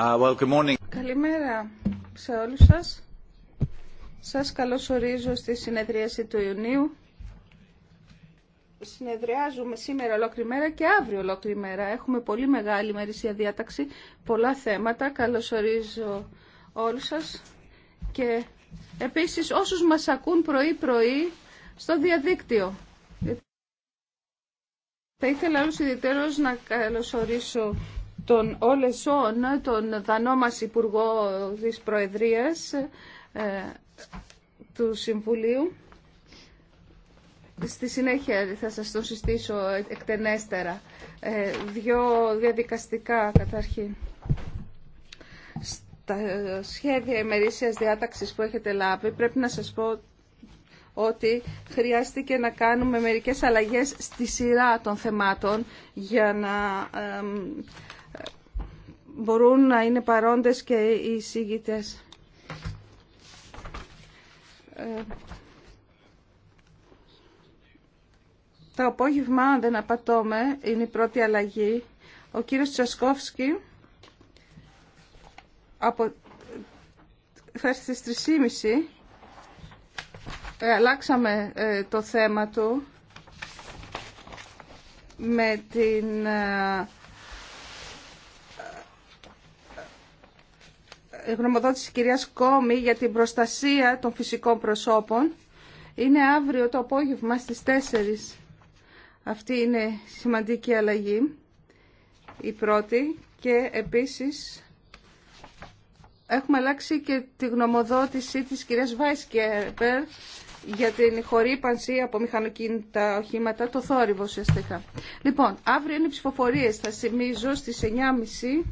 Uh, Καλημέρα σε όλους σας. Σας καλωσορίζω στη συνεδρίαση του Ιουνίου. Συνεδριάζουμε σήμερα ολόκληρη μέρα και αύριο ολόκληρη μέρα. Έχουμε πολύ μεγάλη μερίσια διάταξη, πολλά θέματα. Καλωσορίζω όλους σας και επίσης όσους μας ακούν πρωί-πρωί στο διαδίκτυο. Θα ήθελα όλους ιδιαίτερως να καλωσορίσω τον Όλεσόν, τον δανό μας Υπουργό της Προεδρίας ε, του Συμβουλίου. Στη συνέχεια θα σας το συστήσω εκτενέστερα. Ε, Δύο διαδικαστικά καταρχήν. Στα σχέδια ημερήσιας διάταξης που έχετε λάβει πρέπει να σας πω ότι χρειάστηκε να κάνουμε μερικές αλλαγές στη σειρά των θεμάτων για να μπορούν να είναι παρόντες και οι Ε, Το απόγευμα, αν δεν απατώμε, είναι η πρώτη αλλαγή. Ο κύριος Τσασκόφσκι από... θα 3.30. Ε, αλλάξαμε ε, το θέμα του με την... Ε, γνωμοδότηση της κυρίας Κόμη για την προστασία των φυσικών προσώπων είναι αύριο το απόγευμα στις 4. Αυτή είναι σημαντική αλλαγή, η πρώτη. Και επίσης έχουμε αλλάξει και τη γνωμοδότηση της κυρίας Βάισκερπερ για την χορύπανση από μηχανοκίνητα οχήματα, το θόρυβο ουσιαστικά. Λοιπόν, αύριο είναι οι ψηφοφορίες, θα σημίζω στις 9.30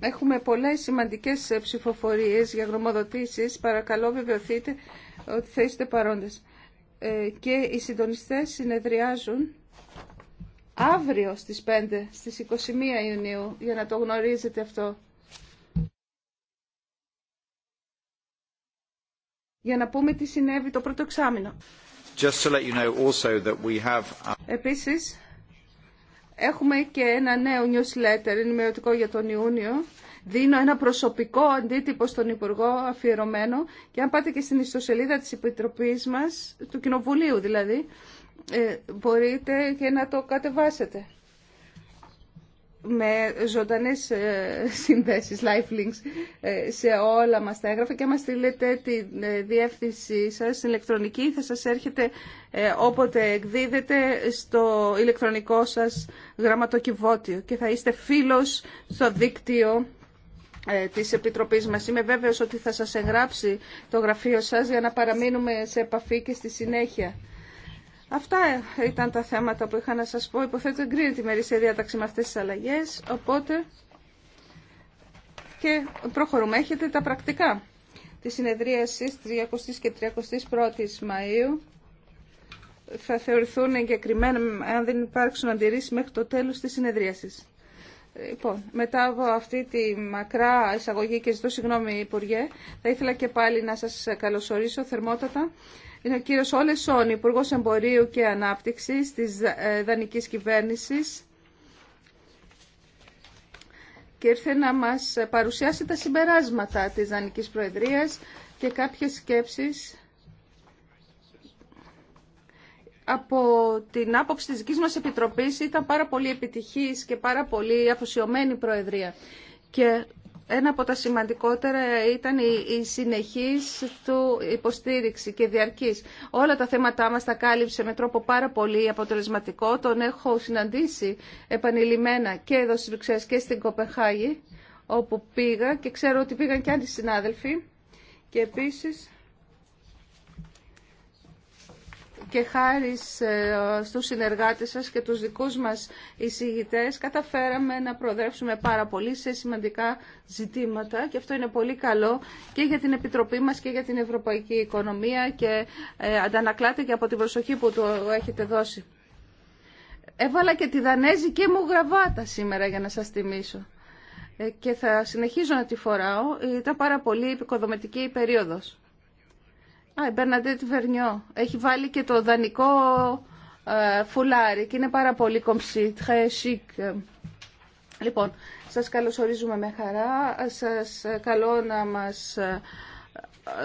Έχουμε πολλές σημαντικές ε, ψηφοφορίες για γνωμοδοτήσεις. Παρακαλώ βεβαιωθείτε ότι θα είστε παρόντες. Ε, και οι συντονιστές συνεδριάζουν αύριο στις 5, στις 21 Ιουνίου, για να το γνωρίζετε αυτό. Για να πούμε τι συνέβη το πρώτο εξάμεινο. Just to let you know also that we have... Uh, Επίσης, Έχουμε και ένα νέο newsletter ενημερωτικό για τον Ιούνιο. Δίνω ένα προσωπικό αντίτυπο στον Υπουργό αφιερωμένο και αν πάτε και στην ιστοσελίδα της Επιτροπής μας, του Κοινοβουλίου δηλαδή, ε, μπορείτε και να το κατεβάσετε με ζωντανές ε, συνδέσεις, live ε, σε όλα μας τα έγγραφα και άμα στείλετε τη ε, διεύθυνση σας ηλεκτρονική θα σας έρχεται όποτε εκδίδετε στο ηλεκτρονικό σας γραμματοκιβώτιο και θα είστε φίλος στο δίκτυο της Επιτροπής μας. Είμαι βέβαιος ότι θα σας εγγράψει το γραφείο σας για να παραμείνουμε σε επαφή και στη συνέχεια. Αυτά ήταν τα θέματα που είχα να σας πω. Υποθέτω εγκρίνεται η μερίσια διάταξη με αυτές τις αλλαγές, οπότε και προχωρούμε. Έχετε τα πρακτικά της συνεδρίασης 30 και 31 Μαΐου. Θα θεωρηθούν εγκεκριμένα αν δεν υπάρξουν αντιρρήσει μέχρι το τέλος της συνεδρίασης. Λοιπόν, μετά από αυτή τη μακρά εισαγωγή και ζητώ συγγνώμη Υπουργέ, θα ήθελα και πάλι να σας καλωσορίσω θερμότατα είναι ο κύριος Όλε Σόν, υπουργό Εμπορίου και Ανάπτυξης της ε, Δανικής Κυβέρνησης και ήρθε να μας παρουσιάσει τα συμπεράσματα της Δανικής Προεδρίας και κάποιες σκέψεις από την άποψη της δικής μας Επιτροπής ήταν πάρα πολύ επιτυχής και πάρα πολύ αφοσιωμένη Προεδρία. Και ένα από τα σημαντικότερα ήταν η συνεχής του υποστήριξη και διαρκής. Όλα τα θέματά μας τα κάλυψε με τρόπο πάρα πολύ αποτελεσματικό. Τον έχω συναντήσει επανειλημμένα και εδώ στις Βρυξέλλες και στην Κοπεχάγη, όπου πήγα και ξέρω ότι πήγαν και άλλοι συνάδελφοι. Και επίσης και χάρη ε, στους συνεργάτες σας και τους δικούς μας εισηγητές καταφέραμε να προοδεύσουμε πάρα πολύ σε σημαντικά ζητήματα και αυτό είναι πολύ καλό και για την Επιτροπή μας και για την Ευρωπαϊκή Οικονομία και ε, αντανακλάται και από την προσοχή που του έχετε δώσει. Έβαλα και τη δανέζικη μου γραβάτα σήμερα για να σας τιμήσω ε, και θα συνεχίζω να τη φοράω. Ήταν πάρα πολύ επικοδομητική η περίοδος. Α, η Μπερναντέτ Βερνιό έχει βάλει και το δανεικό ε, φουλάρι και είναι πάρα πολύ κομψή, Λοιπόν, σας καλωσορίζουμε με χαρά, σας καλώ να μας ε,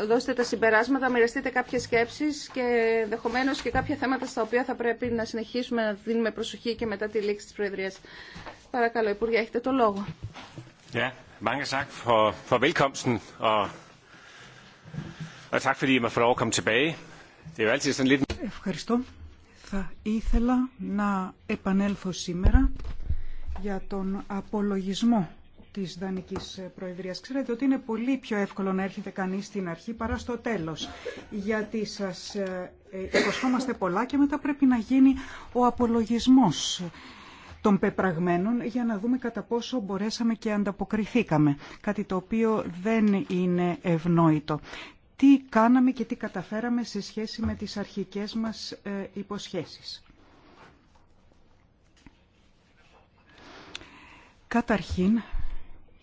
δώσετε τα συμπεράσματα, μοιραστείτε κάποιες σκέψεις και ενδεχομένω και κάποια θέματα στα οποία θα πρέπει να συνεχίσουμε να δίνουμε προσοχή και μετά τη λήξη της Προεδρίας. Παρακαλώ, Υπουργέ, έχετε το λόγο. Ευχαριστώ. Θα ήθελα να επανέλθω σήμερα για τον απολογισμό της Δανικής Προεδρίας. Ξέρετε ότι είναι πολύ πιο εύκολο να έρχεται κανείς στην αρχή παρά στο τέλος, γιατί σας ε, υποσχόμαστε πολλά και μετά πρέπει να γίνει ο απολογισμός των πεπραγμένων για να δούμε κατά πόσο μπορέσαμε και ανταποκριθήκαμε. Κάτι το οποίο δεν είναι ευνόητο τι κάναμε και τι καταφέραμε σε σχέση με τις αρχικές μας ε, υποσχέσεις. Καταρχήν,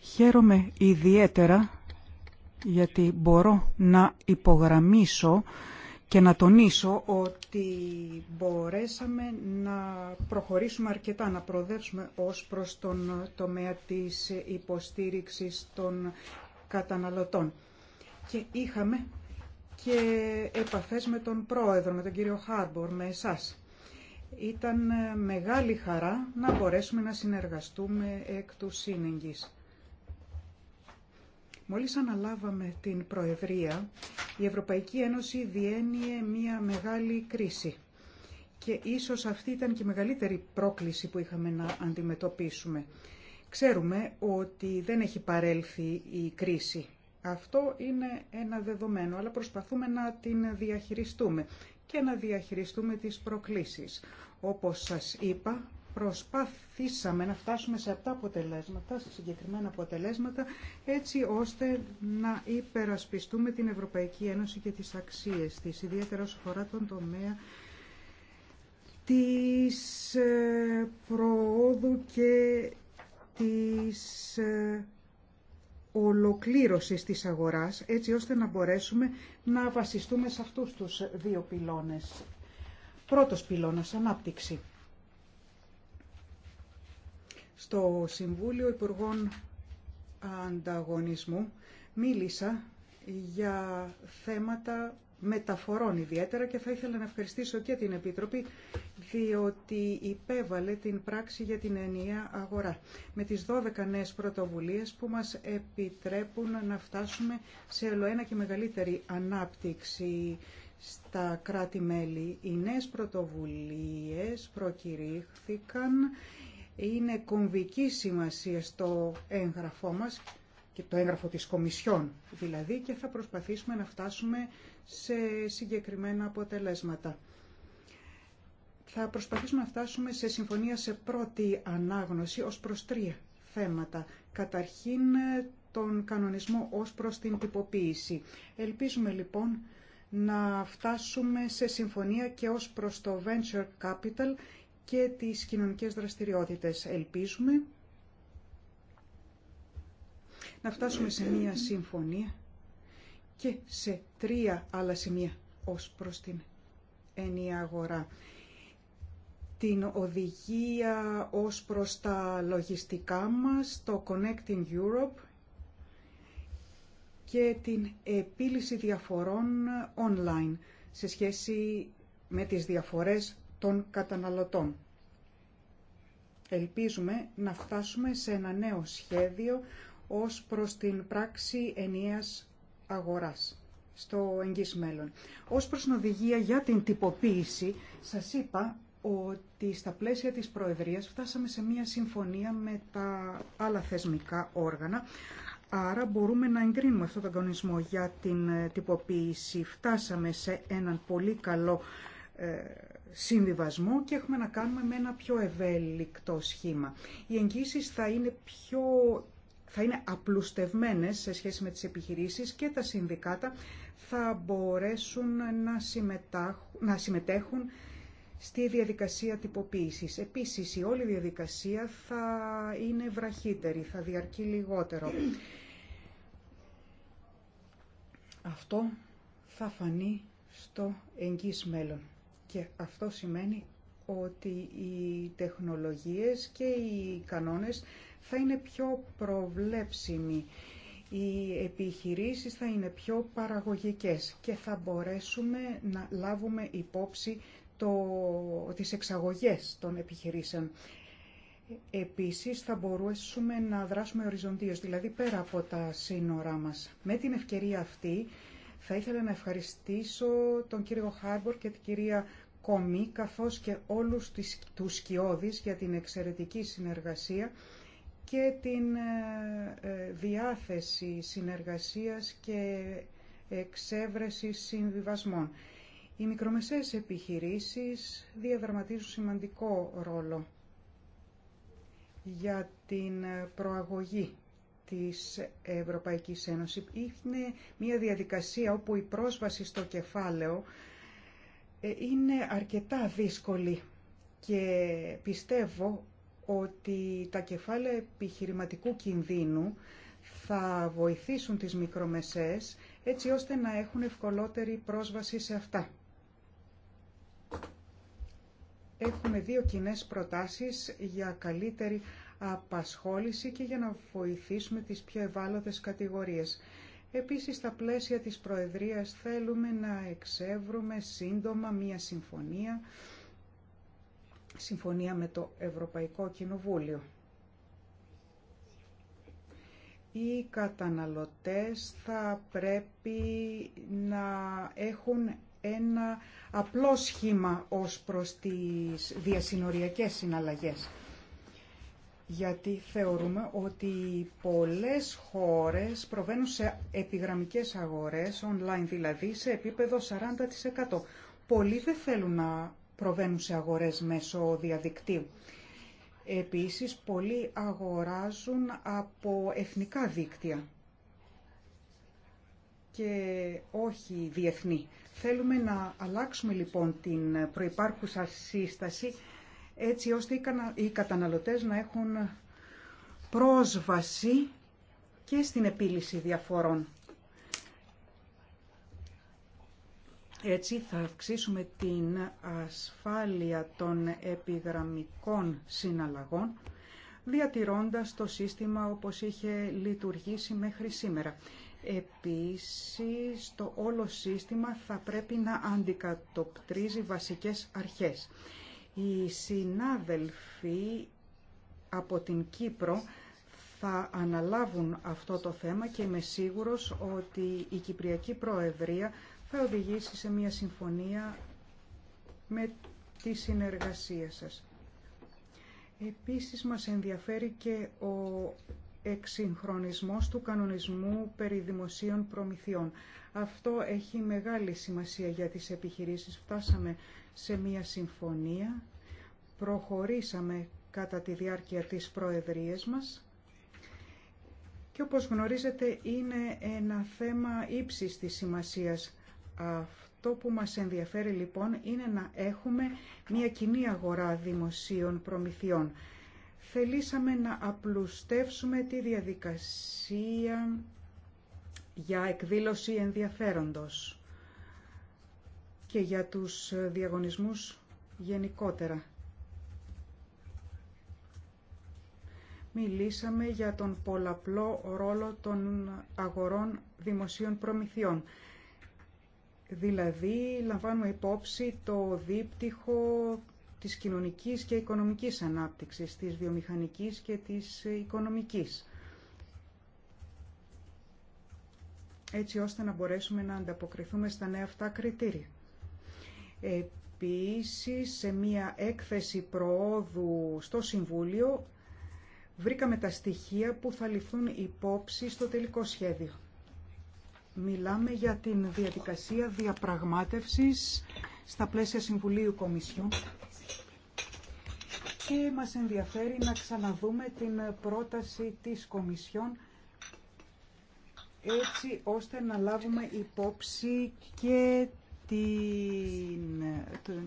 χαίρομαι ιδιαίτερα γιατί μπορώ να υπογραμμίσω και να τονίσω ότι μπορέσαμε να προχωρήσουμε αρκετά, να προοδεύσουμε ως προς τον τομέα της υποστήριξης των καταναλωτών και είχαμε και επαφές με τον πρόεδρο, με τον κύριο Χάρμπορ, με εσάς. Ήταν ε, μεγάλη χαρά να μπορέσουμε να συνεργαστούμε εκ του σύνεγγης. Μόλις αναλάβαμε την Προεδρία, η Ευρωπαϊκή Ένωση διένυε μια μεγάλη κρίση. Και ίσως αυτή ήταν και η μεγαλύτερη πρόκληση που είχαμε να αντιμετωπίσουμε. Ξέρουμε ότι δεν έχει παρέλθει η κρίση αυτό είναι ένα δεδομένο, αλλά προσπαθούμε να την διαχειριστούμε και να διαχειριστούμε τις προκλήσεις. Όπως σας είπα, προσπαθήσαμε να φτάσουμε σε αυτά αποτελέσματα, σε συγκεκριμένα αποτελέσματα, έτσι ώστε να υπερασπιστούμε την Ευρωπαϊκή Ένωση και τις αξίες της, ιδιαίτερα όσον αφορά τον τομέα της ε, προόδου και της ε, ολοκλήρωσης της αγοράς, έτσι ώστε να μπορέσουμε να βασιστούμε σε αυτούς τους δύο πυλώνες. Πρώτος πυλώνας, ανάπτυξη. Στο Συμβούλιο Υπουργών Ανταγωνισμού μίλησα για θέματα μεταφορών ιδιαίτερα και θα ήθελα να ευχαριστήσω και την Επίτροπη διότι υπέβαλε την πράξη για την ενιαία αγορά με τις 12 νέες πρωτοβουλίες που μας επιτρέπουν να φτάσουμε σε ολοένα και μεγαλύτερη ανάπτυξη στα κράτη-μέλη. Οι νέες πρωτοβουλίες προκηρύχθηκαν, είναι κομβική σημασία στο έγγραφό μας και το έγγραφο της Κομισιόν δηλαδή και θα προσπαθήσουμε να φτάσουμε σε συγκεκριμένα αποτελέσματα. Θα προσπαθήσουμε να φτάσουμε σε συμφωνία σε πρώτη ανάγνωση ως προς τρία θέματα. Καταρχήν τον κανονισμό ως προς την τυποποίηση. Ελπίζουμε λοιπόν να φτάσουμε σε συμφωνία και ως προς το venture capital και τις κοινωνικές δραστηριότητες. Ελπίζουμε να φτάσουμε σε μία συμφωνία και σε τρία άλλα σημεία ως προς την ενιαία αγορά. Την οδηγία ως προς τα λογιστικά μας, το Connecting Europe και την επίλυση διαφορών online σε σχέση με τις διαφορές των καταναλωτών. Ελπίζουμε να φτάσουμε σε ένα νέο σχέδιο ως προς την πράξη ενιαίας αγοράς στο εγγύς μέλλον. Ως προ την οδηγία για την τυποποίηση, σας είπα ότι στα πλαίσια της Προεδρίας φτάσαμε σε μία συμφωνία με τα άλλα θεσμικά όργανα, άρα μπορούμε να εγκρίνουμε αυτόν τον κανονισμό για την ε, τυποποίηση. Φτάσαμε σε έναν πολύ καλό ε, συμβιβασμό και έχουμε να κάνουμε με ένα πιο ευέλικτο σχήμα. Οι εγγύσεις θα είναι πιο θα είναι απλουστευμένες σε σχέση με τις επιχειρήσεις και τα συνδικάτα θα μπορέσουν να, να συμμετέχουν στη διαδικασία τυποποίησης. Επίσης, η όλη διαδικασία θα είναι βραχύτερη, θα διαρκεί λιγότερο. Αυτό θα φανεί στο εγγύς μέλλον. Και αυτό σημαίνει ότι οι τεχνολογίες και οι κανόνες θα είναι πιο προβλέψιμη. Οι επιχειρήσεις θα είναι πιο παραγωγικές και θα μπορέσουμε να λάβουμε υπόψη το, τις εξαγωγές των επιχειρήσεων. Επίσης θα μπορούσαμε να δράσουμε οριζοντίως, δηλαδή πέρα από τα σύνορά μας. Με την ευκαιρία αυτή θα ήθελα να ευχαριστήσω τον κύριο Χάρμπορ και την κυρία Κομή, καθώς και όλους τους σκιώδεις για την εξαιρετική συνεργασία και την ε, ε, διάθεση συνεργασίας και εξέβρεση συμβιβασμών. Οι μικρομεσαίες επιχειρήσεις διαδραματίζουν σημαντικό ρόλο για την προαγωγή της Ευρωπαϊκής Ένωσης. Είναι μια διαδικασία όπου η πρόσβαση στο κεφάλαιο ε, είναι αρκετά δύσκολη και πιστεύω ότι τα κεφάλαια επιχειρηματικού κινδύνου θα βοηθήσουν τις μικρομεσαίες, έτσι ώστε να έχουν ευκολότερη πρόσβαση σε αυτά. Έχουμε δύο κοινέ προτάσεις για καλύτερη απασχόληση και για να βοηθήσουμε τις πιο ευάλωτες κατηγορίες. Επίσης, στα πλαίσια της Προεδρίας θέλουμε να εξεύρουμε σύντομα μία συμφωνία συμφωνία με το Ευρωπαϊκό Κοινοβούλιο. Οι καταναλωτές θα πρέπει να έχουν ένα απλό σχήμα ως προς τις διασυνοριακές συναλλαγές. Γιατί θεωρούμε ότι πολλές χώρες προβαίνουν σε επιγραμμικές αγορές, online δηλαδή, σε επίπεδο 40%. Πολλοί δεν θέλουν να προβαίνουν σε αγορές μέσω διαδικτύου. Επίσης, πολλοί αγοράζουν από εθνικά δίκτυα και όχι διεθνή. Θέλουμε να αλλάξουμε λοιπόν την προϋπάρχουσα σύσταση έτσι ώστε οι καταναλωτές να έχουν πρόσβαση και στην επίλυση διαφορών. Έτσι θα αυξήσουμε την ασφάλεια των επιγραμμικών συναλλαγών διατηρώντας το σύστημα όπως είχε λειτουργήσει μέχρι σήμερα. Επίσης, το όλο σύστημα θα πρέπει να αντικατοπτρίζει βασικές αρχές. Οι συνάδελφοι από την Κύπρο θα αναλάβουν αυτό το θέμα και είμαι σίγουρος ότι η Κυπριακή Προεδρία θα οδηγήσει σε μια συμφωνία με τη συνεργασία σας. Επίσης μας ενδιαφέρει και ο εξυγχρονισμός του κανονισμού περί δημοσίων προμηθειών. Αυτό έχει μεγάλη σημασία για τις επιχειρήσεις. Φτάσαμε σε μια συμφωνία, προχωρήσαμε κατά τη διάρκεια της προεδρίας μας και όπως γνωρίζετε είναι ένα θέμα ύψης της σημασίας αυτό που μας ενδιαφέρει λοιπόν είναι να έχουμε μια κοινή αγορά δημοσίων προμηθειών. Θελήσαμε να απλουστεύσουμε τη διαδικασία για εκδήλωση ενδιαφέροντος και για τους διαγωνισμούς γενικότερα. Μιλήσαμε για τον πολλαπλό ρόλο των αγορών δημοσίων προμηθειών. Δηλαδή, λαμβάνουμε υπόψη το δίπτυχο της κοινωνικής και οικονομικής ανάπτυξης, της βιομηχανικής και της οικονομικής. Έτσι ώστε να μπορέσουμε να ανταποκριθούμε στα νέα αυτά κριτήρια. Επίσης, σε μία έκθεση προόδου στο Συμβούλιο, βρήκαμε τα στοιχεία που θα ληφθούν υπόψη στο τελικό σχέδιο. Μιλάμε για την διαδικασία διαπραγμάτευσης στα πλαίσια Συμβουλίου Κομισιού και μας ενδιαφέρει να ξαναδούμε την πρόταση της Κομισιόν έτσι ώστε να λάβουμε υπόψη και την,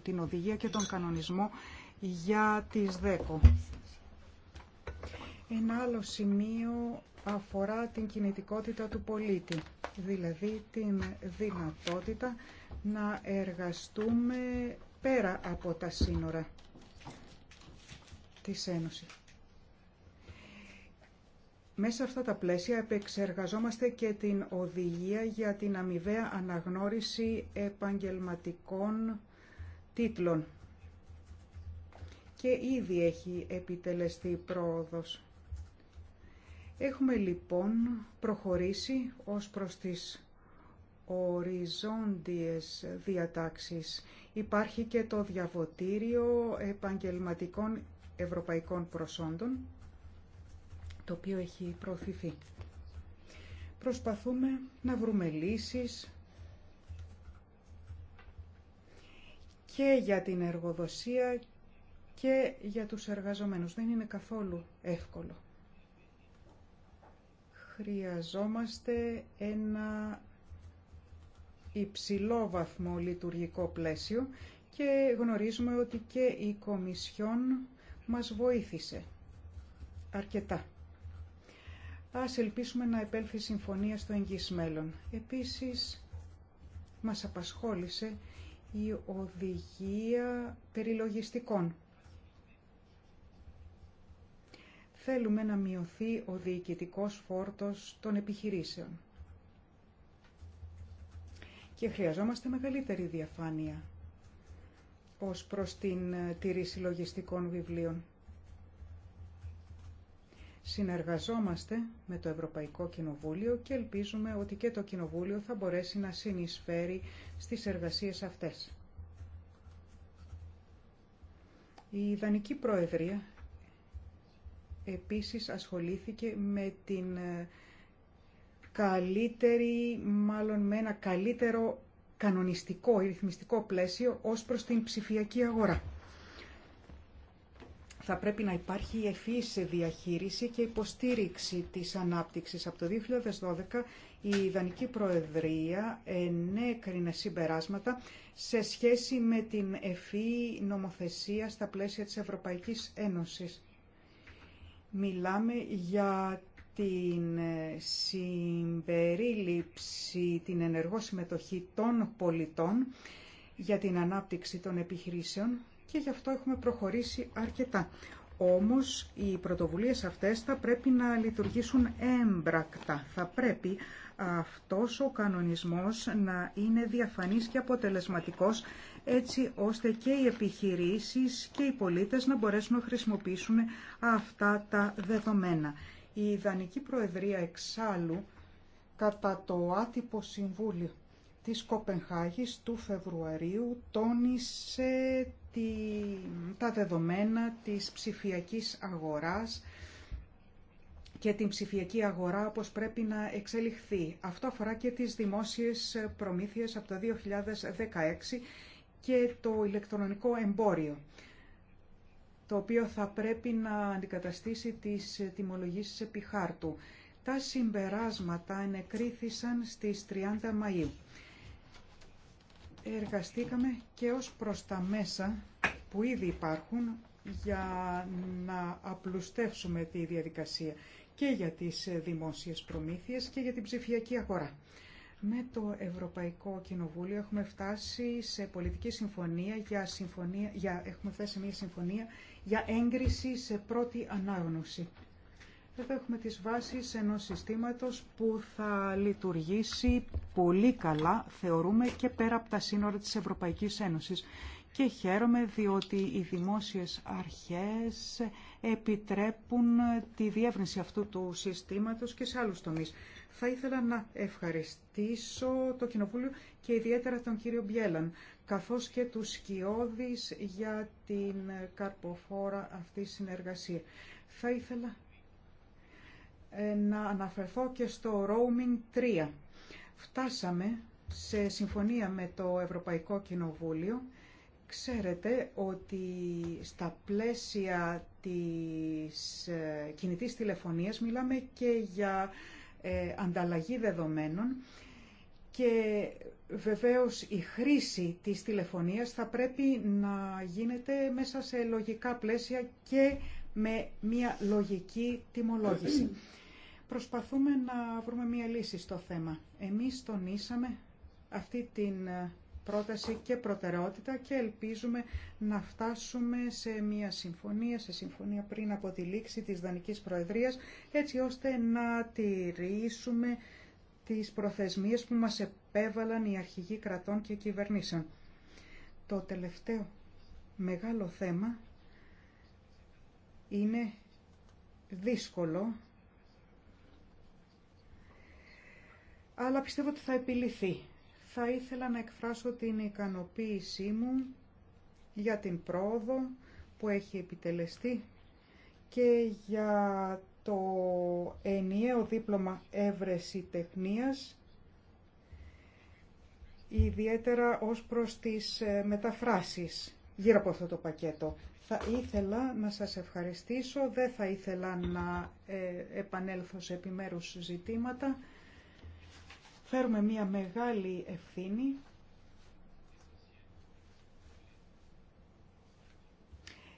την οδηγία και τον κανονισμό για τις ΔΕΚΟ. Ένα άλλο σημείο αφορά την κινητικότητα του πολίτη, δηλαδή την δυνατότητα να εργαστούμε πέρα από τα σύνορα της Ένωσης. Μέσα σε αυτά τα πλαίσια επεξεργαζόμαστε και την οδηγία για την αμοιβαία αναγνώριση επαγγελματικών τίτλων. Και ήδη έχει επιτελεστεί πρόοδος. Έχουμε λοιπόν προχωρήσει ως προς τις οριζόντιες διατάξεις. Υπάρχει και το διαβοτήριο επαγγελματικών ευρωπαϊκών προσόντων, το οποίο έχει προωθηθεί. Προσπαθούμε να βρούμε λύσεις και για την εργοδοσία και για τους εργαζομένους. Δεν είναι καθόλου εύκολο χρειαζόμαστε ένα υψηλό βαθμό λειτουργικό πλαίσιο και γνωρίζουμε ότι και η Κομισιόν μας βοήθησε αρκετά. Ας ελπίσουμε να επέλθει συμφωνία στο εγγύς μέλλον. Επίσης, μας απασχόλησε η οδηγία περιλογιστικών θέλουμε να μειωθεί ο διοικητικός φόρτος των επιχειρήσεων. Και χρειαζόμαστε μεγαλύτερη διαφάνεια ως προς την ε, τήρηση λογιστικών βιβλίων. Συνεργαζόμαστε με το Ευρωπαϊκό Κοινοβούλιο και ελπίζουμε ότι και το Κοινοβούλιο θα μπορέσει να συνεισφέρει στις εργασίες αυτές. Η Ιδανική Προεδρία Επίσης ασχολήθηκε με την ε, καλύτερη, μάλλον με ένα καλύτερο κανονιστικό ή ρυθμιστικό πλαίσιο ως προς την ψηφιακή αγορά. Θα πρέπει να υπάρχει σε διαχείριση και υποστήριξη της ανάπτυξης. Από το 2012 η Ιδανική Προεδρία ενέκρινε συμπεράσματα σε σχέση με την ευφύη νομοθεσία στα πλαίσια της Ευρωπαϊκής Ένωσης. Μιλάμε για την ε, συμπερίληψη, την ενεργό συμμετοχή των πολιτών για την ανάπτυξη των επιχειρήσεων και γι' αυτό έχουμε προχωρήσει αρκετά. Όμως οι πρωτοβουλίες αυτές θα πρέπει να λειτουργήσουν έμπρακτα. Θα πρέπει αυτός ο κανονισμός να είναι διαφανής και αποτελεσματικός έτσι ώστε και οι επιχειρήσεις και οι πολίτες να μπορέσουν να χρησιμοποιήσουν αυτά τα δεδομένα. Η Ιδανική Προεδρία εξάλλου κατά το άτυπο συμβούλιο της Κοπενχάγης του Φεβρουαρίου τόνισε τη, τα δεδομένα της ψηφιακής αγοράς και την ψηφιακή αγορά όπως πρέπει να εξελιχθεί. Αυτό αφορά και τις δημόσιες προμήθειες από το 2016 και το ηλεκτρονικό εμπόριο, το οποίο θα πρέπει να αντικαταστήσει τις τιμολογήσεις επί χάρτου. Τα συμπεράσματα ενεκρίθησαν στις 30 Μαΐου. Εργαστήκαμε και ως προς τα μέσα που ήδη υπάρχουν για να απλουστεύσουμε τη διαδικασία και για τις δημόσιες προμήθειες και για την ψηφιακή αγορά με το Ευρωπαϊκό Κοινοβούλιο έχουμε φτάσει σε πολιτική συμφωνία για, συμφωνία, για, έχουμε θέσει μια συμφωνία για έγκριση σε πρώτη ανάγνωση. Εδώ έχουμε τις βάσεις ενός συστήματος που θα λειτουργήσει πολύ καλά, θεωρούμε, και πέρα από τα σύνορα της Ευρωπαϊκής Ένωσης. Και χαίρομαι διότι οι δημόσιες αρχές επιτρέπουν τη διεύρυνση αυτού του συστήματος και σε άλλους τομείς. Θα ήθελα να ευχαριστήσω το Κοινοβούλιο και ιδιαίτερα τον κύριο Μπιέλαν, καθώς και του Σκιώδης για την καρποφόρα αυτή συνεργασία. Θα ήθελα ε, να αναφερθώ και στο Roaming 3. Φτάσαμε σε συμφωνία με το Ευρωπαϊκό Κοινοβούλιο. Ξέρετε ότι στα πλαίσια της ε, κινητής τηλεφωνίας μιλάμε και για ε, ανταλλαγή δεδομένων και βεβαίως η χρήση της τηλεφωνίας θα πρέπει να γίνεται μέσα σε λογικά πλαίσια και με μια λογική τιμολόγηση. Προσπαθούμε να βρούμε μια λύση στο θέμα. Εμείς τονίσαμε αυτή την ε, πρόταση και προτεραιότητα και ελπίζουμε να φτάσουμε σε μια συμφωνία, σε συμφωνία πριν από τη λήξη της Δανικής Προεδρίας, έτσι ώστε να τηρήσουμε τις προθεσμίες που μας επέβαλαν οι αρχηγοί κρατών και κυβερνήσεων. Το τελευταίο μεγάλο θέμα είναι δύσκολο, αλλά πιστεύω ότι θα επιληθεί θα ήθελα να εκφράσω την ικανοποίησή μου για την πρόοδο που έχει επιτελεστεί και για το ενιαίο δίπλωμα έβρεση τεχνίας, ιδιαίτερα ως προς τις ε, μεταφράσεις γύρω από αυτό το πακέτο. Θα ήθελα να σας ευχαριστήσω, δεν θα ήθελα να ε, επανέλθω σε επιμέρους ζητήματα φέρουμε μια μεγάλη ευθύνη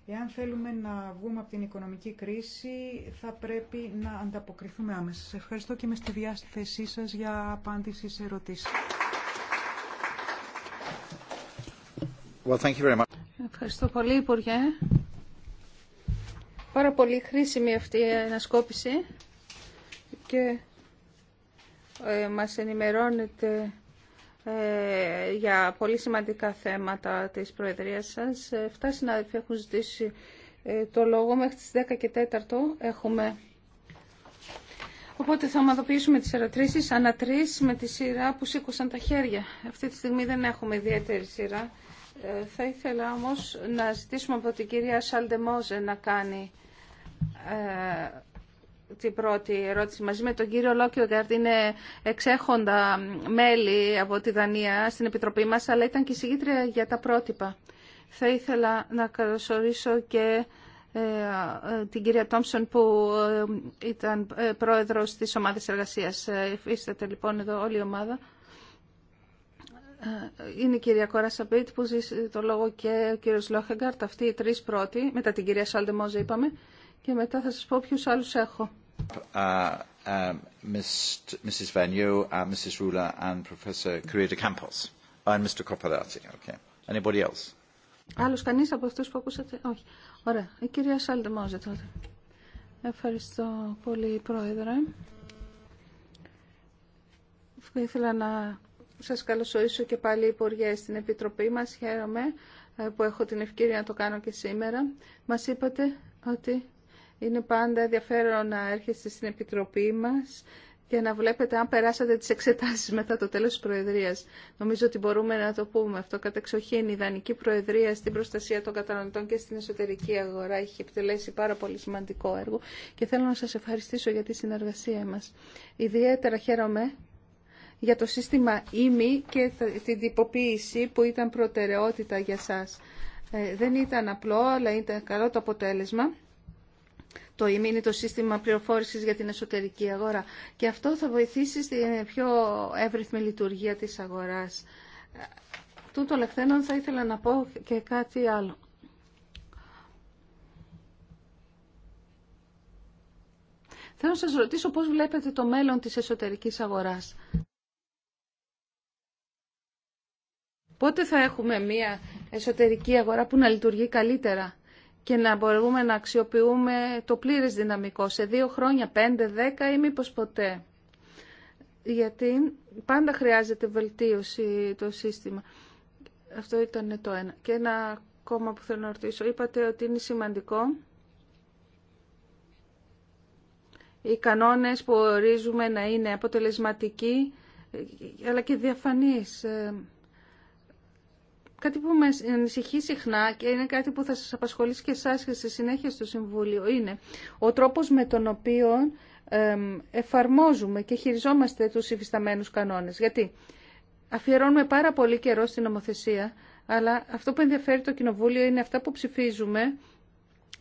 Εάν θέλουμε να βγούμε από την οικονομική κρίση, θα πρέπει να ανταποκριθούμε άμεσα. Σας ευχαριστώ και με στη διάθεσή σας για απάντηση σε ερωτήσεις. Well, thank Ευχαριστώ πολύ, Υπουργέ. Πάρα πολύ χρήσιμη αυτή η ανασκόπηση και ε, μας ενημερώνετε ε, για πολύ σημαντικά θέματα της Προεδρίας σας. Εφτά συνάδελφοι έχουν ζητήσει ε, το λόγο. Μέχρι τις 10 και 4 έχουμε... Οπότε θα ομαδοποιήσουμε τις ερωτήσεις τρεις με τη σειρά που σήκωσαν τα χέρια. Αυτή τη στιγμή δεν έχουμε ιδιαίτερη σειρά. θα ήθελα όμως να ζητήσουμε από την κυρία Σαλντεμόζε να κάνει την πρώτη ερώτηση μαζί με τον κύριο Γκάρτ είναι εξέχοντα μέλη από τη Δανία στην Επιτροπή μας αλλά ήταν και συγγήτρια για τα πρότυπα. Θα ήθελα να καλωσορίσω και ε, ε, την κυρία Τόμψον που ε, ήταν πρόεδρος της ομάδας εργασίας. Είστε λοιπόν εδώ όλη η ομάδα. Είναι η κυρία Κόρα Σαμπίτ που ζήσει το λόγο και ο κύριος Λόχεγκαρτ, αυτοί οι τρεις πρώτοι, μετά την κυρία Σάλτεμόζη είπαμε, και μετά θα σας πω ποιους άλλους έχω. Mrs. uh, Mrs. Um, uh, Rula, and Professor Correa de Campos, uh, and Mr. Copperati. Okay. Anybody else? Άλλος κανείς από αυτούς που ακούσατε. Όχι. Ωραία. Η κυρία Σάλντε Μόζε τότε. Ευχαριστώ πολύ, Πρόεδρε. ήθελα να σας καλωσορίσω και πάλι, Υπουργέ, στην Επιτροπή μας. Χαίρομαι ε, που έχω την ευκαιρία να το κάνω και σήμερα. Μας είπατε ότι είναι πάντα ενδιαφέρον να έρχεστε στην Επιτροπή μας και να βλέπετε αν περάσατε τις εξετάσεις μετά το τέλος της Προεδρίας. Νομίζω ότι μπορούμε να το πούμε αυτό. Κατά εξοχήν η Ιδανική Προεδρία στην προστασία των καταναλωτών και στην εσωτερική αγορά έχει επιτελέσει πάρα πολύ σημαντικό έργο και θέλω να σας ευχαριστήσω για τη συνεργασία μας. Ιδιαίτερα χαίρομαι για το σύστημα ΙΜΗ και την τυποποίηση που ήταν προτεραιότητα για σας. Ε, δεν ήταν απλό, αλλά ήταν καλό το αποτέλεσμα το ημίνη το σύστημα πληροφόρηση για την εσωτερική αγορά. Και αυτό θα βοηθήσει στην πιο εύρυθμη λειτουργία της αγοράς. Τούτο λεχθένων θα ήθελα να πω και κάτι άλλο. Θέλω να σας ρωτήσω πώς βλέπετε το μέλλον της εσωτερικής αγοράς. Πότε θα έχουμε μια εσωτερική αγορά που να λειτουργεί καλύτερα και να μπορούμε να αξιοποιούμε το πλήρες δυναμικό σε δύο χρόνια, πέντε, δέκα ή μήπως ποτέ. Γιατί πάντα χρειάζεται βελτίωση το σύστημα. Αυτό ήταν το ένα. Και ένα ακόμα που θέλω να ρωτήσω. Είπατε ότι είναι σημαντικό οι κανόνες που ορίζουμε να είναι αποτελεσματικοί αλλά και διαφανείς ε, Κάτι που με ανησυχεί συχνά και είναι κάτι που θα σας απασχολήσει και εσάς και στη συνέχεια στο Συμβούλιο είναι ο τρόπος με τον οποίο εφαρμόζουμε και χειριζόμαστε τους υφισταμένους κανόνες. Γιατί αφιερώνουμε πάρα πολύ καιρό στην νομοθεσία, αλλά αυτό που ενδιαφέρει το Κοινοβούλιο είναι αυτά που ψηφίζουμε,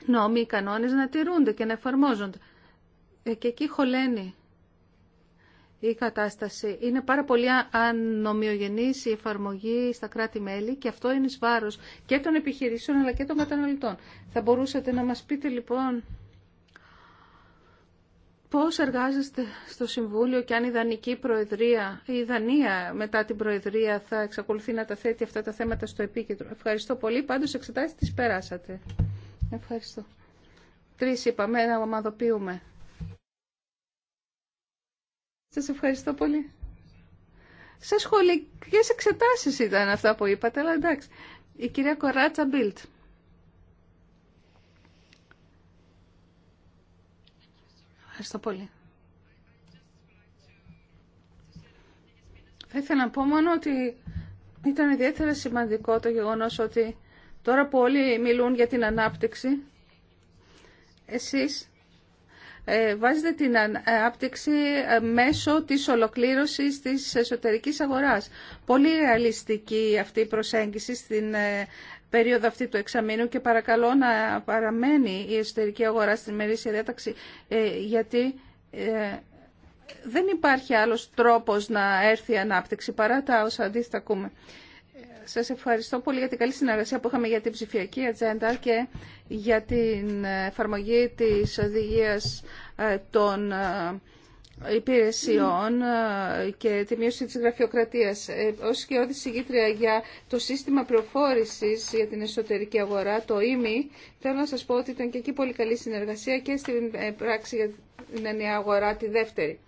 νόμοι, οι κανόνες να τηρούνται και να εφαρμόζονται. Ε, και εκεί χωλαίνει η κατάσταση. Είναι πάρα πολύ ανομοιογενής η εφαρμογή στα κράτη-μέλη και αυτό είναι εις και των επιχειρήσεων αλλά και των καταναλωτών. Θα μπορούσατε να μας πείτε λοιπόν πώς εργάζεστε στο Συμβούλιο και αν η Δανική Προεδρία, η Δανία μετά την Προεδρία θα εξακολουθεί να τα θέτει αυτά τα θέματα στο επίκεντρο. Ευχαριστώ πολύ. Πάντως εξετάσεις τις περάσατε. Ευχαριστώ. Τρεις είπαμε να ομαδοποιούμε. Σας ευχαριστώ πολύ. Σε σχολικές εξετάσεις ήταν αυτά που είπατε, αλλά εντάξει. Η κυρία Κοράτσα Μπίλτ. Ευχαριστώ πολύ. Θα ήθελα να πω μόνο ότι ήταν ιδιαίτερα σημαντικό το γεγονός ότι τώρα που όλοι μιλούν για την ανάπτυξη, εσείς ε, βάζετε την ανάπτυξη ε, ε, μέσω της ολοκλήρωσης της εσωτερικής αγοράς. Πολύ ρεαλιστική αυτή η προσέγγιση στην περίοδο αυτή του εξαμήνου και παρακαλώ να παραμένει η εσωτερική αγορά στην μερίσια διάταξη γιατί δεν υπάρχει άλλος τρόπος να έρθει η ανάπτυξη παρά τα όσα αντίθετα ακούμε. Σας ευχαριστώ πολύ για την καλή συνεργασία που είχαμε για την ψηφιακή ατζέντα και για την εφαρμογή της οδηγίας ε, των ε, υπηρεσιών ε, και τη μείωση της γραφειοκρατίας. Ως και ό,τι γήτρια για το σύστημα προφόρησης για την εσωτερική αγορά, το ΙΜΗ, θέλω να σας πω ότι ήταν και εκεί πολύ καλή συνεργασία και στην πράξη για την ενιαία αγορά τη δεύτερη.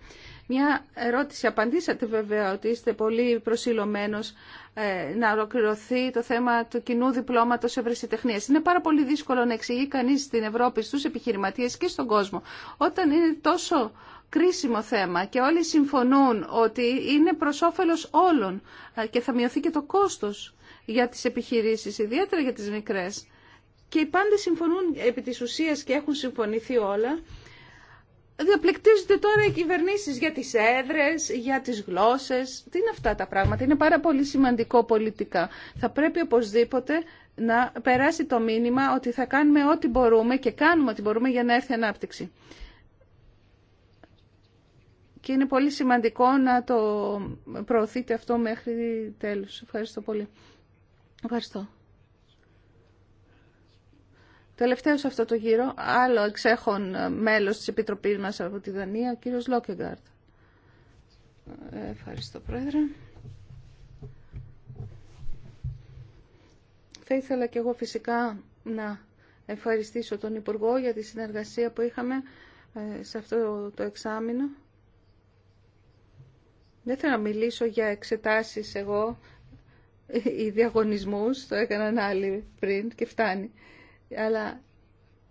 Μια ερώτηση, απαντήσατε βέβαια ότι είστε πολύ προσιλωμένος ε, να ολοκληρωθεί το θέμα του κοινού διπλώματος ευρεσιτεχνίας. Είναι πάρα πολύ δύσκολο να εξηγεί κανείς στην Ευρώπη, στους επιχειρηματίες και στον κόσμο, όταν είναι τόσο κρίσιμο θέμα και όλοι συμφωνούν ότι είναι προς όφελος όλων ε, και θα μειωθεί και το κόστος για τις επιχειρήσεις, ιδιαίτερα για τις μικρές. Και οι πάντες συμφωνούν επί της ουσίας και έχουν συμφωνηθεί όλα διαπληκτίζονται τώρα οι κυβερνήσεις για τις έδρες, για τις γλώσσες. Τι είναι αυτά τα πράγματα. Είναι πάρα πολύ σημαντικό πολιτικά. Θα πρέπει οπωσδήποτε να περάσει το μήνυμα ότι θα κάνουμε ό,τι μπορούμε και κάνουμε ό,τι μπορούμε για να έρθει ανάπτυξη. Και είναι πολύ σημαντικό να το προωθείτε αυτό μέχρι τέλους. Ευχαριστώ πολύ. Ευχαριστώ. Τελευταίο σε αυτό το γύρο, άλλο εξέχον ε, μέλος της Επιτροπής μας από τη Δανία, ο κύριος Λόκεγκαρτ. Ε, ευχαριστώ, Πρόεδρε. Θα ήθελα και εγώ φυσικά να ευχαριστήσω τον Υπουργό για τη συνεργασία που είχαμε ε, σε αυτό το εξάμεινο. Δεν θέλω να μιλήσω για εξετάσεις εγώ ή διαγωνισμούς, το έκαναν άλλοι πριν και φτάνει αλλά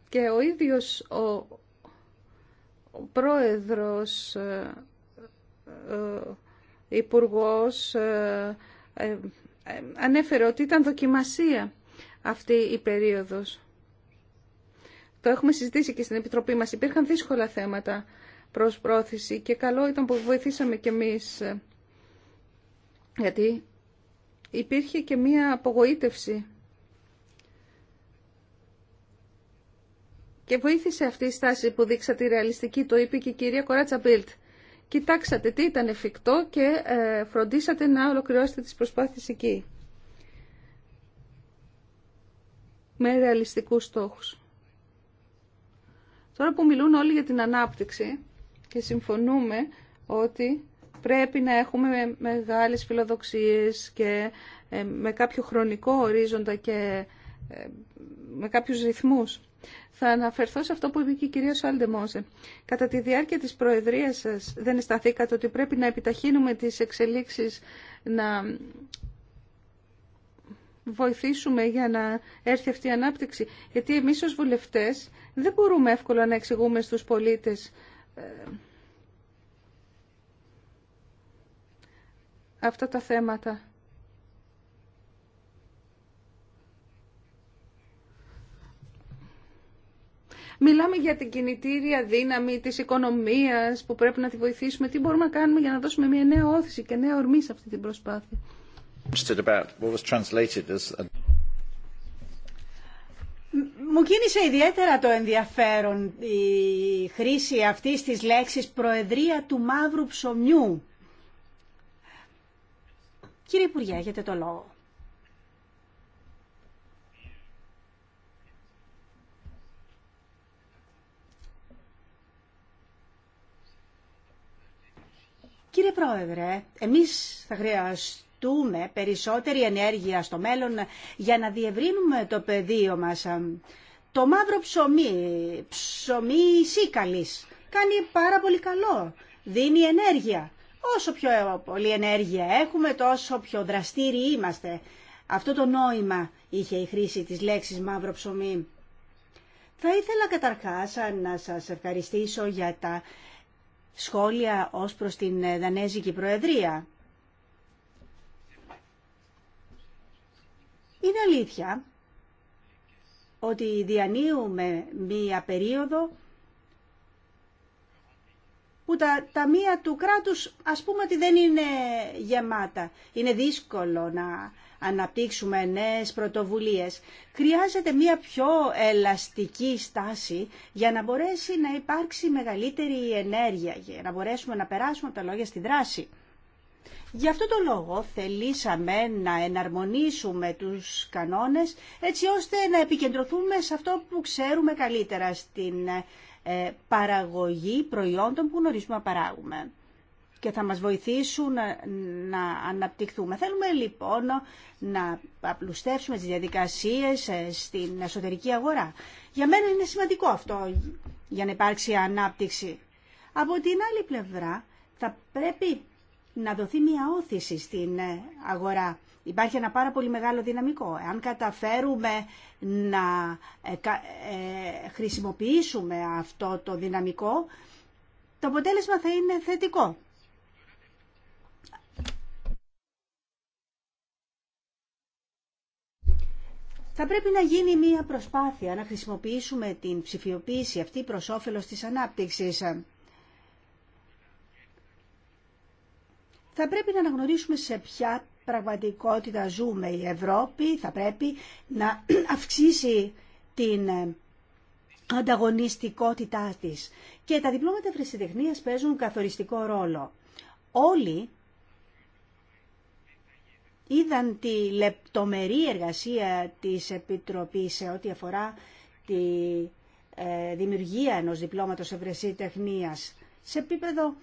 και ο ίδιος ο, ο πρόεδρος ε, ε, υπουργός ε, ανέφερε ότι ήταν δοκιμασία αυτή η περίοδος. Το έχουμε συζητήσει και στην Επιτροπή μας. Υπήρχαν δύσκολα θέματα προς πρόθεση και καλό ήταν που βοηθήσαμε και εμείς γιατί υπήρχε και μία απογοήτευση Και βοήθησε αυτή η στάση που δείξατε ρεαλιστική, το είπε και η κυρία Κοράτσα Μπίλτ. Κοιτάξατε τι ήταν εφικτό και ε, φροντίσατε να ολοκληρώσετε τις προσπάθειες εκεί. Με ρεαλιστικούς στόχους. Τώρα που μιλούν όλοι για την ανάπτυξη και συμφωνούμε ότι πρέπει να έχουμε μεγάλες φιλοδοξίες και ε, με κάποιο χρονικό ορίζοντα και ε, με κάποιους ρυθμούς. Θα αναφερθώ σε αυτό που είπε και η κυρία Μόζε. Κατά τη διάρκεια της Προεδρίας σας δεν αισθανθήκατε ότι πρέπει να επιταχύνουμε τις εξελίξεις, να βοηθήσουμε για να έρθει αυτή η ανάπτυξη. Γιατί εμείς ως βουλευτές δεν μπορούμε εύκολα να εξηγούμε στους πολίτες ε, αυτά τα θέματα. Μιλάμε για την κινητήρια δύναμη της οικονομίας που πρέπει να τη βοηθήσουμε. Τι μπορούμε να κάνουμε για να δώσουμε μια νέα όθηση και νέα ορμή σε αυτή την προσπάθεια. Μου κίνησε ιδιαίτερα το ενδιαφέρον η χρήση αυτής της λέξης «Προεδρία του Μαύρου Ψωμιού». Κύριε Υπουργέ, έχετε το λόγο. Κύριε Πρόεδρε, εμείς θα χρειαστούμε περισσότερη ενέργεια στο μέλλον για να διευρύνουμε το πεδίο μας. Το μαύρο ψωμί, ψωμί σίκαλης, κάνει πάρα πολύ καλό, δίνει ενέργεια. Όσο πιο πολύ ενέργεια έχουμε, τόσο πιο δραστήριοι είμαστε. Αυτό το νόημα είχε η χρήση της λέξης μαύρο ψωμί. Θα ήθελα καταρχάς να σας ευχαριστήσω για τα σχόλια ως προς την ε, Δανέζικη Προεδρία. Είναι αλήθεια ότι διανύουμε μία περίοδο που τα ταμεία του κράτους ας πούμε ότι δεν είναι γεμάτα. Είναι δύσκολο να αναπτύξουμε νέες πρωτοβουλίες. Χρειάζεται μια πιο ελαστική στάση για να μπορέσει να υπάρξει μεγαλύτερη ενέργεια, για να μπορέσουμε να περάσουμε από τα λόγια στη δράση. Γι' αυτό το λόγο θελήσαμε να εναρμονίσουμε τους κανόνες έτσι ώστε να επικεντρωθούμε σε αυτό που ξέρουμε καλύτερα στην ε, παραγωγή προϊόντων που γνωρίζουμε να παράγουμε και θα μας βοηθήσουν να αναπτυχθούμε. Θέλουμε λοιπόν να απλουστεύσουμε τις διαδικασίες ε, στην εσωτερική αγορά. Για μένα είναι σημαντικό αυτό για να υπάρξει ανάπτυξη. Από την άλλη πλευρά θα πρέπει να δοθεί μια όθηση στην ε, αγορά. Υπάρχει ένα πάρα πολύ μεγάλο δυναμικό. Αν καταφέρουμε να ε, χρησιμοποιήσουμε αυτό το δυναμικό, το αποτέλεσμα θα είναι θετικό. Θα πρέπει να γίνει μία προσπάθεια να χρησιμοποιήσουμε την ψηφιοποίηση αυτή προς όφελος της ανάπτυξης. Θα πρέπει να αναγνωρίσουμε σε ποια πραγματικότητα ζούμε. Η Ευρώπη θα πρέπει να αυξήσει την ε, ανταγωνιστικότητά της. Και τα διπλώματα ευρεσιτεχνίας παίζουν καθοριστικό ρόλο. Όλοι είδαν τη λεπτομερή εργασία της Επιτροπής σε ό,τι αφορά τη ε, δημιουργία ενός διπλώματος ευρεσιτεχνίας σε επίπεδο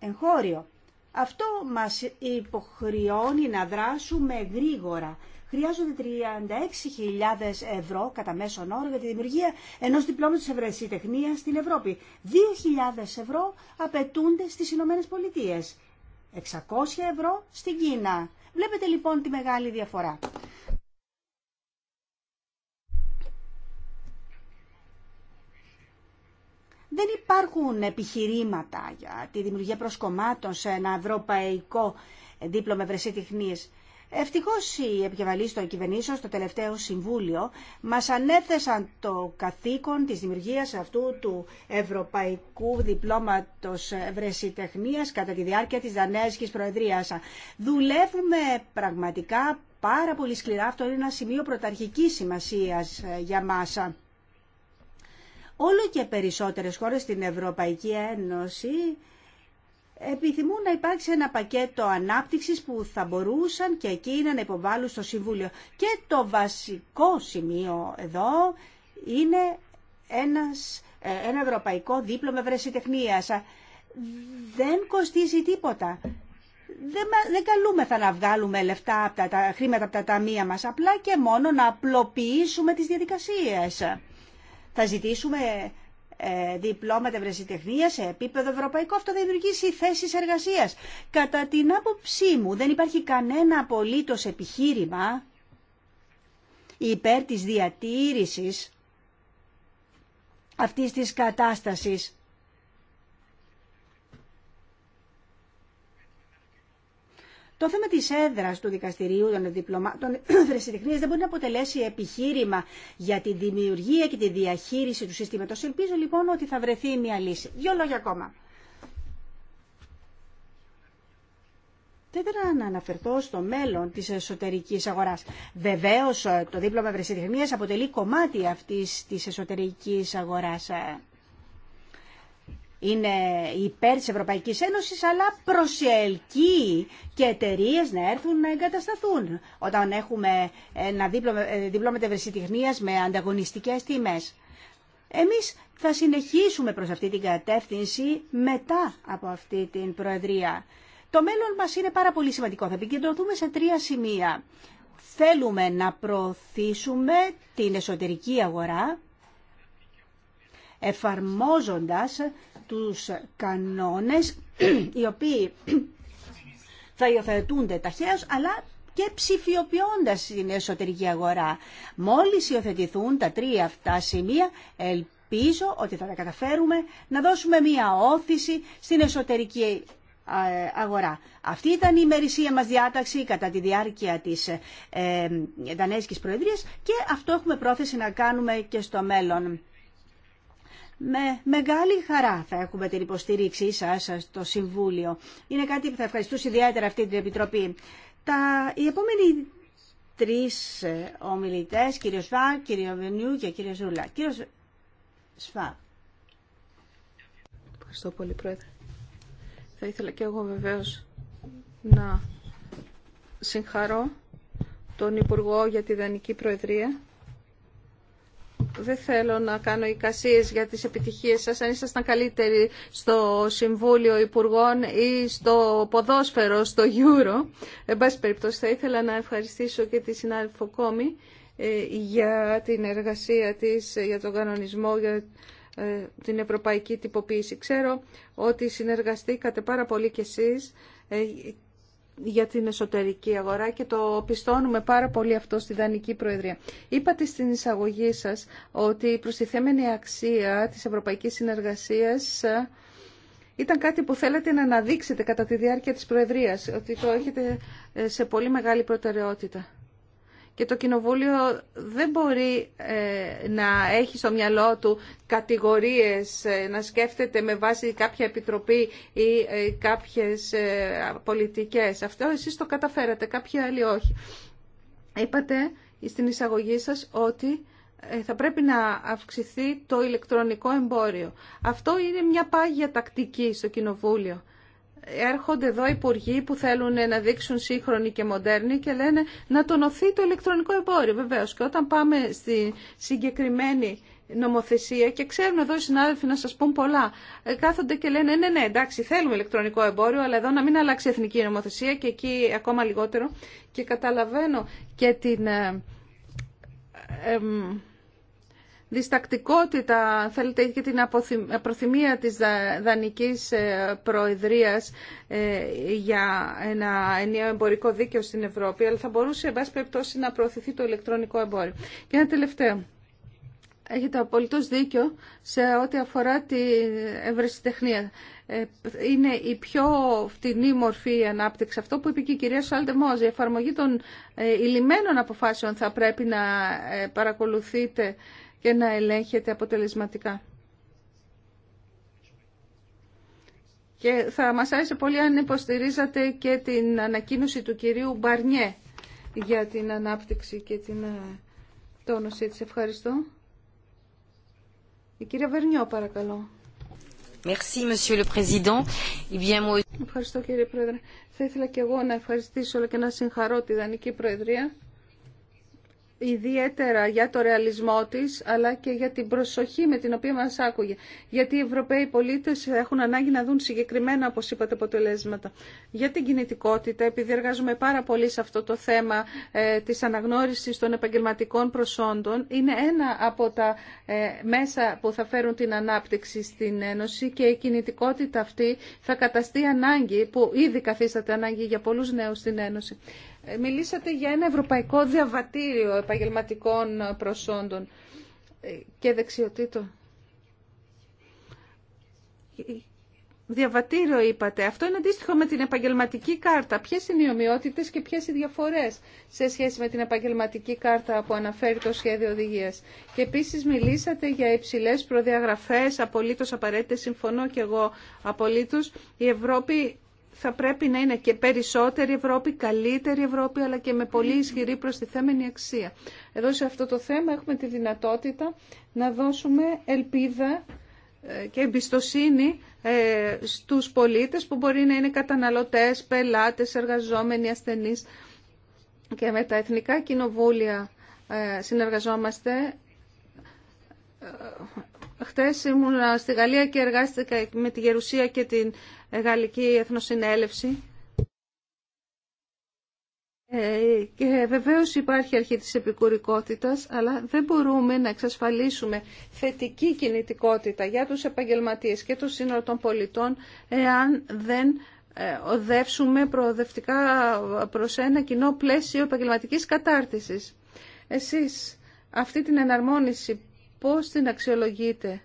εγχώριο. Αυτό μας υποχρεώνει να δράσουμε γρήγορα. Χρειάζονται 36.000 ευρώ κατά μέσον όρο για τη δημιουργία ενός διπλώματος ευρεσιτεχνίας στην Ευρώπη. 2.000 ευρώ απαιτούνται στις Ηνωμένε Πολιτείες. 600 ευρώ στην Κίνα. Βλέπετε λοιπόν τη μεγάλη διαφορά. Δεν υπάρχουν επιχειρήματα για τη δημιουργία προσκομμάτων σε ένα ευρωπαϊκό δίπλωμα ευρεσίτεχνίες. Ευτυχώς οι επικεφαλεί των κυβερνήσεων στο τελευταίο συμβούλιο μας ανέθεσαν το καθήκον της δημιουργία αυτού του Ευρωπαϊκού Διπλώματο Βρεσιτεχνίας κατά τη διάρκεια της Δανέζικης Προεδρίας. Δουλεύουμε πραγματικά πάρα πολύ σκληρά. Αυτό είναι ένα σημείο πρωταρχικής σημασίας ε, για μας. Όλο και περισσότερες χώρες στην Ευρωπαϊκή Ένωση επιθυμούν να υπάρξει ένα πακέτο ανάπτυξης που θα μπορούσαν και εκείνα να υποβάλουν στο Συμβούλιο. Και το βασικό σημείο εδώ είναι ένας, ε, ένα ευρωπαϊκό δίπλωμα βρεσιτεχνίας. Δεν κοστίζει τίποτα. Δεν, δεν καλούμεθα να βγάλουμε λεφτά από τα, χρήματα από τα ταμεία μας, απλά και μόνο να απλοποιήσουμε τις διαδικασίες. Θα ζητήσουμε ε, διπλώματα ευρεσιτεχνία σε επίπεδο ευρωπαϊκό. Αυτό θα δημιουργήσει θέσει εργασία. Κατά την άποψή μου, δεν υπάρχει κανένα απολύτω επιχείρημα υπέρ της διατήρησης αυτής της κατάστασης Το θέμα της έδρας του δικαστηρίου των διπλωμάτων δεν μπορεί να αποτελέσει επιχείρημα για τη δημιουργία και τη διαχείριση του συστήματος. Ελπίζω λοιπόν ότι θα βρεθεί μια λύση. Δύο λόγια ακόμα. Θα να αναφερθώ στο μέλλον της εσωτερικής αγοράς. Βεβαίως το δίπλωμα ευρεσιτεχνίας αποτελεί κομμάτι αυτής της εσωτερικής αγοράς είναι υπέρ της Ευρωπαϊκής Ένωσης, αλλά προσελκύει και εταιρείε να έρθουν να εγκατασταθούν. Όταν έχουμε ένα ε, διπλώματα ευρεσιτεχνίας με ανταγωνιστικές τιμές. Εμείς θα συνεχίσουμε προς αυτή την κατεύθυνση μετά από αυτή την Προεδρία. Το μέλλον μας είναι πάρα πολύ σημαντικό. Θα επικεντρωθούμε σε τρία σημεία. Θέλουμε να προωθήσουμε την εσωτερική αγορά, εφαρμόζοντας τους κανόνες οι οποίοι θα υιοθετούνται ταχαίως αλλά και ψηφιοποιώντα την εσωτερική αγορά. Μόλις υιοθετηθούν τα τρία αυτά σημεία ελπίζω ότι θα τα καταφέρουμε να δώσουμε μία όθηση στην εσωτερική ε, αγορά. Αυτή ήταν η ημερησία μας διάταξη κατά τη διάρκεια της ε, ε Δανέζικης Προεδρίας και αυτό έχουμε πρόθεση να κάνουμε και στο μέλλον με μεγάλη χαρά θα έχουμε την υποστήριξή σας στο Συμβούλιο. Είναι κάτι που θα ευχαριστούσε ιδιαίτερα αυτή την Επιτροπή. Τα, οι επόμενοι τρεις ε, ομιλητές, κύριο Σφά, κύριο Βενιού και κύριο Ζούλα. Κύριο Σφά. Ευχαριστώ πολύ, Πρόεδρε. Θα ήθελα και εγώ βεβαίως να συγχαρώ τον Υπουργό για τη Δανική Προεδρία δεν θέλω να κάνω εικασίε για τις επιτυχίες σας. Αν ήσασταν καλύτεροι στο Συμβούλιο Υπουργών ή στο ποδόσφαιρο, στο Euro, εν πάση περιπτώσει θα ήθελα να ευχαριστήσω και τη συνάδελφο Κόμη ε, για την εργασία της, για τον κανονισμό, για ε, την ευρωπαϊκή τυποποίηση. Ξέρω ότι συνεργαστήκατε πάρα πολύ κι εσείς ε, για την εσωτερική αγορά και το πιστώνουμε πάρα πολύ αυτό στη Δανική Προεδρία. Είπατε στην εισαγωγή σας ότι η προστιθέμενη αξία της Ευρωπαϊκής Συνεργασίας ε, ήταν κάτι που θέλετε να αναδείξετε κατά τη διάρκεια της Προεδρίας, ότι το έχετε ε, σε πολύ μεγάλη προτεραιότητα. Και το Κοινοβούλιο δεν μπορεί ε, να έχει στο μυαλό του κατηγορίες, ε, να σκέφτεται με βάση κάποια επιτροπή ή ε, κάποιες πολιτικές. Αυτό εσείς το καταφέρατε, κάποιοι άλλοι όχι. Είπατε στην εισαγωγή σας ότι θα πρέπει να αυξηθεί το ηλεκτρονικό εμπόριο. Αυτό είναι μια πάγια τακτική στο Κοινοβούλιο έρχονται εδώ υπουργοί που θέλουν να δείξουν σύγχρονοι και μοντέρνοι και λένε να τονωθεί το ηλεκτρονικό εμπόριο βεβαίως. Και όταν πάμε στη συγκεκριμένη νομοθεσία και ξέρουν εδώ οι συνάδελφοι να σας πούν πολλά. Ε, κάθονται και λένε ναι, ναι, εντάξει, θέλουμε ηλεκτρονικό εμπόριο, αλλά εδώ να μην αλλάξει η εθνική νομοθεσία και εκεί ακόμα λιγότερο. Και καταλαβαίνω και την... Ε, ε, διστακτικότητα, θέλετε, και την προθυμία της δανικής ε, προεδρίας ε, για ένα ενιαίο εμπορικό δίκαιο στην Ευρώπη, αλλά θα μπορούσε, εν πάση περιπτώσει, να προωθηθεί το ηλεκτρονικό εμπόριο. Και ένα τελευταίο. Έχετε απολύτω δίκιο σε ό,τι αφορά την ευρεσιτεχνία. Ε, είναι η πιο φτηνή μορφή η ανάπτυξη. Αυτό που είπε και η κυρία Σάλτεμόζ, η εφαρμογή των ηλυμένων αποφάσεων θα πρέπει να παρακολουθείτε και να ελέγχεται αποτελεσματικά. Και θα μας άρεσε πολύ αν υποστηρίζατε και την ανακοίνωση του κυρίου Μπαρνιέ για την ανάπτυξη και την ε, τόνωση της. Ευχαριστώ. Η κυρία Βερνιό, παρακαλώ. Merci, Monsieur le eh Ευχαριστώ κύριε Πρόεδρε. Θα ήθελα και εγώ να ευχαριστήσω αλλά και να συγχαρώ τη Δανική Προεδρία ιδιαίτερα για το ρεαλισμό της, αλλά και για την προσοχή με την οποία μας άκουγε. Γιατί οι Ευρωπαίοι πολίτες έχουν ανάγκη να δουν συγκεκριμένα, όπως είπατε, αποτελέσματα. Για την κινητικότητα, επειδή εργάζομαι πάρα πολύ σε αυτό το θέμα ε, της αναγνώρισης των επαγγελματικών προσόντων, είναι ένα από τα ε, μέσα που θα φέρουν την ανάπτυξη στην Ένωση και η κινητικότητα αυτή θα καταστεί ανάγκη, που ήδη καθίσταται ανάγκη για πολλούς νέους στην Ένωση. Μιλήσατε για ένα ευρωπαϊκό διαβατήριο επαγγελματικών προσόντων ε, και δεξιοτήτων. Διαβατήριο είπατε. Αυτό είναι αντίστοιχο με την επαγγελματική κάρτα. Ποιες είναι οι ομοιότητες και ποιες οι διαφορές σε σχέση με την επαγγελματική κάρτα που αναφέρει το σχέδιο οδηγίας. Και επίσης μιλήσατε για υψηλές προδιαγραφές, απολύτως απαραίτητες, συμφωνώ και εγώ απολύτως. Η Ευρώπη θα πρέπει να είναι και περισσότερη Ευρώπη, καλύτερη Ευρώπη, αλλά και με πολύ ισχυρή προστιθέμενη αξία. Εδώ σε αυτό το θέμα έχουμε τη δυνατότητα να δώσουμε ελπίδα ε, και εμπιστοσύνη ε, στους πολίτες που μπορεί να είναι καταναλωτές, πελάτες, εργαζόμενοι, ασθενείς και με τα εθνικά κοινοβούλια ε, συνεργαζόμαστε Χτες ήμουν ε, στη Γαλλία και εργάστηκα με τη Γερουσία και την ε, Γαλλική Εθνοσυνέλευση. Ε, και βεβαίως υπάρχει αρχή της επικουρικότητας, αλλά δεν μπορούμε να εξασφαλίσουμε θετική κινητικότητα για τους επαγγελματίες και το σύνολο των πολιτών, εάν δεν οδεύσουμε προοδευτικά προς ένα κοινό πλαίσιο επαγγελματικής κατάρτισης. Εσείς αυτή την εναρμόνιση πώς την αξιολογείτε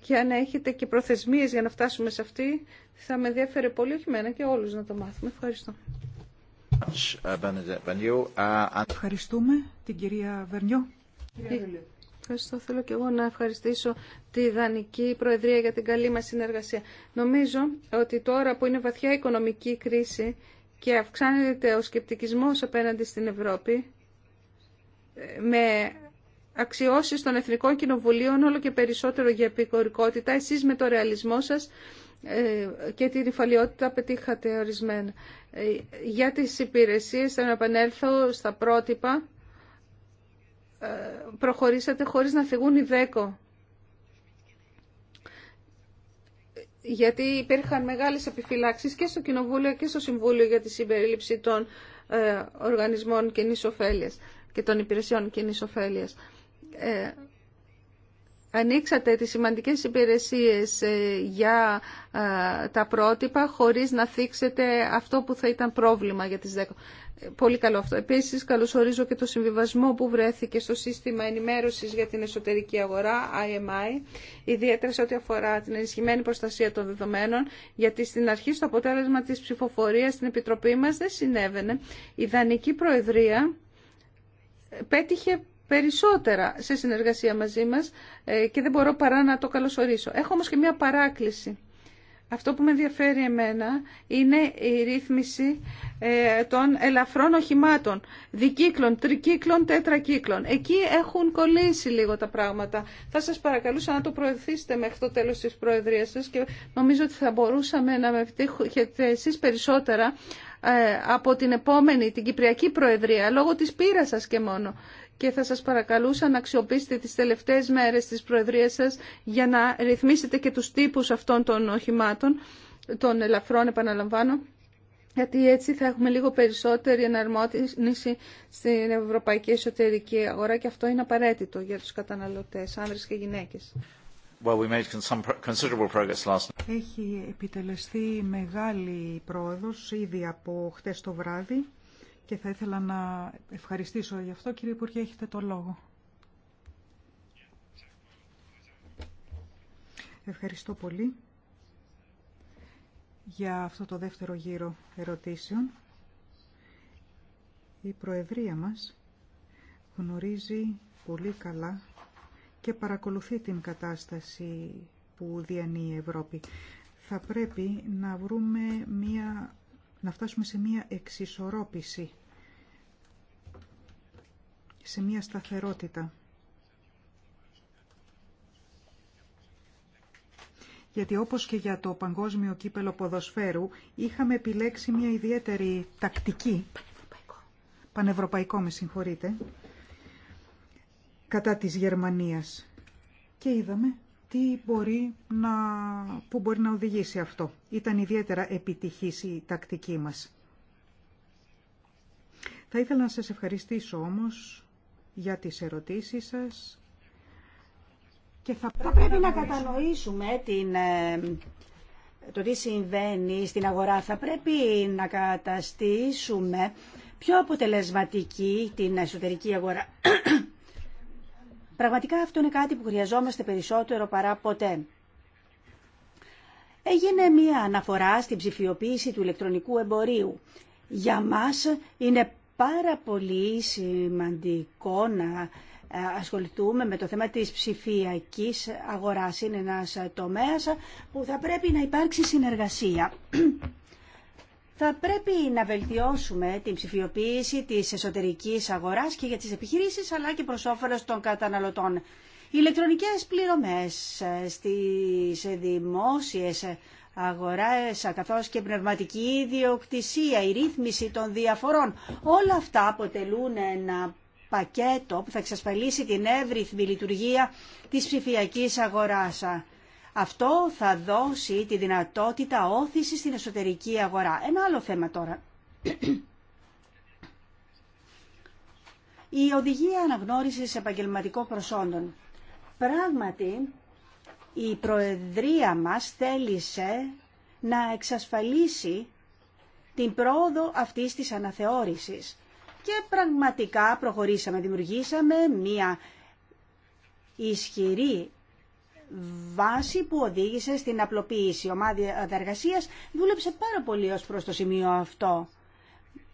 και αν έχετε και προθεσμίες για να φτάσουμε σε αυτή, θα με ενδιαφέρει πολύ όχι μένα και όλους να το μάθουμε. Ευχαριστώ. Ευχαριστούμε την κυρία Βερνιό. Ευχαριστώ. Θέλω και εγώ να ευχαριστήσω τη Δανική Προεδρία για την καλή μας συνεργασία. Νομίζω ότι τώρα που είναι βαθιά οικονομική κρίση και αυξάνεται ο σκεπτικισμός απέναντι στην Ευρώπη, ε, με αξιώσεις των Εθνικών Κοινοβουλίων όλο και περισσότερο για επικορικότητα. Εσείς με το ρεαλισμό σας ε, και την υφαλιότητα πετύχατε ορισμένα. Ε, για τις υπηρεσίες θα επανέλθω στα πρότυπα. Ε, προχωρήσατε χωρίς να φυγούν οι δέκο. Γιατί υπήρχαν μεγάλες επιφυλάξεις και στο Κοινοβούλιο και στο Συμβούλιο για τη συμπερίληψη των οργανισμών κοινή ωφέλεια και των υπηρεσιών κοινή ωφέλεια ε, ανοίξατε τις σημαντικές υπηρεσίες ε, για ε, τα πρότυπα χωρίς να θίξετε αυτό που θα ήταν πρόβλημα για τις 10. Ε, πολύ καλό αυτό. Επίσης, καλωσορίζω και το συμβιβασμό που βρέθηκε στο σύστημα ενημέρωσης για την εσωτερική αγορά, IMI, ιδιαίτερα σε ό,τι αφορά την ενισχυμένη προστασία των δεδομένων, γιατί στην αρχή στο αποτέλεσμα της ψηφοφορίας στην Επιτροπή μας δεν συνέβαινε. Η Δανική Προεδρία πέτυχε περισσότερα σε συνεργασία μαζί μας ε, και δεν μπορώ παρά να το καλωσορίσω. Έχω όμως και μια παράκληση. Αυτό που με ενδιαφέρει εμένα είναι η ρύθμιση ε, των ελαφρών οχημάτων, δικύκλων, τρικύκλων, τέτρακύκλων. Εκεί έχουν κολλήσει λίγο τα πράγματα. Θα σας παρακαλούσα να το προωθήσετε μέχρι το τέλος της Προεδρίας σας και νομίζω ότι θα μπορούσαμε να με επιτύχετε εσείς περισσότερα ε, από την επόμενη, την Κυπριακή Προεδρία, λόγω της πείρας σας και μόνο και θα σας παρακαλούσα να αξιοποιήσετε τις τελευταίες μέρες της Προεδρίας σας για να ρυθμίσετε και τους τύπους αυτών των οχημάτων, των ελαφρών επαναλαμβάνω, γιατί έτσι θα έχουμε λίγο περισσότερη εναρμόνιση στην ευρωπαϊκή εσωτερική αγορά και αυτό είναι απαραίτητο για τους καταναλωτές, άνδρες και γυναίκες. Well, we made considerable progress last Έχει επιτελεστεί μεγάλη πρόοδος ήδη από χτες το βράδυ και θα ήθελα να ευχαριστήσω γι' αυτό. Κύριε Υπουργέ, έχετε το λόγο. Ευχαριστώ πολύ για αυτό το δεύτερο γύρο ερωτήσεων. Η Προεδρία μας γνωρίζει πολύ καλά και παρακολουθεί την κατάσταση που διανύει η Ευρώπη. Θα πρέπει να βρούμε μία να φτάσουμε σε μία εξισορρόπηση, σε μία σταθερότητα. γιατί όπως και για το Παγκόσμιο Κύπελο Ποδοσφαίρου είχαμε επιλέξει μια ιδιαίτερη τακτική, πανευρωπαϊκό, με συγχωρείτε, κατά της Γερμανίας. Και είδαμε να, που μπορεί να οδηγήσει αυτό. Ήταν ιδιαίτερα επιτυχής η τακτική μας. Θα ήθελα να σας ευχαριστήσω όμως για τις ερωτήσεις σας. Και θα πρέπει, να, κατανοήσουμε την, ε, το τι συμβαίνει στην αγορά. Θα πρέπει να καταστήσουμε πιο αποτελεσματική την εσωτερική αγορά Πραγματικά αυτό είναι κάτι που χρειαζόμαστε περισσότερο παρά ποτέ. Έγινε μία αναφορά στην ψηφιοποίηση του ηλεκτρονικού εμπορίου. Για μας είναι πάρα πολύ σημαντικό να ε, ασχοληθούμε με το θέμα της ψηφιακής αγοράς. Είναι ένας τομέας που θα πρέπει να υπάρξει συνεργασία θα πρέπει να βελτιώσουμε την ψηφιοποίηση της εσωτερικής αγοράς και για τις επιχειρήσεις αλλά και προς όφελος των καταναλωτών. Οι ηλεκτρονικές πληρωμές ε, στις δημόσιες αγορές ε, καθώς και πνευματική ιδιοκτησία, η ρύθμιση των διαφορών. Όλα αυτά αποτελούν ένα πακέτο που θα εξασφαλίσει την εύρυθμη λειτουργία της ψηφιακής αγοράς. Αυτό θα δώσει τη δυνατότητα όθηση στην εσωτερική αγορά. Ένα άλλο θέμα τώρα. Η οδηγία αναγνώρισης επαγγελματικών προσόντων. Πράγματι, η Προεδρία μας θέλησε να εξασφαλίσει την πρόοδο αυτής της αναθεώρησης. Και πραγματικά προχωρήσαμε, δημιουργήσαμε μία ισχυρή βάση που οδήγησε στην απλοποίηση. Η ομάδα εργασία δούλεψε πάρα πολύ ως προς το σημείο αυτό.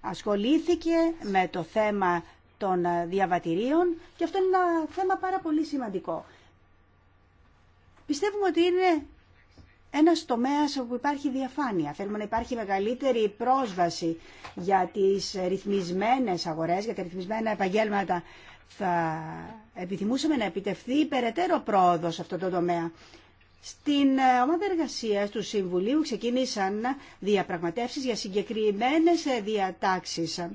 Ασχολήθηκε με το θέμα των διαβατηρίων και αυτό είναι ένα θέμα πάρα πολύ σημαντικό. Πιστεύουμε ότι είναι ένα τομέα όπου υπάρχει διαφάνεια. Θέλουμε να υπάρχει μεγαλύτερη πρόσβαση για τι ρυθμισμένε αγορέ, για τα ρυθμισμένα επαγγέλματα θα επιθυμούσαμε να επιτευχθεί περαιτέρω πρόοδο σε αυτό το τομέα. Στην ε, ομάδα εργασία του Συμβουλίου ξεκίνησαν διαπραγματεύσεις για συγκεκριμένες ε, διατάξεις.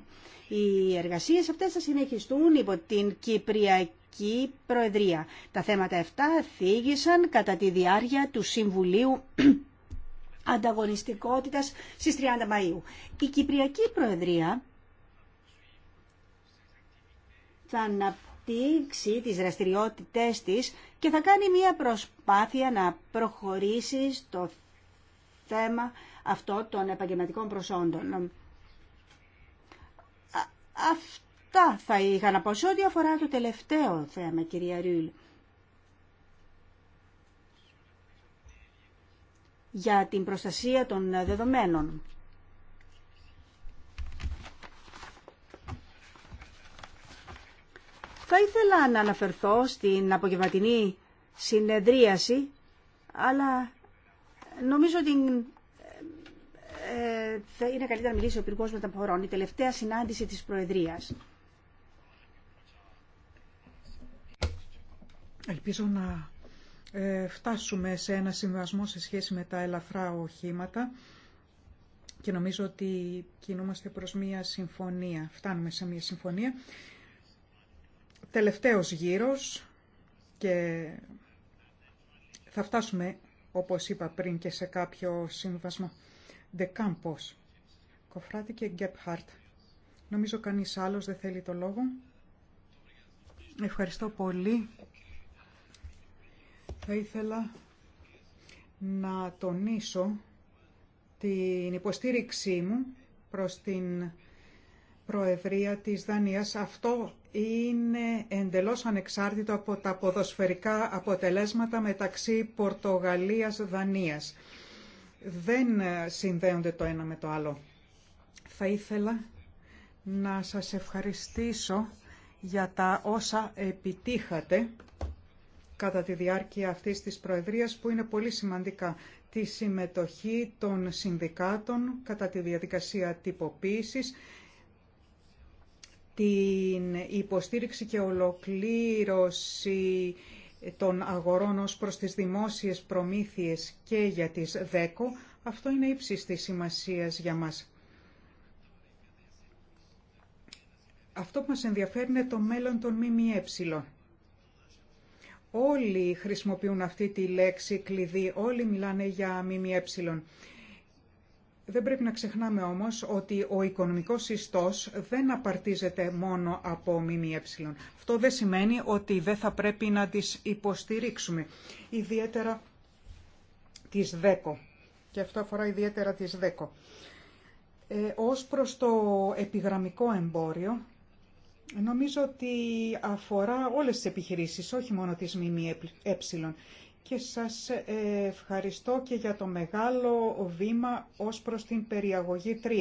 Οι εργασίε αυτέ θα συνεχιστούν υπό την Κυπριακή Προεδρία. Τα θέματα αυτά θίγησαν κατά τη διάρκεια του Συμβουλίου Ανταγωνιστικότητας στις 30 Μαΐου. Η Κυπριακή Προεδρία θα αναπτύξει τις δραστηριότητές της και θα κάνει μια προσπάθεια να προχωρήσει στο θέμα αυτό των επαγγελματικών προσόντων. Αυτά θα είχα να πω σε ό,τι αφορά το τελευταίο θέμα, κυρία Ρούλ. για την προστασία των δεδομένων. Θα ήθελα να αναφερθώ στην απογευματινή συνεδρίαση, αλλά νομίζω ότι ε, θα είναι καλύτερα να μιλήσει ο Υπουργός Μεταφορών, η τελευταία συνάντηση της Προεδρίας. Ελπίζω να ε, φτάσουμε σε ένα συμβασμό σε σχέση με τα ελαφρά οχήματα και νομίζω ότι κινούμαστε προς μία συμφωνία, φτάνουμε σε μία συμφωνία Τελευταίος γύρος και θα φτάσουμε, όπως είπα πριν, και σε κάποιο The Campos, Κοφράτη και Γκέπχαρτ. Νομίζω κανείς άλλος δεν θέλει το λόγο. Ευχαριστώ πολύ. Θα ήθελα να τονίσω την υποστήριξή μου προς την Προεδρία της Δανίας. Αυτό είναι εντελώς ανεξάρτητο από τα ποδοσφαιρικά αποτελέσματα μεταξύ Πορτογαλίας-Δανίας. Δεν συνδέονται το ένα με το άλλο. Θα ήθελα να σας ευχαριστήσω για τα όσα επιτύχατε κατά τη διάρκεια αυτής της Προεδρίας που είναι πολύ σημαντικά τη συμμετοχή των συνδικάτων κατά τη διαδικασία τυποποίησης την υποστήριξη και ολοκλήρωση των αγορών ως προς τις δημόσιες προμήθειες και για τις ΔΕΚΟ, αυτό είναι ύψιστη της σημασίας για μας. Αυτό που μας ενδιαφέρει είναι το μέλλον των ΜΜΕ. Όλοι χρησιμοποιούν αυτή τη λέξη κλειδί, όλοι μιλάνε για ΜΜΕ. Δεν πρέπει να ξεχνάμε όμως ότι ο οικονομικός ιστός δεν απαρτίζεται μόνο από ΜΜΕ. Αυτό δεν σημαίνει ότι δεν θα πρέπει να τις υποστηρίξουμε, ιδιαίτερα τις ΔΕΚΟ. Και αυτό αφορά ιδιαίτερα τις ΔΕΚΟ. Ε, ως προς το επιγραμμικό εμπόριο, νομίζω ότι αφορά όλες τις επιχειρήσεις, όχι μόνο τις ΜΜΕ και σας ε, ευχαριστώ και για το μεγάλο βήμα ως προς την περιαγωγή 3.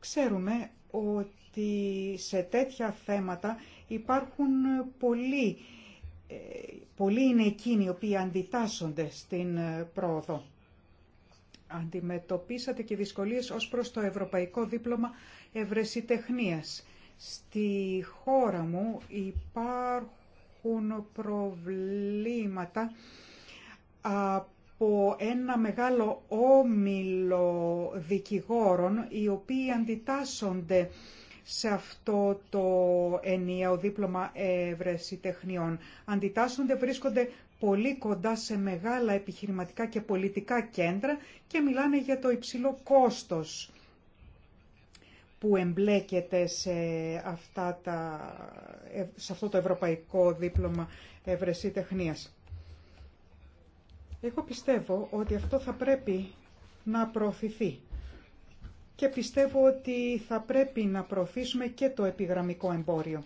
Ξέρουμε ότι σε τέτοια θέματα υπάρχουν πολλοί, ε, πολλοί είναι εκείνοι οι οποίοι αντιτάσσονται στην ε, πρόοδο. Αντιμετωπίσατε και δυσκολίες ως προς το Ευρωπαϊκό Δίπλωμα Ευρεσιτεχνίας. Στη χώρα μου υπάρχουν προβλήματα από ένα μεγάλο όμιλο δικηγόρων οι οποίοι αντιτάσσονται σε αυτό το ενιαίο δίπλωμα ευρεσιτεχνιών. Αντιτάσσονται, βρίσκονται πολύ κοντά σε μεγάλα επιχειρηματικά και πολιτικά κέντρα και μιλάνε για το υψηλό κόστος που εμπλέκεται σε, αυτά τα, σε αυτό το ευρωπαϊκό δίπλωμα τεχνίας. Εγώ πιστεύω ότι αυτό θα πρέπει να προωθηθεί και πιστεύω ότι θα πρέπει να προωθήσουμε και το επιγραμμικό εμπόριο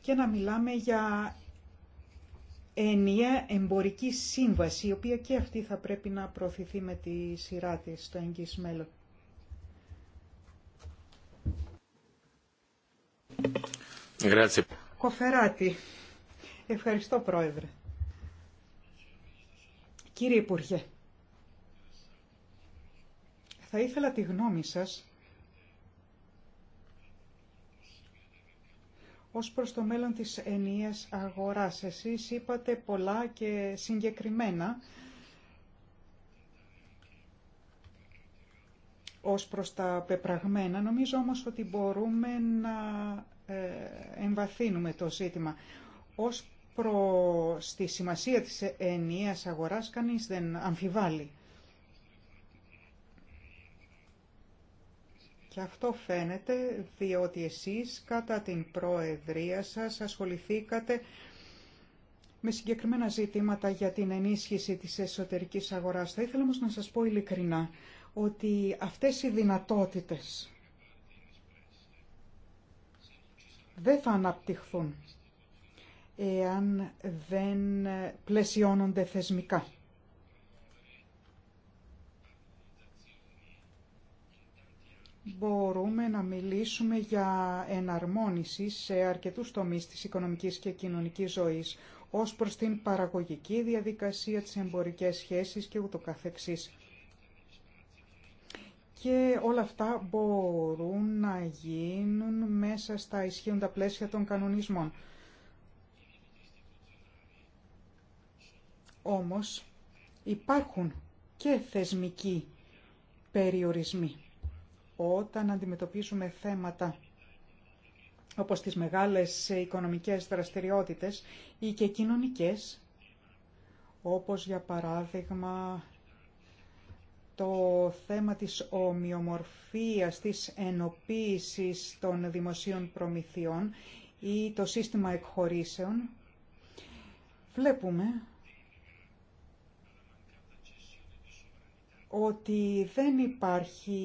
και να μιλάμε για ενιαία εμπορική σύμβαση, η οποία και αυτή θα πρέπει να προωθηθεί με τη σειρά της στο εγγύς μέλλον. Κοφεράτη. Ευχαριστώ, Πρόεδρε. Κύριε Υπουργέ, θα ήθελα τη γνώμη σας ως προς το μέλλον της ενίας αγοράς. Εσείς είπατε πολλά και συγκεκριμένα ως προς τα πεπραγμένα. Νομίζω όμως ότι μπορούμε να ε, εμβαθύνουμε το ζήτημα. Ως προς τη σημασία της ενιαίας αγοράς κανείς δεν αμφιβάλλει. Και αυτό φαίνεται διότι εσείς κατά την προεδρία σας ασχοληθήκατε με συγκεκριμένα ζητήματα για την ενίσχυση της εσωτερικής αγοράς. Θα ήθελα όμως να σας πω ειλικρινά ότι αυτές οι δυνατότητες δεν θα αναπτυχθούν εάν δεν πλαισιώνονται θεσμικά. Μπορούμε να μιλήσουμε για εναρμόνιση σε αρκετούς τομείς της οικονομικής και κοινωνικής ζωής, ως προς την παραγωγική διαδικασία, τις εμπορικές σχέσεις και ούτω καθεξής. Και όλα αυτά μπορούν να γίνουν μέσα στα ισχύοντα πλαίσια των κανονισμών. Όμως υπάρχουν και θεσμικοί περιορισμοί. Όταν αντιμετωπίζουμε θέματα όπως τις μεγάλες οικονομικές δραστηριότητες ή και κοινωνικές, όπως για παράδειγμα το θέμα της ομοιομορφίας, της ενοποίησης των δημοσίων προμηθειών ή το σύστημα εκχωρήσεων, βλέπουμε ότι δεν υπάρχει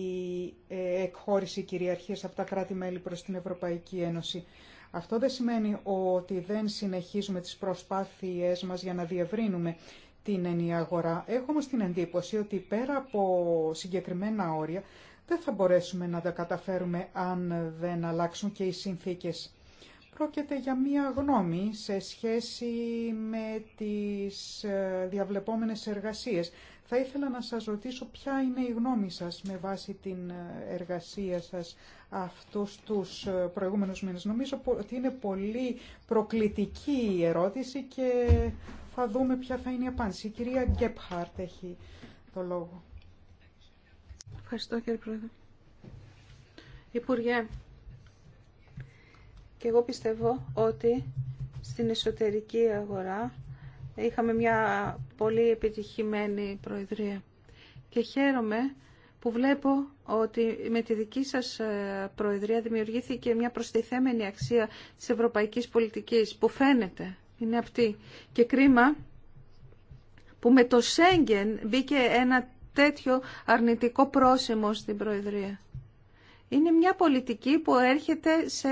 ε, εκχώρηση κυριαρχίας από τα κράτη-μέλη προς την Ευρωπαϊκή Ένωση. Αυτό δεν σημαίνει ότι δεν συνεχίζουμε τις προσπάθειές μας για να διευρύνουμε την ενιαία αγορά. Έχω όμως την εντύπωση ότι πέρα από συγκεκριμένα όρια δεν θα μπορέσουμε να τα καταφέρουμε αν δεν αλλάξουν και οι συνθήκες. Πρόκειται για μία γνώμη σε σχέση με τις ε, διαβλεπόμενες εργασίες. Θα ήθελα να σας ρωτήσω ποια είναι η γνώμη σας με βάση την ε, εργασία σας αυτούς τους ε, προηγούμενους μήνες. Νομίζω ότι είναι πολύ προκλητική η ερώτηση και θα δούμε ποια θα είναι η απάντηση. Η κυρία Γκέπχαρτ έχει το λόγο. Ευχαριστώ κύριε Πρόεδρε. Υπουργέ, και εγώ πιστεύω ότι στην εσωτερική αγορά Είχαμε μια πολύ επιτυχημένη προεδρία. Και χαίρομαι που βλέπω ότι με τη δική σας ε, προεδρία δημιουργήθηκε μια προστιθέμενη αξία της ευρωπαϊκής πολιτικής που φαίνεται, είναι αυτή. Και κρίμα που με το Σέγγεν μπήκε ένα τέτοιο αρνητικό πρόσημο στην προεδρία. Είναι μια πολιτική που έρχεται σε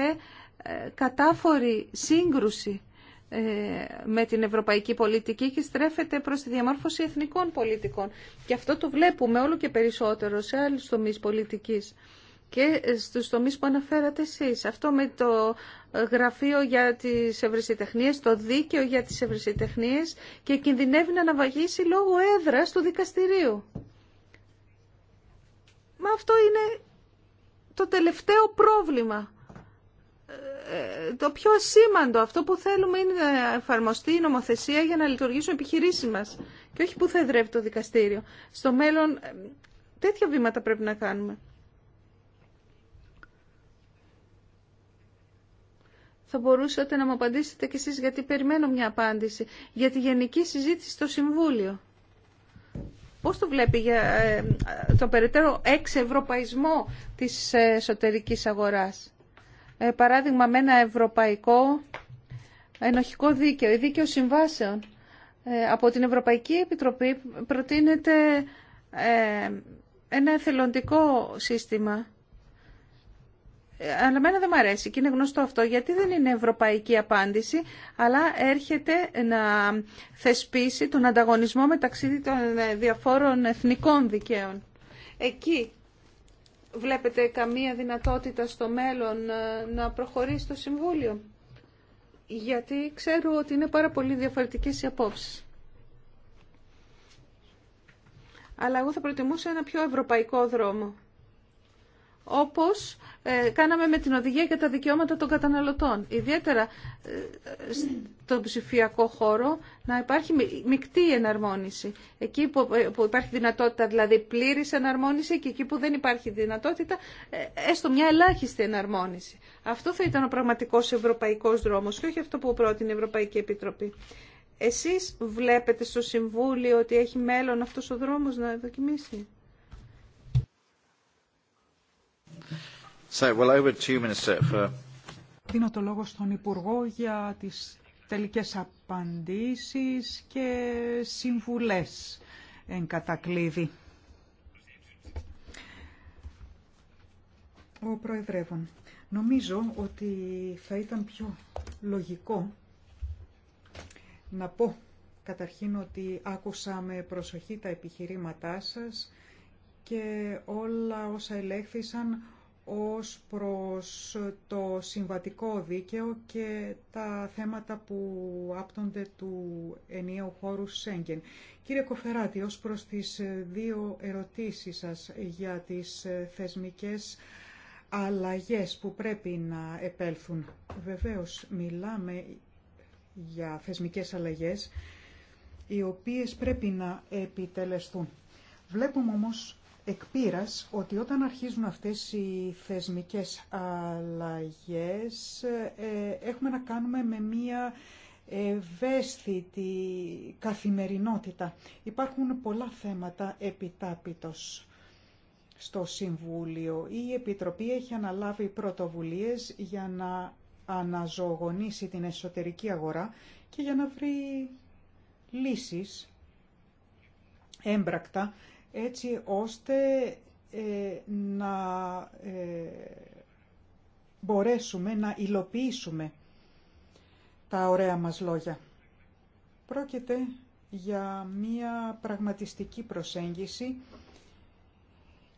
ε, κατάφορη σύγκρουση ε, με την ευρωπαϊκή πολιτική και στρέφεται προς τη διαμόρφωση εθνικών πολιτικών. Και αυτό το βλέπουμε όλο και περισσότερο σε άλλους τομείς πολιτικής και στους τομείς που αναφέρατε εσείς. Αυτό με το γραφείο για τις ευρεσιτεχνίες, το δίκαιο για τις ευρεσιτεχνίε και κινδυνεύει να αναβαγίσει λόγω έδρας του δικαστηρίου. Μα αυτό είναι το τελευταίο πρόβλημα ε, το πιο σήμαντο, αυτό που θέλουμε είναι να εφαρμοστεί η νομοθεσία για να λειτουργήσουν οι επιχειρήσεις μας και όχι που θα εδρεύει το δικαστήριο. Στο μέλλον ε, τέτοια βήματα πρέπει να κάνουμε. Θα μπορούσατε να μου απαντήσετε κι εσείς γιατί περιμένω μια απάντηση για τη γενική συζήτηση στο Συμβούλιο. Πώς το βλέπει για ε, το περαιτέρω εξευρωπαϊσμό της εσωτερικής αγοράς. Ε, παράδειγμα με ένα ευρωπαϊκό ενοχικό δίκαιο ή δίκαιο συμβάσεων. Ε, από την Ευρωπαϊκή Επιτροπή προτείνεται ε, ένα εθελοντικό σύστημα. Αλλά μένα δεν μου αρέσει και είναι γνωστό αυτό γιατί δεν είναι ευρωπαϊκή απάντηση αλλά έρχεται να θεσπίσει τον ανταγωνισμό μεταξύ των διαφόρων εθνικών δικαίων. Εκεί βλέπετε καμία δυνατότητα στο μέλλον ε, να προχωρήσει το Συμβούλιο. Γιατί ξέρω ότι είναι πάρα πολύ διαφορετικές οι απόψεις. Αλλά εγώ θα προτιμούσα ένα πιο ευρωπαϊκό δρόμο όπως ε, κάναμε με την οδηγία για τα δικαιώματα των καταναλωτών. Ιδιαίτερα ε, στον ψηφιακό χώρο να υπάρχει μεικτή εναρμόνιση. Εκεί ε, που υπάρχει δυνατότητα δηλαδή πλήρης εναρμόνιση και εκεί που δεν υπάρχει δυνατότητα έστω μια ελάχιστη εναρμόνιση. Αυτό θα ήταν ο πραγματικός ευρωπαϊκός δρόμος και όχι αυτό που πρότεινε η Ευρωπαϊκή Επιτροπή. Εσείς βλέπετε στο Συμβούλιο ότι έχει μέλλον αυτός ο δρόμος να δοκιμήσει. Δίνω το λόγο στον Υπουργό για τις τελικές απαντήσεις και συμβουλές εν κατακλείδη. Ο Προεδρεύων. Νομίζω ότι θα ήταν πιο λογικό να πω καταρχήν ότι άκουσα με προσοχή τα επιχειρήματά σας και όλα όσα ελέγχθησαν ως προς το συμβατικό δίκαιο και τα θέματα που άπτονται του ενιαίου χώρου Σέγγεν. Κύριε Κοφεράτη, ως προς τις δύο ερωτήσεις σας για τις θεσμικές αλλαγές που πρέπει να επέλθουν. Βεβαίως, μιλάμε για θεσμικές αλλαγές οι οποίες πρέπει να επιτελεστούν. Βλέπουμε όμως πείρας ότι όταν αρχίζουν αυτές οι θεσμικές αλλαγές ε, έχουμε να κάνουμε με μία ευαίσθητη καθημερινότητα. Υπάρχουν πολλά θέματα επιτάπητος στο Συμβούλιο. Η Επιτροπή έχει αναλάβει πρωτοβουλίες για να αναζωογονήσει την εσωτερική αγορά και για να βρει λύσεις έμπρακτα έτσι ώστε ε, να ε, μπορέσουμε να υλοποιήσουμε τα ωραία μας λόγια. Πρόκειται για μία πραγματιστική προσέγγιση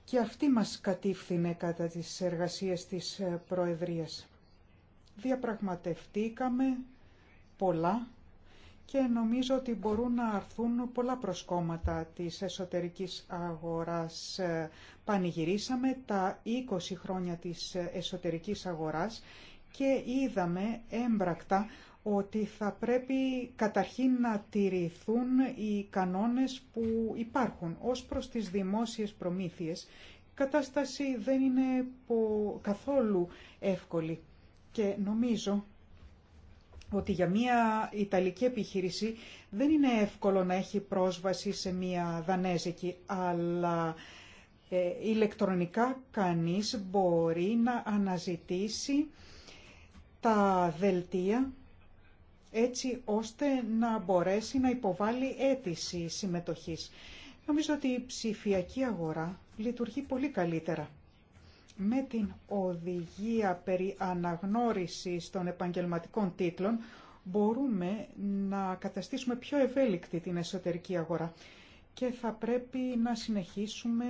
και αυτή μας κατήφθηνε κατά τις εργασίες της ε, Προεδρίας. Διαπραγματευτήκαμε πολλά και νομίζω ότι μπορούν να αρθούν πολλά προσκόμματα της εσωτερικής αγοράς. Πανηγυρίσαμε τα 20 χρόνια της εσωτερικής αγοράς και είδαμε έμπρακτα ότι θα πρέπει καταρχήν να τηρηθούν οι κανόνες που υπάρχουν ως προς τις δημόσιες προμήθειες. Η κατάσταση δεν είναι καθόλου εύκολη και νομίζω ότι για μια Ιταλική επιχείρηση δεν είναι εύκολο να έχει πρόσβαση σε μια Δανέζικη, αλλά ε, ηλεκτρονικά κανείς μπορεί να αναζητήσει τα δελτία έτσι ώστε να μπορέσει να υποβάλει αίτηση συμμετοχής. Νομίζω ότι η ψηφιακή αγορά λειτουργεί πολύ καλύτερα με την οδηγία περί αναγνώρισης των επαγγελματικών τίτλων μπορούμε να καταστήσουμε πιο ευέλικτη την εσωτερική αγορά και θα πρέπει να συνεχίσουμε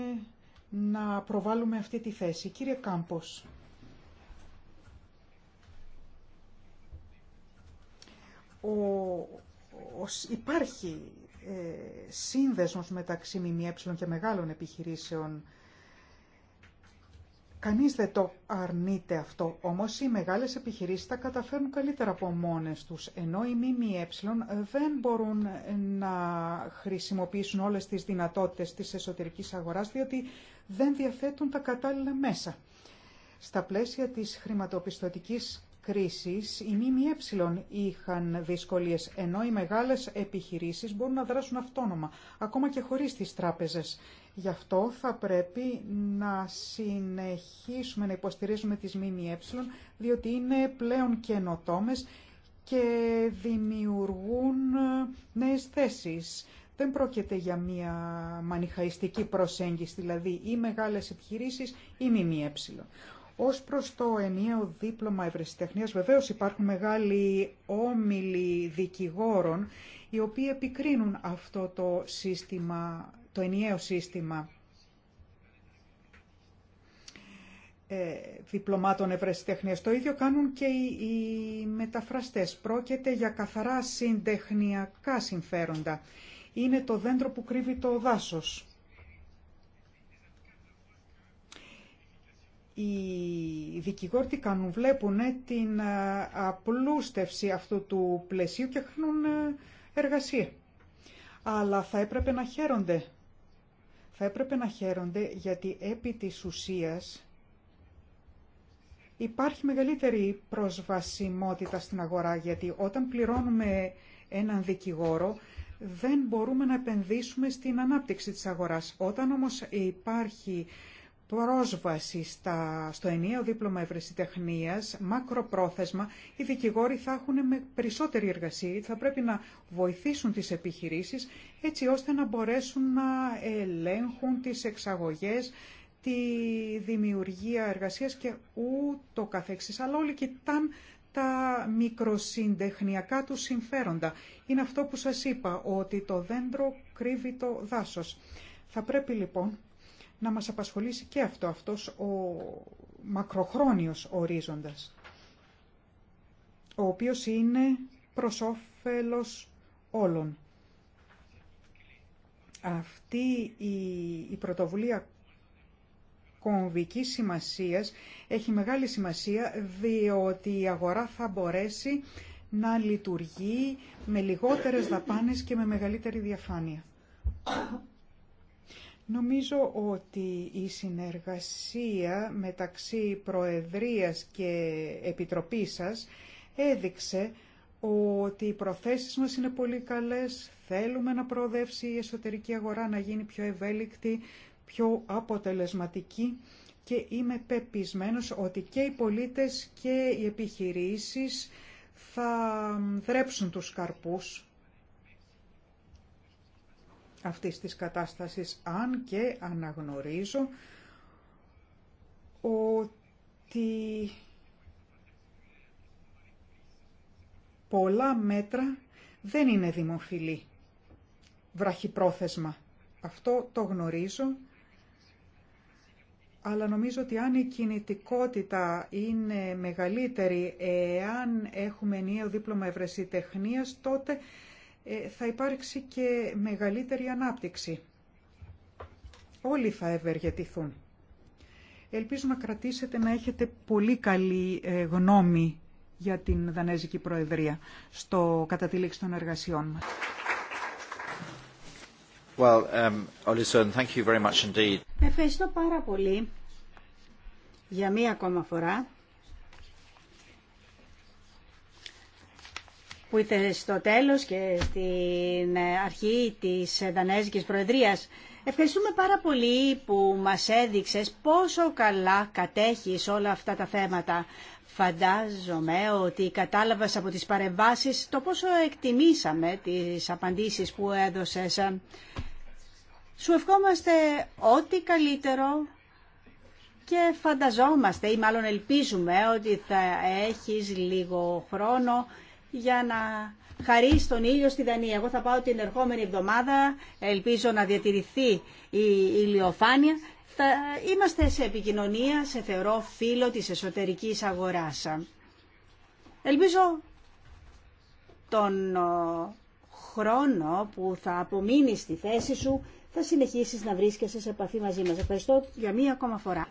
να προβάλλουμε αυτή τη θέση. Κύριε Κάμπος, ο, υπάρχει ε, σύνδεσμος μεταξύ ΜΜΕ και μεγάλων επιχειρήσεων Κανείς δεν το αρνείται αυτό, όμως οι μεγάλες επιχειρήσεις τα καταφέρνουν καλύτερα από μόνες τους, ενώ οι ΜΜΕ δεν μπορούν να χρησιμοποιήσουν όλες τις δυνατότητες της εσωτερικής αγοράς, διότι δεν διαθέτουν τα κατάλληλα μέσα. Στα πλαίσια της χρηματοπιστωτικής κρίσης, οι ΜΜΕ είχαν δυσκολίες, ενώ οι μεγάλες επιχειρήσεις μπορούν να δράσουν αυτόνομα, ακόμα και χωρίς τις τράπεζες. Γι' αυτό θα πρέπει να συνεχίσουμε να υποστηρίζουμε τις ΜΜΕ, διότι είναι πλέον καινοτόμες και δημιουργούν νέες θέσεις. Δεν πρόκειται για μια μανιχαϊστική προσέγγιση, δηλαδή ή μεγάλες επιχειρήσεις ή ΜΜΕ. Ως προς το ενιαίο δίπλωμα ευρεσιτεχνίας, βεβαίως υπάρχουν μεγάλοι όμιλοι δικηγόρων, οι οποίοι επικρίνουν αυτό το σύστημα το ενιαίο σύστημα ε, διπλωμάτων ευρεσιτεχνία. Το ίδιο κάνουν και οι μεταφραστές. Πρόκειται για καθαρά συντεχνιακά συμφέροντα. Είναι το δέντρο που κρύβει το δάσος. οι δικηγόροι κάνουν, βλέπουν ε, την ε, απλούστευση αυτού του πλαισίου και χάνουν εργασία. Αλλά θα έπρεπε να χαίρονται θα έπρεπε να χαίρονται γιατί επί της ουσίας υπάρχει μεγαλύτερη προσβασιμότητα στην αγορά γιατί όταν πληρώνουμε έναν δικηγόρο δεν μπορούμε να επενδύσουμε στην ανάπτυξη της αγοράς. Όταν όμως υπάρχει πρόσβαση στα, στο ενιαίο δίπλωμα ευρεσιτεχνίας, μακροπρόθεσμα, οι δικηγόροι θα έχουν με περισσότερη εργασία, θα πρέπει να βοηθήσουν τις επιχειρήσεις έτσι ώστε να μπορέσουν να ελέγχουν τις εξαγωγές, τη δημιουργία εργασίας και ούτω καθεξής. Αλλά όλοι κοιτάν τα μικροσυντεχνιακά του συμφέροντα. Είναι αυτό που σας είπα, ότι το δέντρο κρύβει το δάσος. Θα πρέπει λοιπόν να μας απασχολήσει και αυτό, αυτός ο μακροχρόνιος ορίζοντας, ο οποίος είναι προς όφελος όλων. Αυτή η, πρωτοβουλία κομβική σημασίας έχει μεγάλη σημασία διότι η αγορά θα μπορέσει να λειτουργεί με λιγότερες δαπάνες και με μεγαλύτερη διαφάνεια. Νομίζω ότι η συνεργασία μεταξύ Προεδρίας και Επιτροπής σας έδειξε ότι οι προθέσεις μας είναι πολύ καλές, θέλουμε να προοδεύσει η εσωτερική αγορά, να γίνει πιο ευέλικτη, πιο αποτελεσματική και είμαι πεπισμένος ότι και οι πολίτες και οι επιχειρήσεις θα δρέψουν τους καρπούς αυτής της κατάστασης, αν και αναγνωρίζω ότι πολλά μέτρα δεν είναι δημοφιλή, βραχυπρόθεσμα. Αυτό το γνωρίζω, αλλά νομίζω ότι αν η κινητικότητα είναι μεγαλύτερη, εάν έχουμε ενιαίο δίπλωμα ευρεσιτεχνίας, τότε ε, θα υπάρξει και μεγαλύτερη ανάπτυξη. Όλοι θα ευεργετηθούν. Ελπίζω να κρατήσετε να έχετε πολύ καλή ε, γνώμη για την Δανέζικη Προεδρία στο κατατήληξη των εργασιών μας. Well, um, Olison, thank you very Ευχαριστώ πάρα πολύ για μία ακόμα φορά. που ήρθε στο τέλος και στην αρχή της Δανέζικης Προεδρίας. Ευχαριστούμε πάρα πολύ που μας έδειξες πόσο καλά κατέχεις όλα αυτά τα θέματα. Φαντάζομαι ότι κατάλαβες από τις παρεμβάσεις το πόσο εκτιμήσαμε τις απαντήσεις που έδωσες. Σου ευχόμαστε ό,τι καλύτερο και φανταζόμαστε ή μάλλον ελπίζουμε ότι θα έχεις λίγο χρόνο για να χαρίσει τον ήλιο στη Δανία. Εγώ θα πάω την ερχόμενη εβδομάδα, ελπίζω να διατηρηθεί η ηλιοφάνεια. Θα είμαστε σε επικοινωνία, σε θεωρώ φίλο της εσωτερικής αγοράς. Ελπίζω τον χρόνο που θα απομείνει στη θέση σου θα συνεχίσεις να βρίσκεσαι σε επαφή μαζί μας. Ευχαριστώ για μία ακόμα φορά.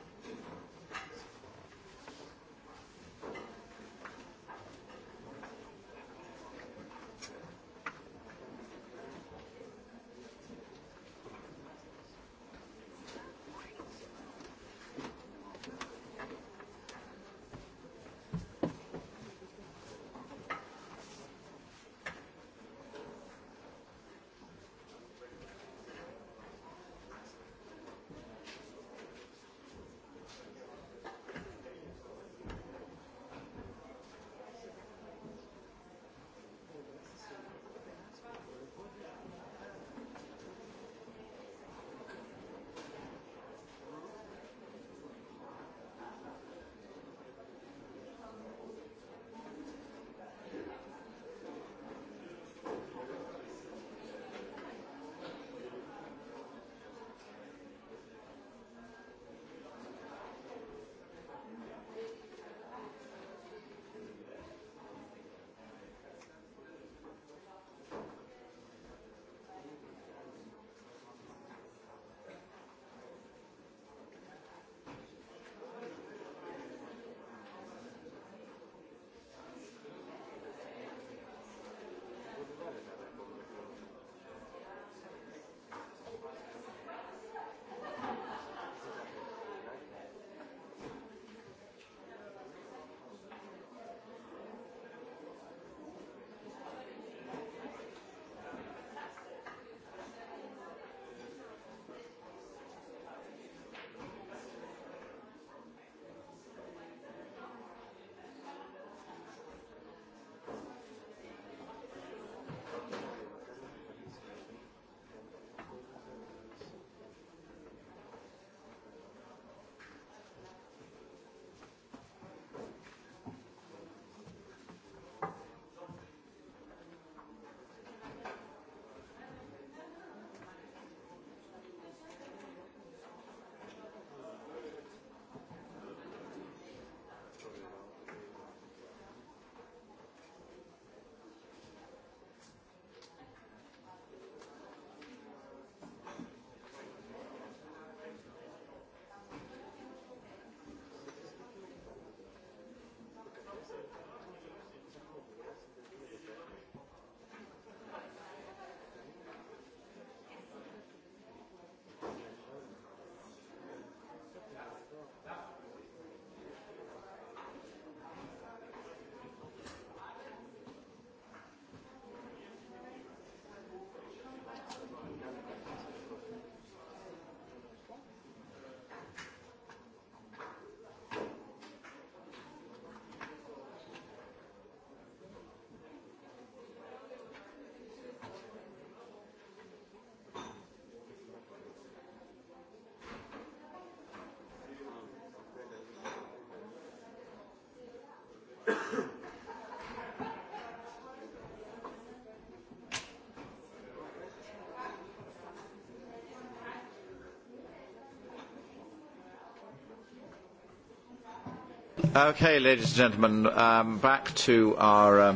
Okay, gentlemen, um, back to um,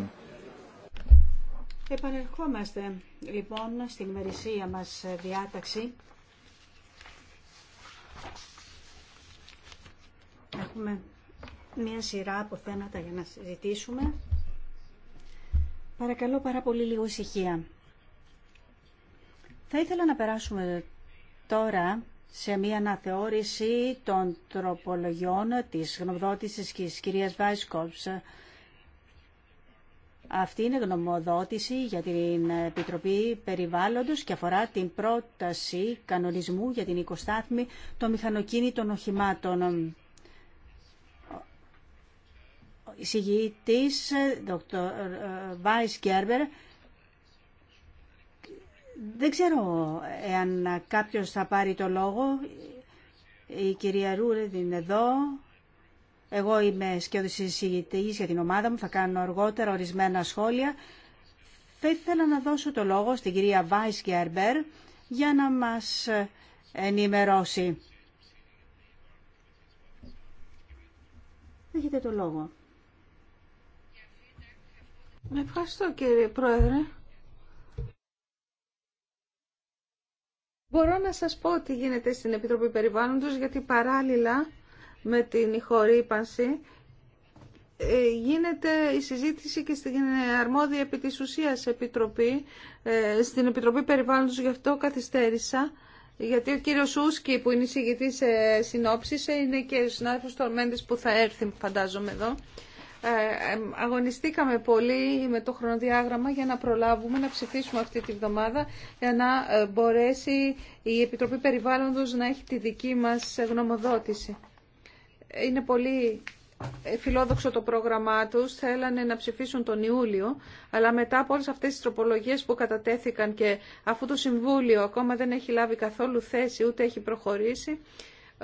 Επανερχόμαστε λοιπόν στην ημερησία μας ε, διάταξη. Έχουμε μία σειρά από θέματα για να συζητήσουμε. Παρακαλώ πάρα πολύ λίγο ησυχία. Θα ήθελα να περάσουμε τώρα σε μια αναθεώρηση των τροπολογιών της γνωμοδότησης της κυρίας Βάισκοψ. Αυτή είναι γνωμοδότηση για την Επιτροπή Περιβάλλοντος και αφορά την πρόταση κανονισμού για την οικοστάθμη των μηχανοκίνητων οχημάτων. Η της, Δ. Βάις Κέρβερ, δεν ξέρω εάν κάποιος θα πάρει το λόγο. Η κυρία Ρούρεντ είναι εδώ. Εγώ είμαι σκέδος εισηγητής για την ομάδα μου. Θα κάνω αργότερα ορισμένα σχόλια. Θα ήθελα να δώσω το λόγο στην κυρία Βάις Γκέρμπερ για να μας ενημερώσει. Έχετε το λόγο. Ευχαριστώ κύριε Πρόεδρε. Μπορώ να σας πω τι γίνεται στην Επιτροπή Περιβάλλοντος, γιατί παράλληλα με την ηχορύπανση ε, γίνεται η συζήτηση και στην αρμόδια επί της ουσίας Επιτροπή, ε, στην Επιτροπή Περιβάλλοντος, γι' αυτό καθυστέρησα, γιατί ο κύριος Ούσκι που είναι εισηγητής ε, συνόψης είναι και ο συνάδελφος Μέντες που θα έρθει φαντάζομαι εδώ. Ε, αγωνιστήκαμε πολύ με το χρονοδιάγραμμα για να προλάβουμε να ψηφίσουμε αυτή τη βδομάδα για να ε, μπορέσει η Επιτροπή Περιβάλλοντος να έχει τη δική μας ε, γνωμοδότηση. Είναι πολύ φιλόδοξο το πρόγραμμά τους, θέλανε να ψηφίσουν τον Ιούλιο, αλλά μετά από όλες αυτές τις τροπολογίες που κατατέθηκαν και αφού το Συμβούλιο ακόμα δεν έχει λάβει καθόλου θέση ούτε έχει προχωρήσει,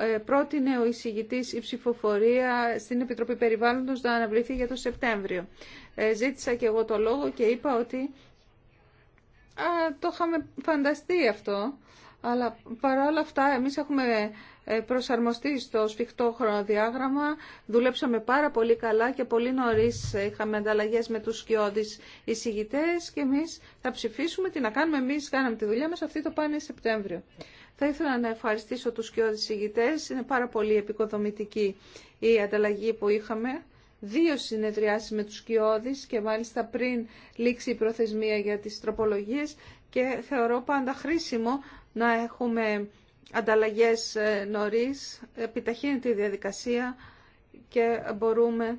ε, πρότεινε ο εισηγητής η ψηφοφορία στην Επιτροπή Περιβάλλοντος να αναβληθεί για το Σεπτέμβριο. Ε, ζήτησα και εγώ το λόγο και είπα ότι α, το είχαμε φανταστεί αυτό, αλλά παρόλα αυτά εμείς έχουμε ε, προσαρμοστεί στο σφιχτό χρονοδιάγραμμα. Δουλέψαμε πάρα πολύ καλά και πολύ νωρί είχαμε ανταλλαγέ με του σκιώδεις εισηγητές και εμείς θα ψηφίσουμε. Τι να κάνουμε, εμεί κάναμε τη δουλειά μας αυτή το πάνε Σεπτέμβριο. Θα ήθελα να ευχαριστήσω τους και ηγητές. Είναι πάρα πολύ επικοδομητική η ανταλλαγή που είχαμε. Δύο συνεδριάσεις με τους κοιόδης και μάλιστα πριν λήξει η προθεσμία για τις τροπολογίες και θεωρώ πάντα χρήσιμο να έχουμε ανταλλαγές ε, νωρίς, επιταχύνεται τη διαδικασία και μπορούμε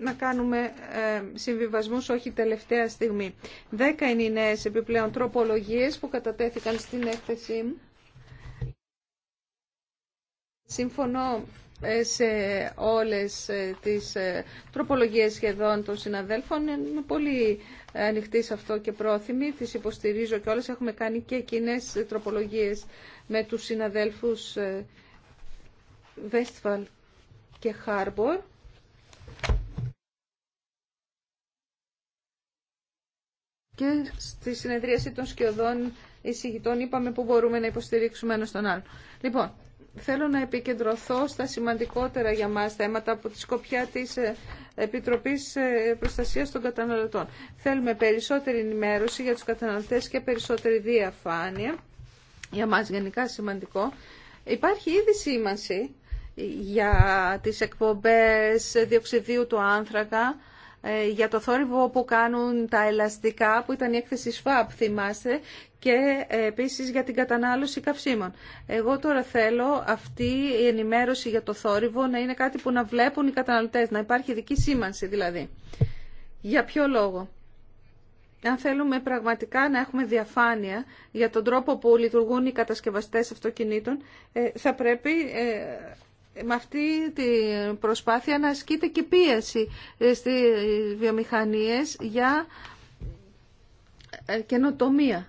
να κάνουμε ε, συμβιβασμούς όχι τελευταία στιγμή. Δέκα είναι οι νέες επιπλέον τροπολογίες που κατατέθηκαν στην έκθεσή Σύμφωνο Συμφωνώ ε, σε όλες ε, τις τροπολογίες σχεδόν των συναδέλφων. Είμαι πολύ ανοιχτή σε αυτό και πρόθυμη. Τις υποστηρίζω και όλες έχουμε κάνει και κοινέ τροπολογίες με τους συναδέλφους Βέστφαλ και Χάρμπορ. Και στη συνεδρίαση των σκιωδών εισηγητών είπαμε που μπορούμε να υποστηρίξουμε ένα τον άλλο. Λοιπόν, θέλω να επικεντρωθώ στα σημαντικότερα για μας θέματα από τη σκοπιά της ε, Επιτροπής ε, Προστασίας των Καταναλωτών. Θέλουμε περισσότερη ενημέρωση για τους καταναλωτές και περισσότερη διαφάνεια. Για μας γενικά σημαντικό. Υπάρχει ήδη σήμανση για τις εκπομπές διοξιδίου του άνθρακα ε, για το θόρυβο που κάνουν τα ελαστικά που ήταν η έκθεση ΣΦΑΠ θυμάστε και ε, επίσης για την κατανάλωση καυσίμων. Εγώ τώρα θέλω αυτή η ενημέρωση για το θόρυβο να είναι κάτι που να βλέπουν οι καταναλωτές, να υπάρχει δική σήμανση δηλαδή. Για ποιο λόγο. Αν θέλουμε πραγματικά να έχουμε διαφάνεια για τον τρόπο που λειτουργούν οι κατασκευαστές αυτοκινήτων, ε, θα πρέπει με αυτή την προσπάθεια να ασκείται και πίεση στις βιομηχανίες για ε, καινοτομία.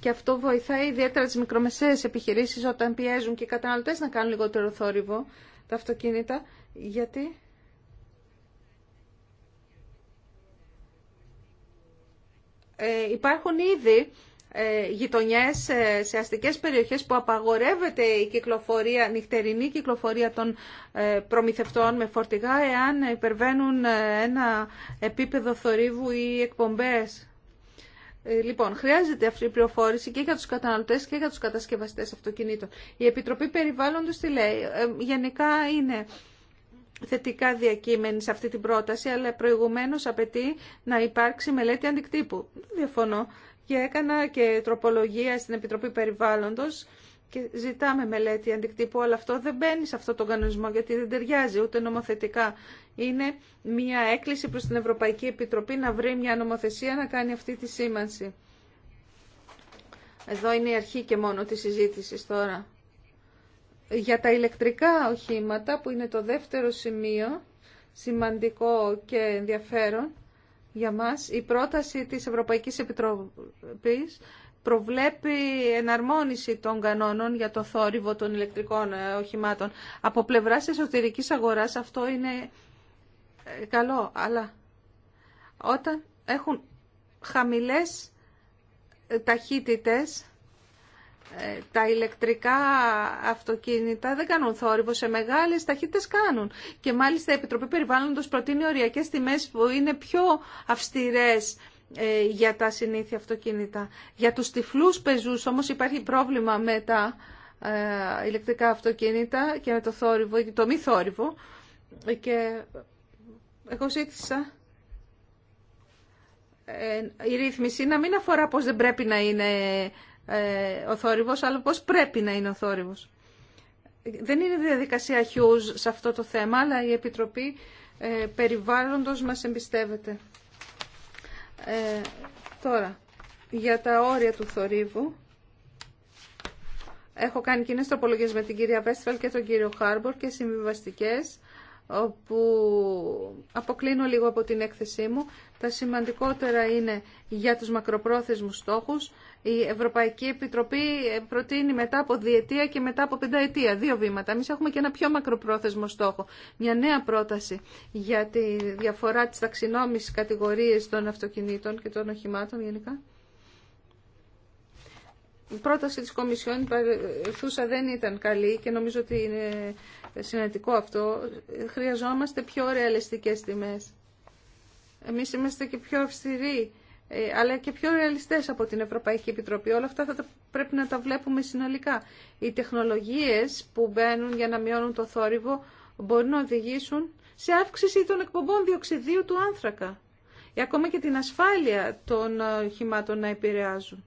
Και αυτό βοηθάει ιδιαίτερα τις μικρομεσαίες επιχειρήσεις όταν πιέζουν και οι καταναλωτές να κάνουν λιγότερο θόρυβο τα αυτοκίνητα, γιατί... Ε, υπάρχουν ήδη ε, γειτονιές, ε, σε αστικές περιοχές που απαγορεύεται η κυκλοφορία, νυχτερινή κυκλοφορία των ε, προμηθευτών με φορτηγά εάν υπερβαίνουν ένα επίπεδο θορύβου ή εκπομπές. Λοιπόν, χρειάζεται αυτή η πληροφόρηση και για τους καταναλωτές και για τους κατασκευαστές αυτοκινήτων. Η Επιτροπή Περιβάλλοντος τι λέει. γενικά είναι θετικά διακείμενη σε αυτή την πρόταση, αλλά προηγουμένως απαιτεί να υπάρξει μελέτη αντικτύπου. διαφωνώ και έκανα και τροπολογία στην Επιτροπή Περιβάλλοντος και ζητάμε μελέτη αντικτύπου, αλλά αυτό δεν μπαίνει σε αυτόν τον κανονισμό γιατί δεν ταιριάζει ούτε νομοθετικά. Είναι μια έκκληση προς την Ευρωπαϊκή Επιτροπή να βρει μια νομοθεσία να κάνει αυτή τη σήμανση. Εδώ είναι η αρχή και μόνο της συζήτηση τώρα. Για τα ηλεκτρικά οχήματα που είναι το δεύτερο σημείο σημαντικό και ενδιαφέρον για μας η πρόταση της Ευρωπαϊκής Επιτροπής προβλέπει εναρμόνιση των κανόνων για το θόρυβο των ηλεκτρικών ε, οχημάτων. Από πλευράς εσωτερικής αγοράς αυτό είναι ε, καλό, αλλά όταν έχουν χαμηλές ε, ταχύτητες τα ηλεκτρικά αυτοκίνητα δεν κάνουν θόρυβο, σε μεγάλες ταχύτητες κάνουν. Και μάλιστα η Επιτροπή Περιβάλλοντος προτείνει οριακές τιμές που είναι πιο αυστηρές ε, για τα συνήθεια αυτοκίνητα. Για τους τυφλούς πεζούς όμως υπάρχει πρόβλημα με τα ε, ηλεκτρικά αυτοκίνητα και με το θόρυβο, το μη θόρυβο. Και εγώ ζήτησα ε, η ρύθμιση να μην αφορά πως δεν πρέπει να είναι ε, ο θόρυβος, αλλά πώς πρέπει να είναι ο θόρυβος. Δεν είναι διαδικασία Hughes σε αυτό το θέμα, αλλά η Επιτροπή ε, Περιβάλλοντος μας εμπιστεύεται. Ε, τώρα, για τα όρια του θορύβου, έχω κάνει κοινές τροπολογίες με την κυρία Βέστφαλ και τον κύριο Χάρμπορ και συμβιβαστικές, που αποκλίνω λίγο από την έκθεσή μου. Τα σημαντικότερα είναι για τους μακροπρόθεσμους στόχους, η Ευρωπαϊκή Επιτροπή προτείνει μετά από διετία και μετά από πενταετία δύο βήματα. Εμεί έχουμε και ένα πιο μακροπρόθεσμο στόχο. Μια νέα πρόταση για τη διαφορά τη ταξινόμηση κατηγορίες των αυτοκινήτων και των οχημάτων γενικά. Η πρόταση της Κομισιόν παρελθούσα δεν ήταν καλή και νομίζω ότι είναι συναντικό αυτό. Χρειαζόμαστε πιο ρεαλιστικές τιμές. Εμείς είμαστε και πιο αυστηροί ε, αλλά και πιο ρεαλιστές από την Ευρωπαϊκή Επιτροπή. Όλα αυτά θα πρέπει να τα βλέπουμε συνολικά. Οι τεχνολογίες που μπαίνουν για να μειώνουν το θόρυβο μπορούν να οδηγήσουν σε αύξηση των εκπομπών διοξιδίου του άνθρακα. Ή ακόμα και την ασφάλεια των οχημάτων ε, να επηρεάζουν.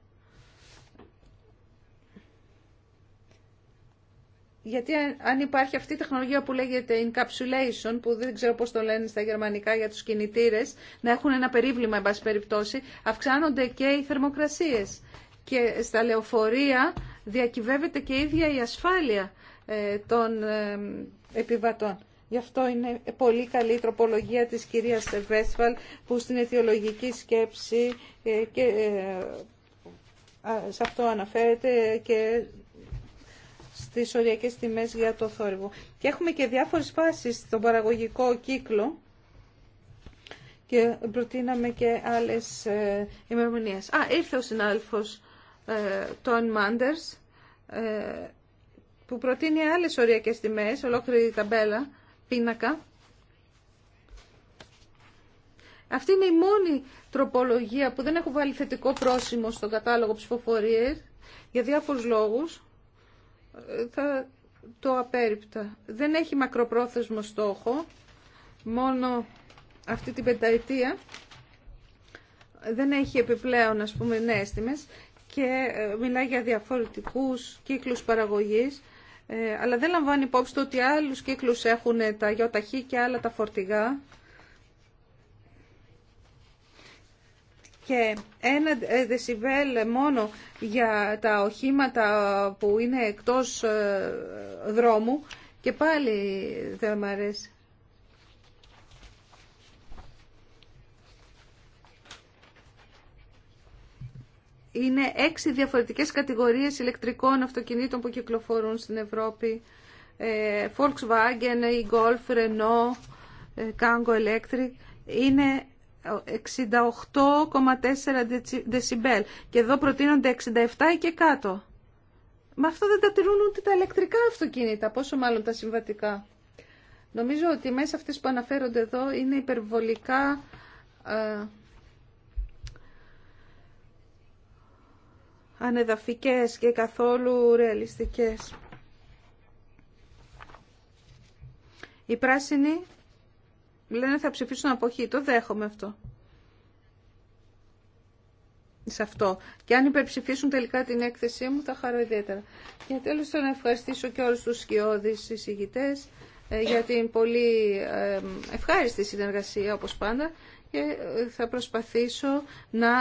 Γιατί αν υπάρχει αυτή η τεχνολογία που λέγεται encapsulation, που δεν ξέρω πώς το λένε στα γερμανικά για τους κινητήρες, να έχουν ένα περίβλημα, εν περιπτώσει, αυξάνονται και οι θερμοκρασίες. Και στα λεωφορεία διακυβεύεται και η ίδια η ασφάλεια ε, των ε, επιβατών. Γι' αυτό είναι πολύ καλή η τροπολογία της κυρίας Βέσφαλ, που στην αιτιολογική σκέψη ε, και σε αυτό αναφέρεται και τις οριακές τιμές για το θόρυβο. Και έχουμε και διάφορες φάσεις στον παραγωγικό κύκλο και προτείναμε και άλλες ε, Α, ήρθε ο συνάδελφος ε, Τόν Μάντερς ε, που προτείνει άλλες οριακές τιμές, ολόκληρη ταμπέλα, πίνακα. Αυτή είναι η μόνη τροπολογία που δεν έχω βάλει θετικό πρόσημο στον κατάλογο ψηφοφορίες για διάφορους λόγους θα το απέριπτα. Δεν έχει μακροπρόθεσμο στόχο, μόνο αυτή την πενταετία δεν έχει επιπλέον ας πούμε νέες τιμές και ε, μιλάει για διαφορετικούς κύκλους παραγωγής ε, αλλά δεν λαμβάνει υπόψη το ότι άλλους κύκλους έχουν τα γιοταχή και άλλα τα φορτηγά και ένα ε, δεσιβέλ μόνο για τα οχήματα που είναι εκτός ε, δρόμου και πάλι δεν μου αρέσει. Είναι έξι διαφορετικές κατηγορίες ηλεκτρικών αυτοκινήτων που κυκλοφορούν στην Ευρώπη. Ε, Volkswagen, Golf, Renault, Kangoo Electric. Είναι 68,4 δεσιμπέλ και εδώ προτείνονται 67 και κάτω. Μα αυτό δεν τα τηρούν ούτε τα ηλεκτρικά αυτοκίνητα, πόσο μάλλον τα συμβατικά. Νομίζω ότι μέσα αυτές που αναφέρονται εδώ είναι υπερβολικά ε, ανεδαφικές και καθόλου ρεαλιστικές. Η πράσινοι λένε θα ψηφίσουν αποχή. Το δέχομαι αυτό. Σε αυτό. Και αν υπερψηφίσουν τελικά την έκθεσή μου θα χαρώ ιδιαίτερα. Και τέλος θέλω να ευχαριστήσω και όλους τους σκιώδεις συζητητέ ε, για την πολύ ε, ευχάριστη συνεργασία όπως πάντα και ε, θα προσπαθήσω να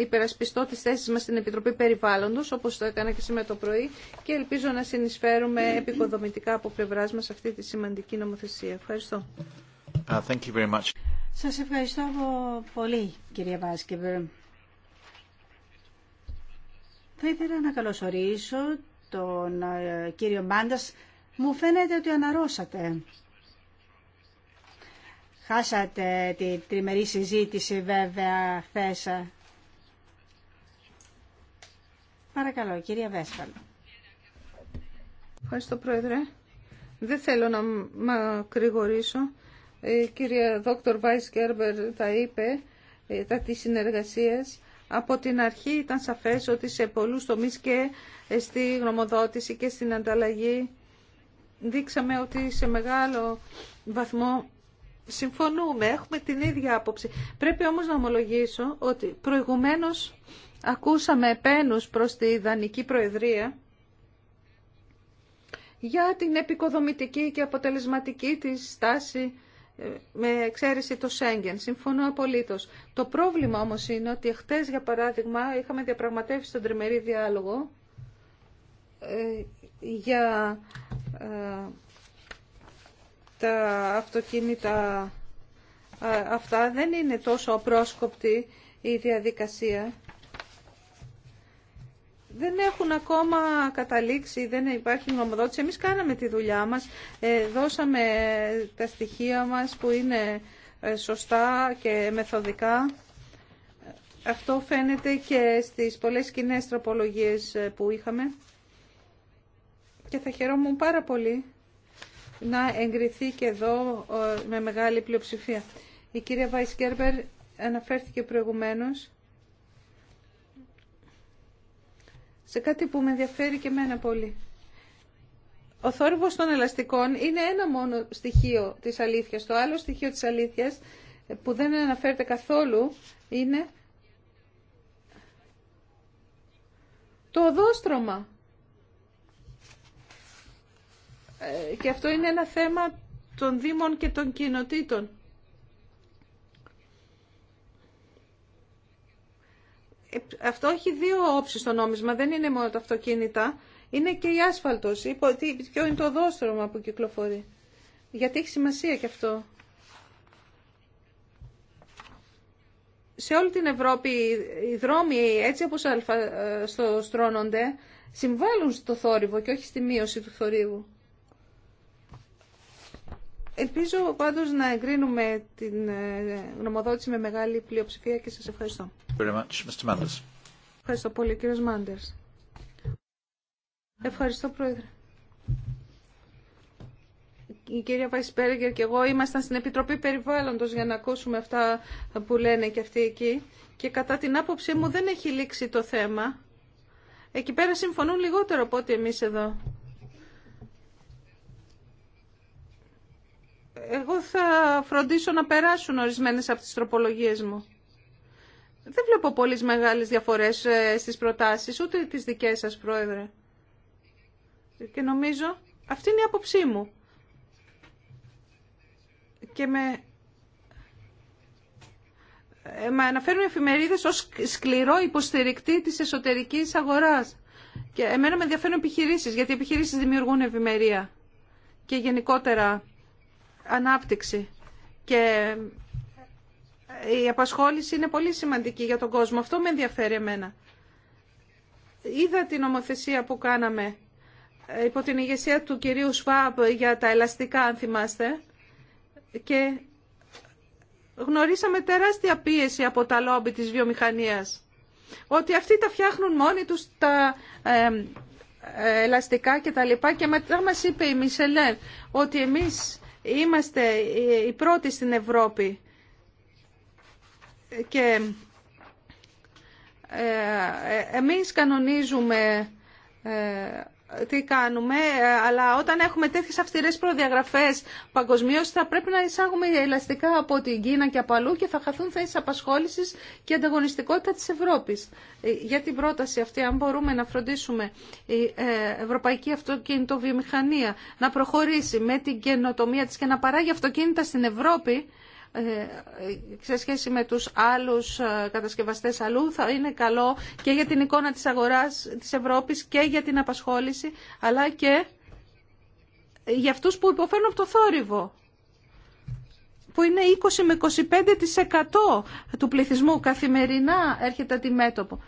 υπερασπιστώ τις θέσεις μας στην Επιτροπή Περιβάλλοντος όπως το έκανα και σήμερα το πρωί και ελπίζω να συνεισφέρουμε επικοδομητικά από πλευρά μα αυτή τη σημαντική νομοθεσία. Ευχαριστώ. Uh, thank Σας ευχαριστώ πολύ, κυρία Βάσκεβε. Θα ήθελα να καλωσορίσω τον ε, κύριο Μάντας. Μου φαίνεται ότι αναρώσατε. Χάσατε τη τριμερή συζήτηση βέβαια χθε. Παρακαλώ, κύριε Βέσφαλ. Ευχαριστώ, Πρόεδρε. Δεν θέλω να ακρηγορήσω η κυρία Δόκτωρ Βάις Κέρμπερ τα είπε, ε, τα της συνεργασίας. Από την αρχή ήταν σαφές ότι σε πολλούς τομείς και ε, στη γνωμοδότηση και στην ανταλλαγή δείξαμε ότι σε μεγάλο βαθμό συμφωνούμε, έχουμε την ίδια άποψη. Πρέπει όμως να ομολογήσω ότι προηγουμένως ακούσαμε επένους προς τη Δανική Προεδρία για την επικοδομητική και αποτελεσματική της στάση με εξαίρεση το Σέγγεν. Συμφωνώ απολύτω. Το πρόβλημα όμω είναι ότι χτε, για παράδειγμα, είχαμε διαπραγματεύσει τον τριμερή διάλογο ε, για ε, τα αυτοκίνητα ε, αυτά. Δεν είναι τόσο απρόσκοπτη η διαδικασία δεν έχουν ακόμα καταλήξει, δεν υπάρχει νομοδότηση. Εμείς κάναμε τη δουλειά μας, ε, δώσαμε τα στοιχεία μας που είναι ε, σωστά και μεθοδικά. Αυτό φαίνεται και στις πολλές κοινέ τροπολογίες ε, που είχαμε. Και θα χαιρόμουν πάρα πολύ να εγκριθεί και εδώ με μεγάλη πλειοψηφία. Η κυρία Βάις αναφέρθηκε προηγουμένως σε κάτι που με ενδιαφέρει και μένα πολύ. Ο θόρυβος των ελαστικών είναι ένα μόνο στοιχείο της αλήθειας. Το άλλο στοιχείο της αλήθειας που δεν αναφέρεται καθόλου είναι το οδόστρωμα. Ε, και αυτό είναι ένα θέμα των Δήμων και των κοινοτήτων. αυτό έχει δύο όψει στο νόμισμα, δεν είναι μόνο τα αυτοκίνητα, είναι και η άσφαλτος, ποιο είναι το οδόστρωμα που κυκλοφορεί. Γιατί έχει σημασία και αυτό. Σε όλη την Ευρώπη οι δρόμοι έτσι όπως αλφαστρώνονται συμβάλλουν στο θόρυβο και όχι στη μείωση του θορύβου. Ελπίζω πάντως να εγκρίνουμε την ε, γνωμοδότηση με μεγάλη πλειοψηφία και σας ευχαριστώ. Ευχαριστώ πολύ, κύριος Μάντερς. Ευχαριστώ, Πρόεδρε. Η κυρία Βαϊσπέργκερ και εγώ ήμασταν στην Επιτροπή Περιβάλλοντος για να ακούσουμε αυτά που λένε και αυτοί εκεί. Και κατά την άποψή μου δεν έχει λήξει το θέμα. Εκεί πέρα συμφωνούν λιγότερο από ό,τι εμείς εδώ. Εγώ θα φροντίσω να περάσουν ορισμένες από τις τροπολογίες μου. Δεν βλέπω πολλές μεγάλες διαφορές ε, στις προτάσεις, ούτε τις δικές σας, Πρόεδρε. Και νομίζω αυτή είναι η άποψή μου. Και με, ε, με αναφέρουν οι εφημερίδες ως σκληρό υποστηρικτή της εσωτερικής αγοράς. Και εμένα με ενδιαφέρουν επιχειρήσεις, γιατί οι επιχειρήσεις δημιουργούν ευημερία και γενικότερα ανάπτυξη. Και η απασχόληση είναι πολύ σημαντική για τον κόσμο. Αυτό με ενδιαφέρει εμένα. Είδα την νομοθεσία που κάναμε ε, υπό την ηγεσία του κυρίου Σφάπ για τα ελαστικά, αν θυμάστε, και γνωρίσαμε τεράστια πίεση από τα λόμπι της βιομηχανίας. Ότι αυτοί τα φτιάχνουν μόνοι τους τα ελαστικά και τα και μετά μας είπε η Μισελέν ότι εμείς είμαστε οι πρώτοι στην Ευρώπη και ε, ε, εμείς κανονίζουμε ε, τι κάνουμε, αλλά όταν έχουμε τέτοιες αυστηρές προδιαγραφές παγκοσμίως θα πρέπει να εισάγουμε ελαστικά από την Κίνα και από αλλού και θα χαθούν θέσεις απασχόλησης και ανταγωνιστικότητα της Ευρώπης. Για την πρόταση αυτή, αν μπορούμε να φροντίσουμε η ευρωπαϊκή αυτοκίνητο βιομηχανία να προχωρήσει με την καινοτομία της και να παράγει αυτοκίνητα στην Ευρώπη, ε, σε σχέση με τους άλλους ε, κατασκευαστές αλλού θα είναι καλό και για την εικόνα της αγοράς της Ευρώπης και για την απασχόληση αλλά και για αυτούς που υποφέρουν από το θόρυβο που είναι 20 με 25% του πληθυσμού καθημερινά έρχεται αντιμέτωπο.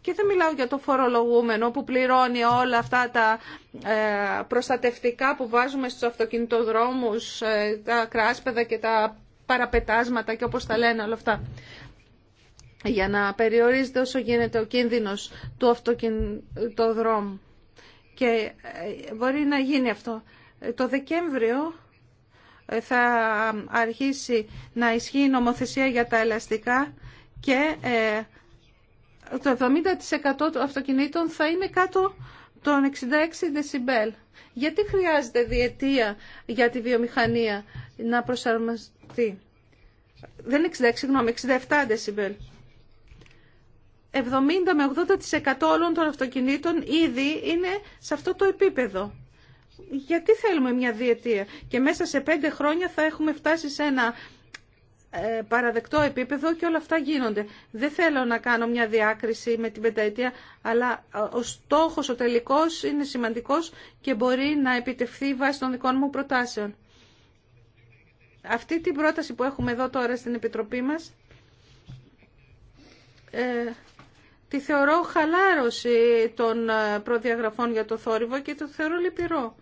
Και δεν μιλάω για το φορολογούμενο που πληρώνει όλα αυτά τα ε, προστατευτικά που βάζουμε στους αυτοκινητοδρόμους, τα κράσπεδα και τα παραπετάσματα και όπως τα λένε όλα αυτά για να περιορίζεται όσο γίνεται ο κίνδυνος του αυτοκινητοδρόμου. Και ε, μπορεί να γίνει αυτό. Ε, το Δεκέμβριο ε, θα αρχίσει να ισχύει η νομοθεσία για τα ελαστικά και το 70% των αυτοκινήτων θα είναι κάτω των 66 δεσιμπέλ. Γιατί χρειάζεται διετία για τη βιομηχανία να προσαρμοστεί. Δεν 66, συγγνώμη, 67 δεσιμπέλ. 70 με 80% όλων των αυτοκινήτων ήδη είναι σε αυτό το επίπεδο. Γιατί θέλουμε μια διετία και μέσα σε πέντε χρόνια θα έχουμε φτάσει σε ένα ε, παραδεκτό επίπεδο και όλα αυτά γίνονται. Δεν θέλω να κάνω μια διάκριση με την πενταετία, αλλά ε, ο στόχος, ο τελικός είναι σημαντικός και μπορεί να επιτευχθεί βάσει των δικών μου προτάσεων αυτή την πρόταση που έχουμε εδώ τώρα στην Επιτροπή μας ε, τη θεωρώ χαλάρωση των ε, προδιαγραφών για το θόρυβο και το θεωρώ λυπηρό.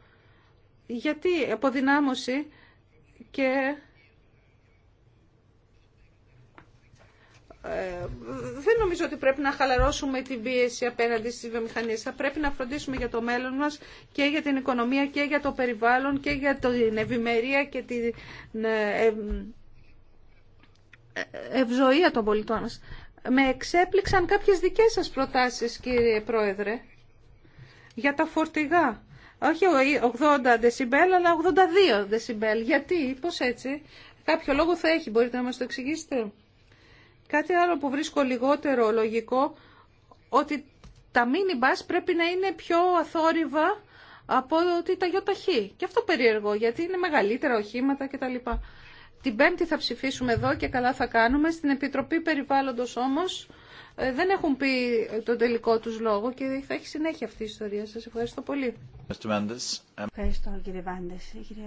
Γιατί αποδυνάμωση και Ε, δεν νομίζω ότι πρέπει να χαλαρώσουμε την πίεση απέναντι στις βιομηχανίες. Θα πρέπει να φροντίσουμε για το μέλλον μας και για την οικονομία και για το περιβάλλον και για την ευημερία και την ε, ε, ευζοία των πολιτών μας. Με εξέπληξαν κάποιες δικές σας προτάσεις κύριε Πρόεδρε για τα φορτηγά. Όχι 80 δεσιμπέλ αλλά 82 δεσιμπέλ. Γιατί, πώς έτσι. Κάποιο λόγο θα έχει, μπορείτε να μας το εξηγήσετε. Κάτι άλλο που βρίσκω λιγότερο λογικό, ότι τα μίνιμπας πρέπει να είναι πιο αθόρυβα από ότι τα ταχύ. Και αυτό περίεργο, γιατί είναι μεγαλύτερα οχήματα κτλ. Την Πέμπτη θα ψηφίσουμε εδώ και καλά θα κάνουμε. Στην Επιτροπή Περιβάλλοντος όμως ε, δεν έχουν πει τον τελικό τους λόγο και θα έχει συνέχεια αυτή η ιστορία. Σας ευχαριστώ πολύ. Ευχαριστώ κύριε Βάντες. Κύριε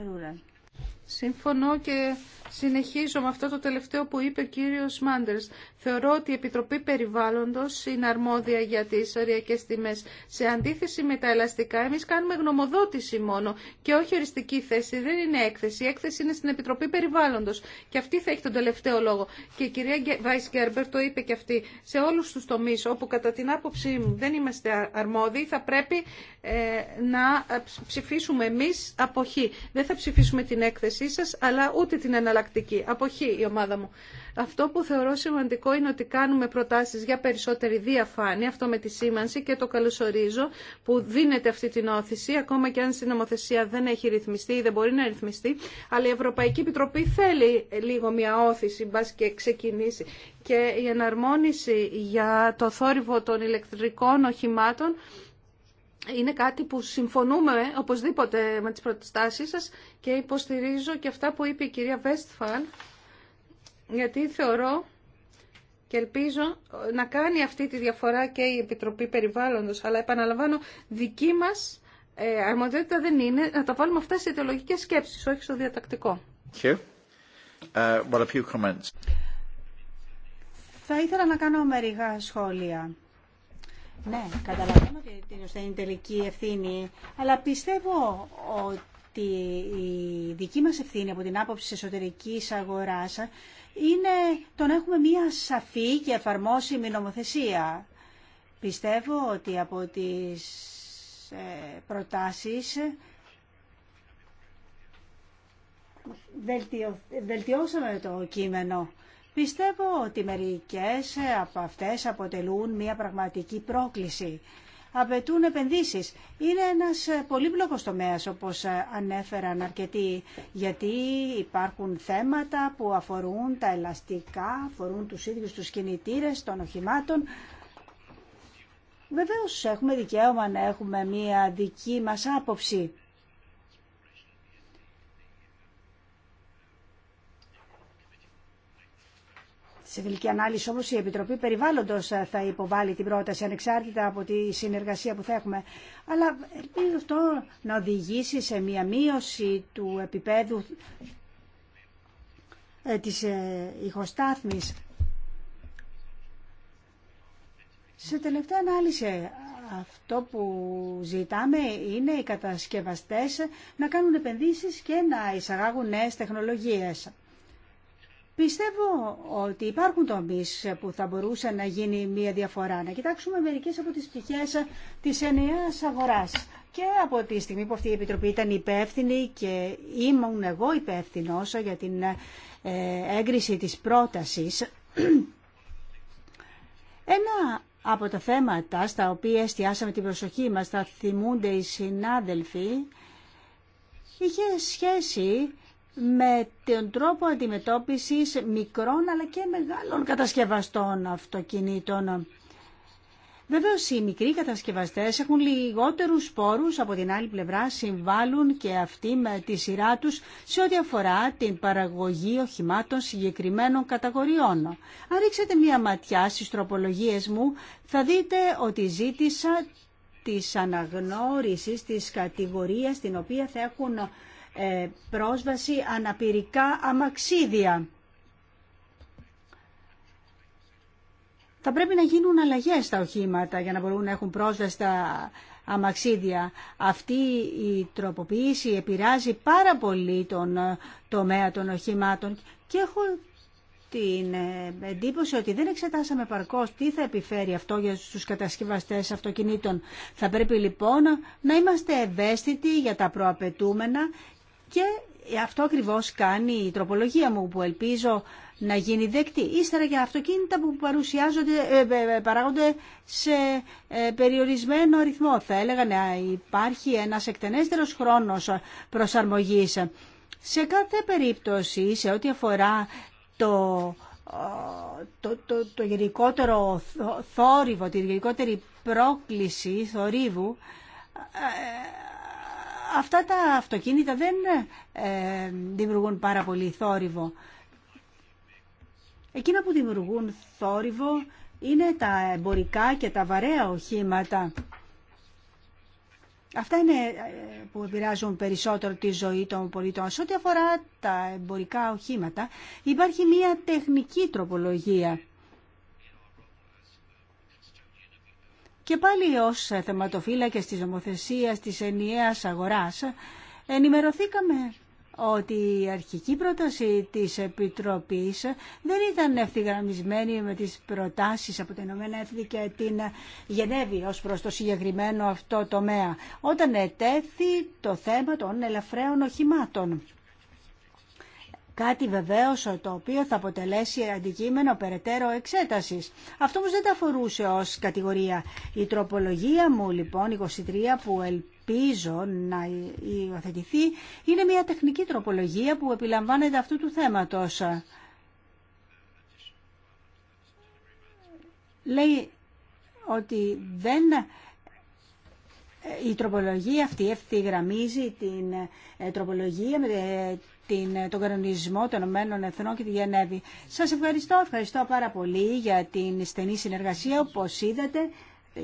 Συμφωνώ και συνεχίζω με αυτό το τελευταίο που είπε ο κύριος Μάντερς. Θεωρώ ότι η Επιτροπή Περιβάλλοντος είναι αρμόδια για τις οριακές τιμές. Σε αντίθεση με τα ελαστικά, εμείς κάνουμε γνωμοδότηση μόνο και όχι οριστική θέση. Δεν είναι έκθεση. Η έκθεση είναι στην Επιτροπή Περιβάλλοντος και αυτή θα έχει τον τελευταίο λόγο. Και η κυρία Βάις Γκέρμπερ το είπε και αυτή. Σε όλους τους τομείς όπου κατά την άποψή μου δεν είμαστε αρμόδιοι, θα πρέπει ε, να ψηφίσουμε εμείς αποχή. Δεν θα ψηφίσουμε την έκθεση σας, αλλά ούτε την εναλλακτική. Αποχή η ομάδα μου. Αυτό που θεωρώ σημαντικό είναι ότι κάνουμε προτάσεις για περισσότερη διαφάνεια, αυτό με τη σήμανση και το καλωσορίζω που δίνεται αυτή την όθηση, ακόμα και αν στην νομοθεσία δεν έχει ρυθμιστεί ή δεν μπορεί να ρυθμιστεί, αλλά η Ευρωπαϊκή Επιτροπή θέλει λίγο μια όθηση, μπας και ξεκινήσει. Και η εναρμόνιση για το θόρυβο των ηλεκτρικών οχημάτων είναι κάτι που συμφωνούμε οπωσδήποτε με τις προτιστάσεις σας και υποστηρίζω και αυτά που είπε η κυρία Βέστφαλ γιατί θεωρώ και ελπίζω να κάνει αυτή τη διαφορά και η Επιτροπή Περιβάλλοντος αλλά επαναλαμβάνω δική μας ε, αρμοδιότητα δεν είναι να τα βάλουμε αυτά σε ιδεολογικές σκέψεις όχι στο διατακτικό. Uh, what a few comments. Θα ήθελα να κάνω μερικά σχόλια. Ναι, καταλαβαίνω ότι την είναι τελική ευθύνη, αλλά πιστεύω ότι η δική μας ευθύνη από την άποψη της εσωτερικής αγοράς είναι το να έχουμε μία σαφή και εφαρμόσιμη νομοθεσία. Πιστεύω ότι από τις ε, προτάσεις βελτιώσαμε το κείμενο. Πιστεύω ότι μερικές από αυτές αποτελούν μια πραγματική πρόκληση. Απαιτούν επενδύσεις. Είναι ένας πολύπλοκος τομέας, όπως ανέφεραν αρκετοί, γιατί υπάρχουν θέματα που αφορούν τα ελαστικά, αφορούν τους ίδιους τους κινητήρες των οχημάτων, Βεβαίως έχουμε δικαίωμα να έχουμε μία δική μας άποψη. Σε τελική ανάλυση όμως η Επιτροπή Περιβάλλοντος ε, θα υποβάλει την πρόταση ανεξάρτητα από τη συνεργασία που θα έχουμε. Αλλά ελπίζω αυτό να οδηγήσει σε μια μείωση του επίπεδου ε, της ε, ηχοστάθμης. Σε τελευταία ανάλυση αυτό που ζητάμε είναι οι κατασκευαστές να κάνουν επενδύσεις και να εισαγάγουν νέες τεχνολογίες. Πιστεύω ότι υπάρχουν τομείς που θα μπορούσε να γίνει μια διαφορά. Να κοιτάξουμε μερικές από τις πτυχές της ενιαία αγοράς. Και από τη στιγμή που αυτή η Επιτροπή ήταν υπεύθυνη και ήμουν εγώ υπεύθυνο για την ε, έγκριση της πρότασης, ένα από τα θέματα στα οποία εστιάσαμε την προσοχή μας, θα θυμούνται οι συνάδελφοι, είχε σχέση με τον τρόπο αντιμετώπισης μικρών αλλά και μεγάλων κατασκευαστών αυτοκινήτων. Βεβαίω οι μικροί κατασκευαστές έχουν λιγότερους σπόρους, από την άλλη πλευρά συμβάλλουν και αυτοί με τη σειρά τους σε ό,τι αφορά την παραγωγή οχημάτων συγκεκριμένων κατηγοριών. Αν ρίξετε μια ματιά στις τροπολογίες μου θα δείτε ότι ζήτησα της αναγνώριση της κατηγορία την οποία θα έχουν ε, πρόσβαση αναπηρικά αμαξίδια. Θα πρέπει να γίνουν αλλαγές στα οχήματα για να μπορούν να έχουν πρόσβαση στα αμαξίδια. Αυτή η τροποποίηση επηρεάζει πάρα πολύ τον ε, τομέα των οχημάτων και έχω την ε, εντύπωση ότι δεν εξετάσαμε παρκώς τι θα επιφέρει αυτό για τους κατασκευαστές αυτοκινήτων. Θα πρέπει λοιπόν να είμαστε ευαίσθητοι για τα προαπαιτούμενα και αυτό ακριβώς κάνει η τροπολογία μου που ελπίζω να γίνει δεκτή. Ύστερα για αυτοκίνητα που παρουσιάζονται, ε, ε, ε, παράγονται σε περιορισμένο αριθμό. Θα έλεγα να υπάρχει ένας εκτενέστερος χρόνος προσαρμογής. Σε κάθε περίπτωση, σε ό,τι αφορά το, το, το, το γενικότερο θόρυβο, τη γενικότερη πρόκληση θορύβου, αυτά τα αυτοκίνητα δεν ε, δημιουργούν πάρα πολύ θόρυβο. Εκείνα που δημιουργούν θόρυβο είναι τα εμπορικά και τα βαρέα οχήματα. Αυτά είναι ε, που επηρεάζουν περισσότερο τη ζωή των πολιτών. Σε ό,τι αφορά τα εμπορικά οχήματα, υπάρχει μια τεχνική τροπολογία Και πάλι ως θεματοφύλακες της νομοθεσίας της ενιαίας αγοράς ενημερωθήκαμε ότι η αρχική πρόταση της Επιτροπής δεν ήταν ευθυγραμμισμένη με τις προτάσεις από την Ηνωμένα και την Γενέβη ως προς το συγκεκριμένο αυτό τομέα, όταν ετέθη το θέμα των ελαφραίων οχημάτων. Κάτι βεβαίω το οποίο θα αποτελέσει αντικείμενο περαιτέρω εξέταση. Αυτό όμω δεν τα αφορούσε ως κατηγορία. Η τροπολογία μου λοιπόν η 23 που ελπίζω να υιοθετηθεί είναι μια τεχνική τροπολογία που επιλαμβάνεται αυτού του θέματο. Λέει ότι δεν η τροπολογία αυτή ευθυγραμμίζει την ε, τροπολογία ε, την, ε, τον κανονισμό των Ηνωμένων και τη Γενέβη. Σας ευχαριστώ, ευχαριστώ πάρα πολύ για την στενή συνεργασία. Όπως είδατε, ε,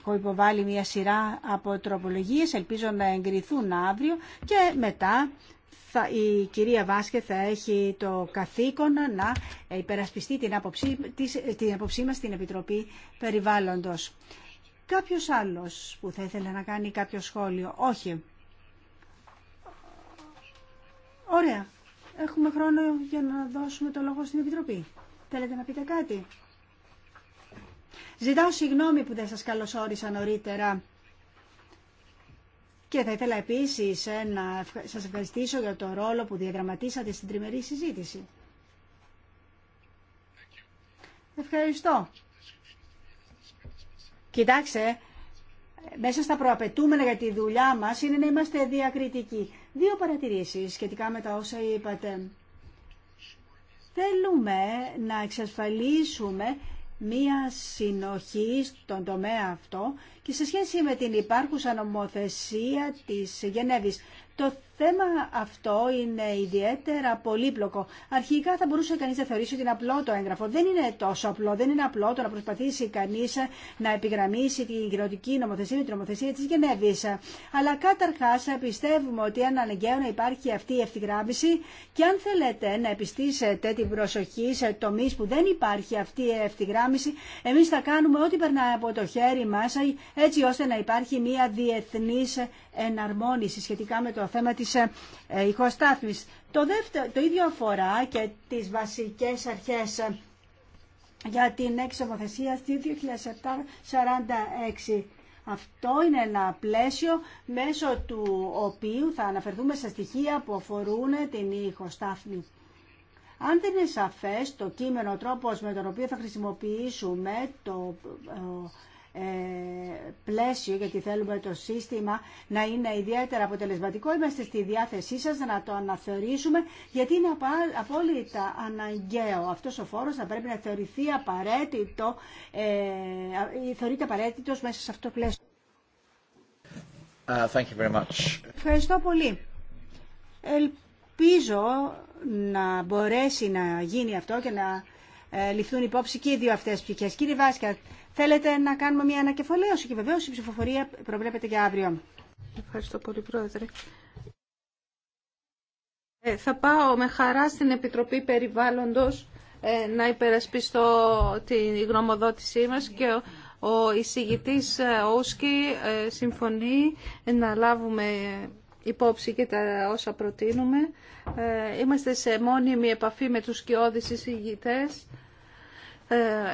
έχω υποβάλει μια σειρά από τροπολογίες, ελπίζω να εγκριθούν αύριο και μετά θα, η κυρία Βάσκε θα έχει το καθήκον να υπερασπιστεί την άποψή, την άποψή μας στην Επιτροπή Περιβάλλοντος. Κάποιος άλλος που θα ήθελε να κάνει κάποιο σχόλιο. Όχι. Ωραία. Έχουμε χρόνο για να δώσουμε το λόγο στην Επιτροπή. Θέλετε να πείτε κάτι. Ζητάω συγγνώμη που δεν σας καλωσόρισα νωρίτερα. Και θα ήθελα επίσης ε, να σας ευχαριστήσω για το ρόλο που διαδραματίσατε στην τριμερή συζήτηση. Ευχαριστώ. Κοιτάξτε, ε, μέσα στα προαπαιτούμενα για τη δουλειά μας είναι να είμαστε διακριτικοί. Δύο παρατηρήσεις σχετικά με τα όσα είπατε. Θέλουμε να εξασφαλίσουμε μία συνοχή στον τομέα αυτό και σε σχέση με την υπάρχουσα νομοθεσία της Γενέβης. Το θέμα αυτό είναι ιδιαίτερα πολύπλοκο. Αρχικά θα μπορούσε κανείς να θεωρήσει ότι είναι απλό το έγγραφο. Δεν είναι τόσο απλό. Δεν είναι απλό το να προσπαθήσει κανείς να επιγραμμίσει την κοινωτική νομοθεσία με την νομοθεσία της Γενέβης. Αλλά καταρχάς πιστεύουμε ότι είναι αναγκαίο να υπάρχει αυτή η ευθυγράμμιση και αν θέλετε να επιστήσετε την προσοχή σε τομείς που δεν υπάρχει αυτή η ευθυγράμμιση, εμείς θα κάνουμε ό,τι περνάει από το χέρι μας έτσι ώστε να υπάρχει μια διεθνής εναρμόνιση σχετικά με το θέμα της ε, ηχοστάθμη. Το, το ίδιο αφορά και τις βασικές αρχές ε, για την εξομοθεσία στη 2046. Αυτό είναι ένα πλαίσιο μέσω του οποίου θα αναφερθούμε σε στοιχεία που αφορούν την ηχοστάθμη. Αν δεν είναι σαφές το κείμενο, ο τρόπος με τον οποίο θα χρησιμοποιήσουμε το ε, ε, πλαίσιο, γιατί θέλουμε το σύστημα να είναι ιδιαίτερα αποτελεσματικό, είμαστε στη διάθεσή σας να το αναθεωρήσουμε, γιατί είναι απόλυτα αναγκαίο. Αυτός ο φόρος θα πρέπει να θεωρηθεί απαραίτητο, ε, ε θεωρείται απαραίτητος μέσα σε αυτό το πλαίσιο. Uh, thank you very much. Ευχαριστώ πολύ. Ελπίζω να μπορέσει να γίνει αυτό και να ε, ληφθούν υπόψη και οι δύο αυτές πτυχές. Κύριε Βάσκα, Θέλετε να κάνουμε μια ανακεφαλαίωση και βεβαίω. η ψηφοφορία προβλέπεται για αύριο. Ευχαριστώ πολύ Πρόεδρε. Ε, θα πάω με χαρά στην Επιτροπή Περιβάλλοντος ε, να υπερασπιστώ την γνωμοδότησή μας και ο, ο εισηγητής ε, Όσκι ε, συμφωνεί να λάβουμε υπόψη και τα όσα προτείνουμε. Ε, είμαστε σε μόνιμη επαφή με τους σκιώδεις εισηγητές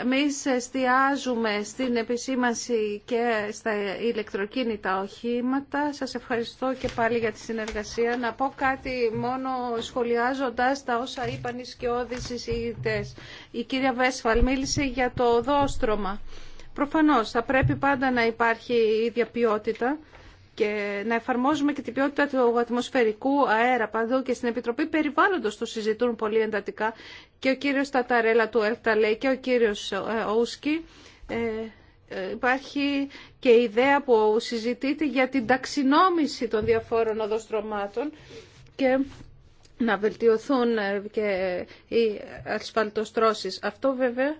εμείς εστιάζουμε στην επισήμαση και στα ηλεκτροκίνητα οχήματα. Σας ευχαριστώ και πάλι για τη συνεργασία. Να πω κάτι μόνο σχολιάζοντας τα όσα είπαν οι σκιώδεις εισηγητές. Η κυρία Βέσφαλ μίλησε για το δόστρωμα. Προφανώς θα πρέπει πάντα να υπάρχει η ίδια ποιότητα και να εφαρμόζουμε και την ποιότητα του ατμοσφαιρικού αέρα παντού και στην Επιτροπή Περιβάλλοντος το συζητούν πολύ εντατικά και ο κύριος Ταταρέλα του ΕΦΤΑ και ο κύριος ε, Ούσκι. Ε, ε, υπάρχει και ιδέα που συζητείται για την ταξινόμηση των διαφόρων οδοστρωμάτων και να βελτιωθούν και οι ασφαλτοστρώσεις. Αυτό βέβαια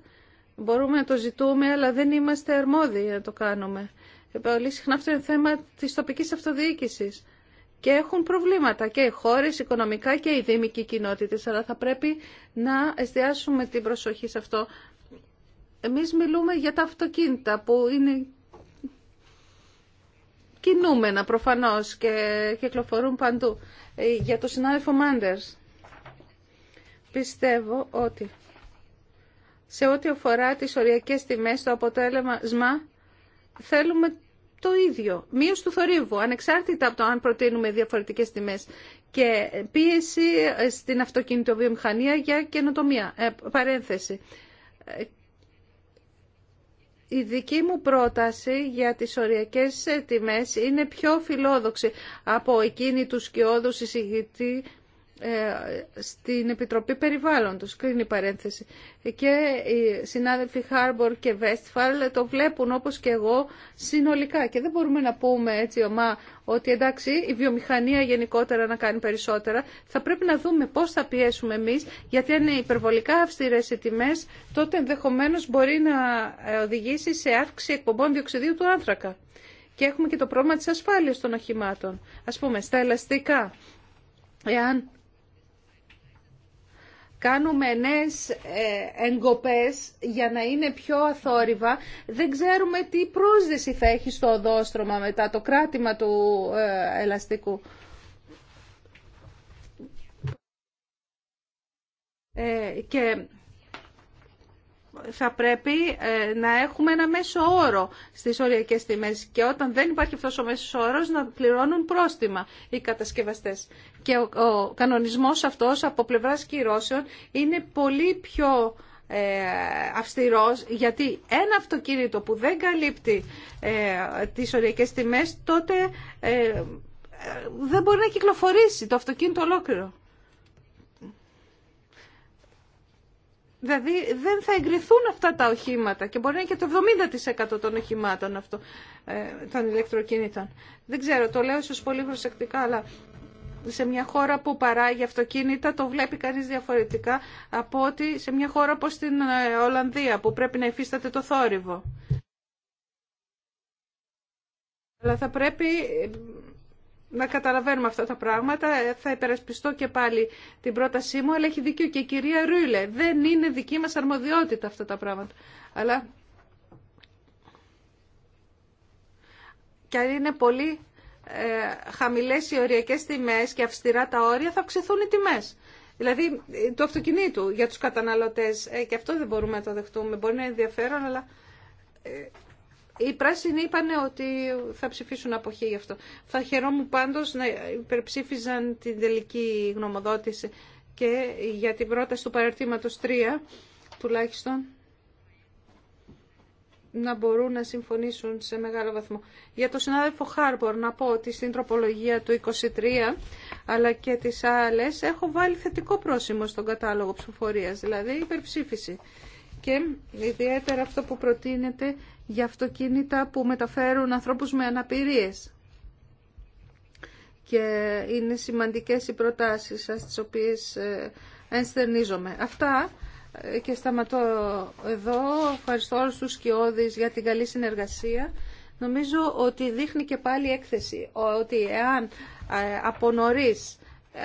μπορούμε να το ζητούμε, αλλά δεν είμαστε αρμόδιοι να το κάνουμε πολύ συχνά αυτό είναι θέμα της τοπικής αυτοδιοίκησης. Και έχουν προβλήματα και οι χώρες οικονομικά και οι δήμικοι κοινότητε. κοινότητες, αλλά θα πρέπει να εστιάσουμε την προσοχή σε αυτό. Εμείς μιλούμε για τα αυτοκίνητα που είναι κινούμενα προφανώς και κυκλοφορούν παντού. Ε, για το συνάδελφο Μάντερς, πιστεύω ότι σε ό,τι αφορά τις οριακές τιμές, το αποτέλεσμα θέλουμε το ίδιο. Μείωση του θορύβου, ανεξάρτητα από το αν προτείνουμε διαφορετικές τιμέ. και πίεση ε, στην αυτοκινητοβιομηχανία για καινοτομία. Ε, παρένθεση. Ε, η δική μου πρόταση για τις οριακές τιμές είναι πιο φιλόδοξη από εκείνη του σκιώδους εισηγητή ε, στην Επιτροπή Περιβάλλοντος, κρίνει παρένθεση. Και οι συνάδελφοι Χάρμπορ και Βέστφαλ το βλέπουν όπως και εγώ συνολικά. Και δεν μπορούμε να πούμε έτσι ομά ότι εντάξει η βιομηχανία γενικότερα να κάνει περισσότερα. Θα πρέπει να δούμε πώς θα πιέσουμε εμείς, γιατί αν είναι υπερβολικά αυστηρές οι τιμές, τότε ενδεχομένως μπορεί να ε, οδηγήσει σε αύξηση εκπομπών διοξιδίου του άνθρακα. Και έχουμε και το πρόβλημα της ασφάλειας των οχημάτων. Ας πούμε, στα ελαστικά, εάν κάνουμε νέες ε, εγκοπές για να είναι πιο αθόρυβα. Δεν ξέρουμε τι πρόσδεση θα έχει στο οδόστρωμα μετά το κράτημα του ε, ελαστικού. Ε, και θα πρέπει ε, να έχουμε ένα μέσο όρο στις οριακές τιμές και όταν δεν υπάρχει αυτός ο μέσος όρος να πληρώνουν πρόστιμα οι κατασκευαστές. Και ο, κανονισμός αυτός από πλευράς κυρώσεων είναι πολύ πιο ε, αυστηρός γιατί ένα αυτοκίνητο που δεν καλύπτει ε, τις οριακές τιμές τότε ε, ε, δεν μπορεί να κυκλοφορήσει το αυτοκίνητο ολόκληρο. Δηλαδή δεν θα εγκριθούν αυτά τα οχήματα και μπορεί να είναι και το 70% των οχημάτων αυτό, ε, των ηλεκτροκίνητων. Δεν ξέρω, το λέω ίσως πολύ προσεκτικά, αλλά σε μια χώρα που παράγει αυτοκίνητα το βλέπει κανείς διαφορετικά από ότι σε μια χώρα όπως την ε, Ολλανδία που πρέπει να υφίσταται το θόρυβο. Αλλά θα πρέπει να καταλαβαίνουμε αυτά τα πράγματα. Ε, θα υπερασπιστώ και πάλι την πρότασή μου, αλλά έχει δίκιο και η κυρία Ρούλε. Δεν είναι δική μας αρμοδιότητα αυτά τα πράγματα. Αλλά και αν είναι πολύ ε, χαμηλές οι οριακές τιμές και αυστηρά τα όρια, θα αυξηθούν οι τιμές. Δηλαδή, ε, του αυτοκινήτου για τους καταναλωτές. Ε, και αυτό δεν μπορούμε να το δεχτούμε. Μπορεί να είναι ενδιαφέρον, αλλά οι πράσινοι είπαν ότι θα ψηφίσουν αποχή γι' αυτό. Θα χαιρόμουν πάντω να υπερψήφιζαν την τελική γνωμοδότηση και για την πρόταση του παραρτήματος 3 τουλάχιστον να μπορούν να συμφωνήσουν σε μεγάλο βαθμό. Για τον συνάδελφο Χάρμπορ να πω ότι στην τροπολογία του 23 αλλά και τις άλλες έχω βάλει θετικό πρόσημο στον κατάλογο ψηφοφορίας, δηλαδή υπερψήφιση. Και ιδιαίτερα αυτό που προτείνεται για αυτοκίνητα που μεταφέρουν ανθρώπους με αναπηρίες. Και είναι σημαντικές οι προτάσεις σας, τις οποίες ε, ενστερνίζομαι. Αυτά ε, και σταματώ εδώ. Ευχαριστώ όλους τους σκιώδεις για την καλή συνεργασία. Νομίζω ότι δείχνει και πάλι η έκθεση ότι εάν ε, από νωρίς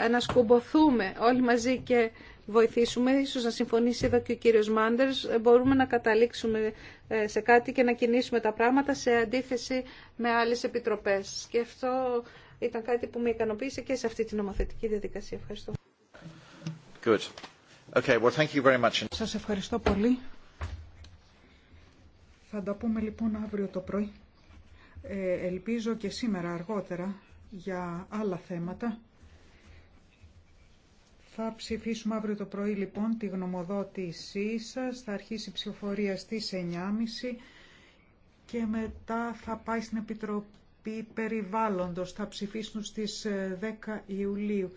ανασκουμποθούμε όλοι μαζί και βοηθήσουμε, ίσως να συμφωνήσει εδώ και ο κύριος Μάντερς, μπορούμε να καταλήξουμε ε, σε κάτι και να κινήσουμε τα πράγματα σε αντίθεση με άλλες επιτροπές. Και αυτό ήταν κάτι που με ικανοποίησε και σε αυτή την νομοθετική διαδικασία. Ευχαριστώ. Okay, thank you very much. Σας ευχαριστώ πολύ. Θα τα πούμε λοιπόν αύριο το πρωί. Ε, ελπίζω και σήμερα αργότερα για άλλα θέματα. Θα ψηφίσουμε αύριο το πρωί λοιπόν τη γνωμοδότησή σας. Θα αρχίσει η ψηφοφορία στις 9.30 και μετά θα πάει στην Επιτροπή Περιβάλλοντος. Θα ψηφίσουν στις 10 ε, Ιουλίου.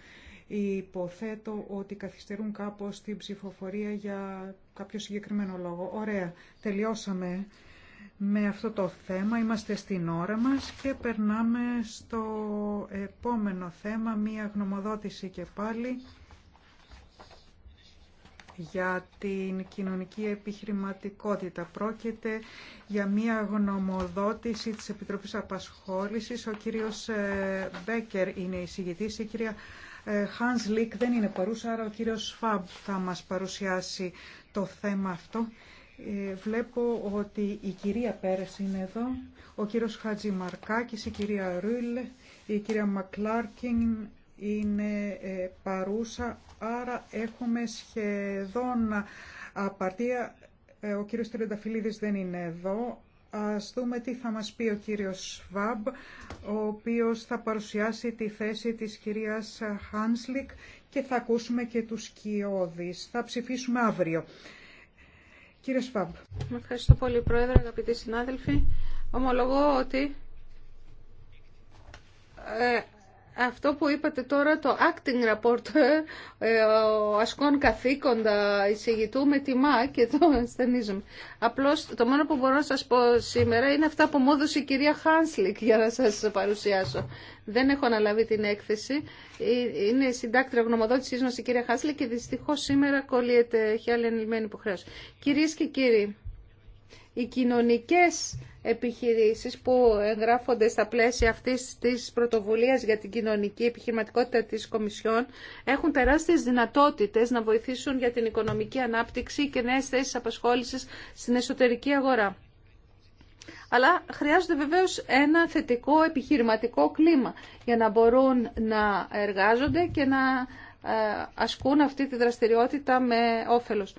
Υποθέτω ότι καθυστερούν κάπως την ψηφοφορία για κάποιο συγκεκριμένο λόγο. Ωραία, τελειώσαμε ε, με αυτό το θέμα. Είμαστε στην ώρα μας και περνάμε στο επόμενο θέμα, μία γνωμοδότηση και πάλι για την κοινωνική επιχειρηματικότητα. Πρόκειται για μια γνωμοδότηση της Επιτροπής Απασχόλησης. Ο κύριος ε, Μπέκερ είναι η συγητής. Η κυρία ε, Χάνς Λίκ δεν είναι παρούσα, άρα ο κύριος Φαμπ θα μας παρουσιάσει το θέμα αυτό. Ε, βλέπω ότι η κυρία Πέρες είναι εδώ, ο κύριος Χατζη η κυρία Ρούλ, η κυρία Μακλάρκιν είναι παρούσα, άρα έχουμε σχεδόν απαρτία. Ε, ο κύριος Τριανταφυλλίδης δεν είναι εδώ. Ας δούμε τι θα μας πει ο κύριος Σβάμπ, ο οποίος θα παρουσιάσει τη θέση της κυρίας Χάνσλικ και θα ακούσουμε και τους Κιώδης. Θα ψηφίσουμε αύριο. Κύριε Σβάμπ. Ευχαριστώ πολύ, Πρόεδρε, αγαπητοί συνάδελφοι. Ομολογώ ότι ε, αυτό που είπατε τώρα το acting report, ε, ε, ο ασκών καθήκοντα εισηγητού με τιμά και το ασθενίζουμε. Απλώς το μόνο που μπορώ να σας πω σήμερα είναι αυτά που μου έδωσε η κυρία Χάνσλικ για να σας παρουσιάσω. Δεν έχω αναλάβει την έκθεση. Ε, είναι συντάκτρια γνωμοδότησής μας η κυρία Χάνσλικ και δυστυχώς σήμερα κολλείται. έχει άλλη ενηλμένη υποχρέωση. Κυρίες και κύριοι, οι κοινωνικές επιχειρήσεις που εγγράφονται στα πλαίσια αυτής της πρωτοβουλίας για την κοινωνική επιχειρηματικότητα της Κομισιόν έχουν τεράστιες δυνατότητες να βοηθήσουν για την οικονομική ανάπτυξη και νέες θέσεις απασχόλησης στην εσωτερική αγορά. Αλλά χρειάζονται βεβαίως ένα θετικό επιχειρηματικό κλίμα για να μπορούν να εργάζονται και να ε, ασκούν αυτή τη δραστηριότητα με όφελος.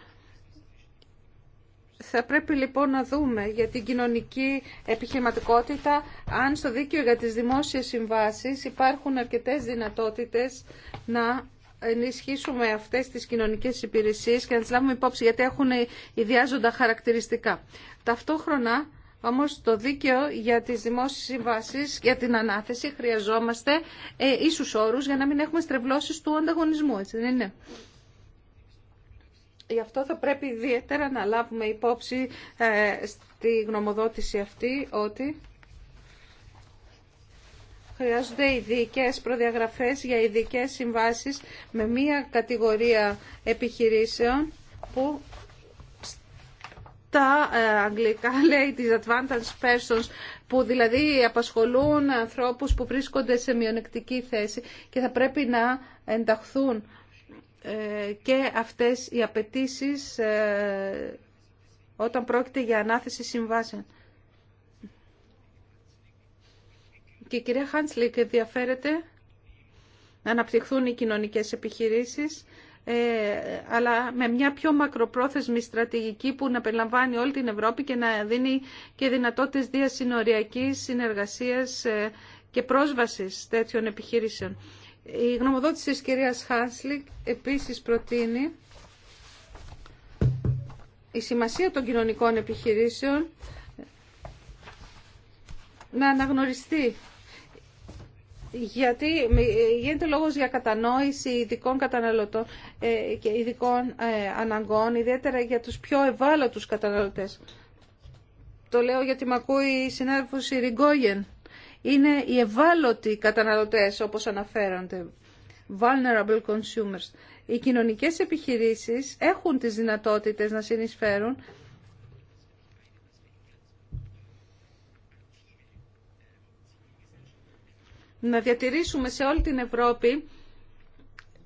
Θα πρέπει λοιπόν να δούμε για την κοινωνική επιχειρηματικότητα αν στο δίκαιο για τις δημόσιες συμβάσεις υπάρχουν αρκετές δυνατότητες να ενισχύσουμε αυτές τις κοινωνικές υπηρεσίες και να τις λάβουμε υπόψη γιατί έχουν ιδιάζοντα χαρακτηριστικά. Ταυτόχρονα όμως το δίκαιο για τις δημόσιες συμβάσεις, για την ανάθεση χρειαζόμαστε ε, ίσους όρους για να μην έχουμε στρεβλώσεις του ανταγωνισμού, έτσι δεν είναι. Γι' αυτό θα πρέπει ιδιαίτερα να λάβουμε υπόψη ε, στη γνωμοδότηση αυτή ότι χρειάζονται ειδικέ προδιαγραφές για ειδικέ συμβάσεις με μία κατηγορία επιχειρήσεων που τα ε, αγγλικά λέει τις advantage persons που δηλαδή απασχολούν ανθρώπους που βρίσκονται σε μειονεκτική θέση και θα πρέπει να ενταχθούν και αυτές οι απαιτήσει ε, όταν πρόκειται για ανάθεση συμβάσεων. Και η κυρία και ενδιαφέρεται να αναπτυχθούν οι κοινωνικές επιχειρήσεις, ε, αλλά με μια πιο μακροπρόθεσμη στρατηγική που να περιλαμβάνει όλη την Ευρώπη και να δίνει και δυνατότητες διασυνοριακής συνεργασίας ε, και πρόσβασης τέτοιων επιχειρήσεων. Η γνωμοδότηση της κυρίας Χάνσλικ επίσης προτείνει η σημασία των κοινωνικών επιχειρήσεων να αναγνωριστεί. Γιατί γίνεται λόγος για κατανόηση ειδικών καταναλωτών ε, και ειδικών ε, αναγκών, ιδιαίτερα για τους πιο ευάλωτους καταναλωτές. Το λέω γιατί με ακούει η συνάδελφος Ριγκόγεν είναι οι ευάλωτοι καταναλωτές όπως αναφέρονται. Vulnerable consumers. Οι κοινωνικές επιχειρήσεις έχουν τις δυνατότητες να συνεισφέρουν να διατηρήσουμε σε όλη την Ευρώπη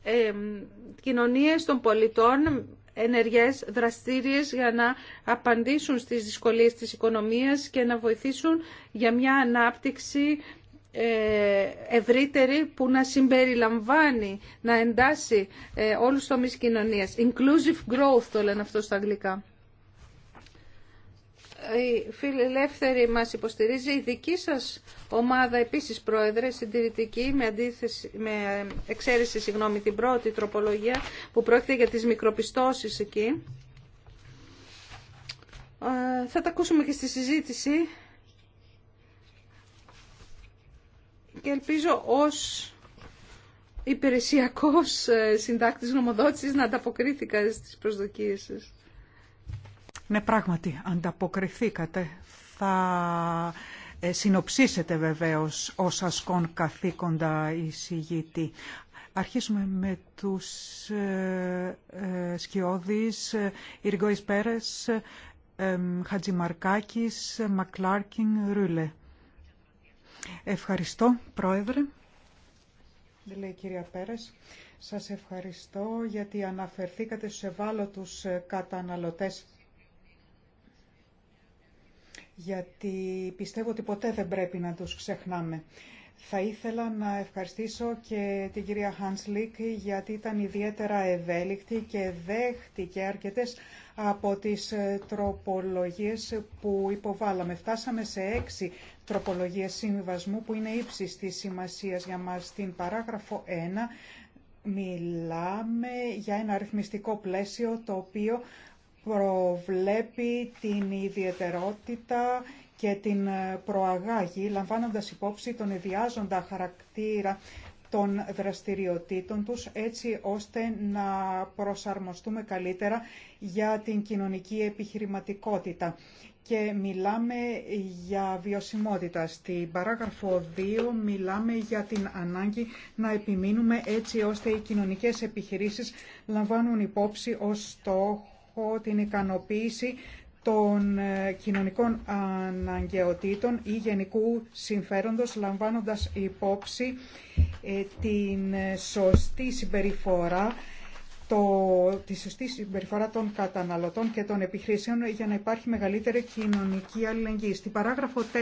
ε, κοινωνίες των πολιτών ενεργές δραστήριες για να απαντήσουν στις δυσκολίες της οικονομίας και να βοηθήσουν για μια ανάπτυξη ε, ευρύτερη που να συμπεριλαμβάνει, να εντάσσει ε, όλους τους τομείς κοινωνίας. Inclusive growth το λένε αυτό στα αγγλικά η φιλελεύθερη μας υποστηρίζει, η δική σας ομάδα επίσης πρόεδρε, συντηρητική, με, αντίθεση, με εξαίρεση την πρώτη τροπολογία που πρόκειται για τις μικροπιστώσεις εκεί. θα τα ακούσουμε και στη συζήτηση και ελπίζω ως υπηρεσιακός ε, συντάκτης νομοδότησης να ανταποκρίθηκα στις προσδοκίες σας. Ναι, πράγματι, ανταποκριθήκατε. Θα ε, συνοψίσετε βεβαίως ως ασκόν καθήκοντα εισηγήτη. Αρχίσουμε με τους ε, ε, ε Πέρες, ε, Χατζημαρκάκης, Μακλάρκιν, Ρούλε. Ευχαριστώ, Πρόεδρε. Δεν κυρία Πέρες. Σας ευχαριστώ γιατί αναφερθήκατε στους ευάλωτους καταναλωτές γιατί πιστεύω ότι ποτέ δεν πρέπει να τους ξεχνάμε. Θα ήθελα να ευχαριστήσω και την κυρία Χάνσλικ γιατί ήταν ιδιαίτερα ευέλικτη και δέχτηκε αρκετές από τις ε, τροπολογίες που υποβάλαμε. Φτάσαμε σε έξι τροπολογίες συμβιβασμού που είναι ύψης της σημασίας για μας. Στην παράγραφο 1 μιλάμε για ένα αριθμιστικό πλαίσιο το οποίο προβλέπει την ιδιαιτερότητα και την προαγάγει, λαμβάνοντας υπόψη τον ιδιάζοντα χαρακτήρα των δραστηριοτήτων τους, έτσι ώστε να προσαρμοστούμε καλύτερα για την κοινωνική επιχειρηματικότητα. Και μιλάμε για βιωσιμότητα. Στην παράγραφο 2 μιλάμε για την ανάγκη να επιμείνουμε έτσι ώστε οι κοινωνικές επιχειρήσεις λαμβάνουν υπόψη ως στόχο έχω την ικανοποίηση των ε, κοινωνικών αναγκαιοτήτων ή γενικού συμφέροντος λαμβάνοντας υπόψη ε, την ε, σωστή συμπεριφορά το, τη σωστή συμπεριφορά των καταναλωτών και των επιχειρήσεων για να υπάρχει μεγαλύτερη κοινωνική αλληλεγγύη. Στην παράγραφο 4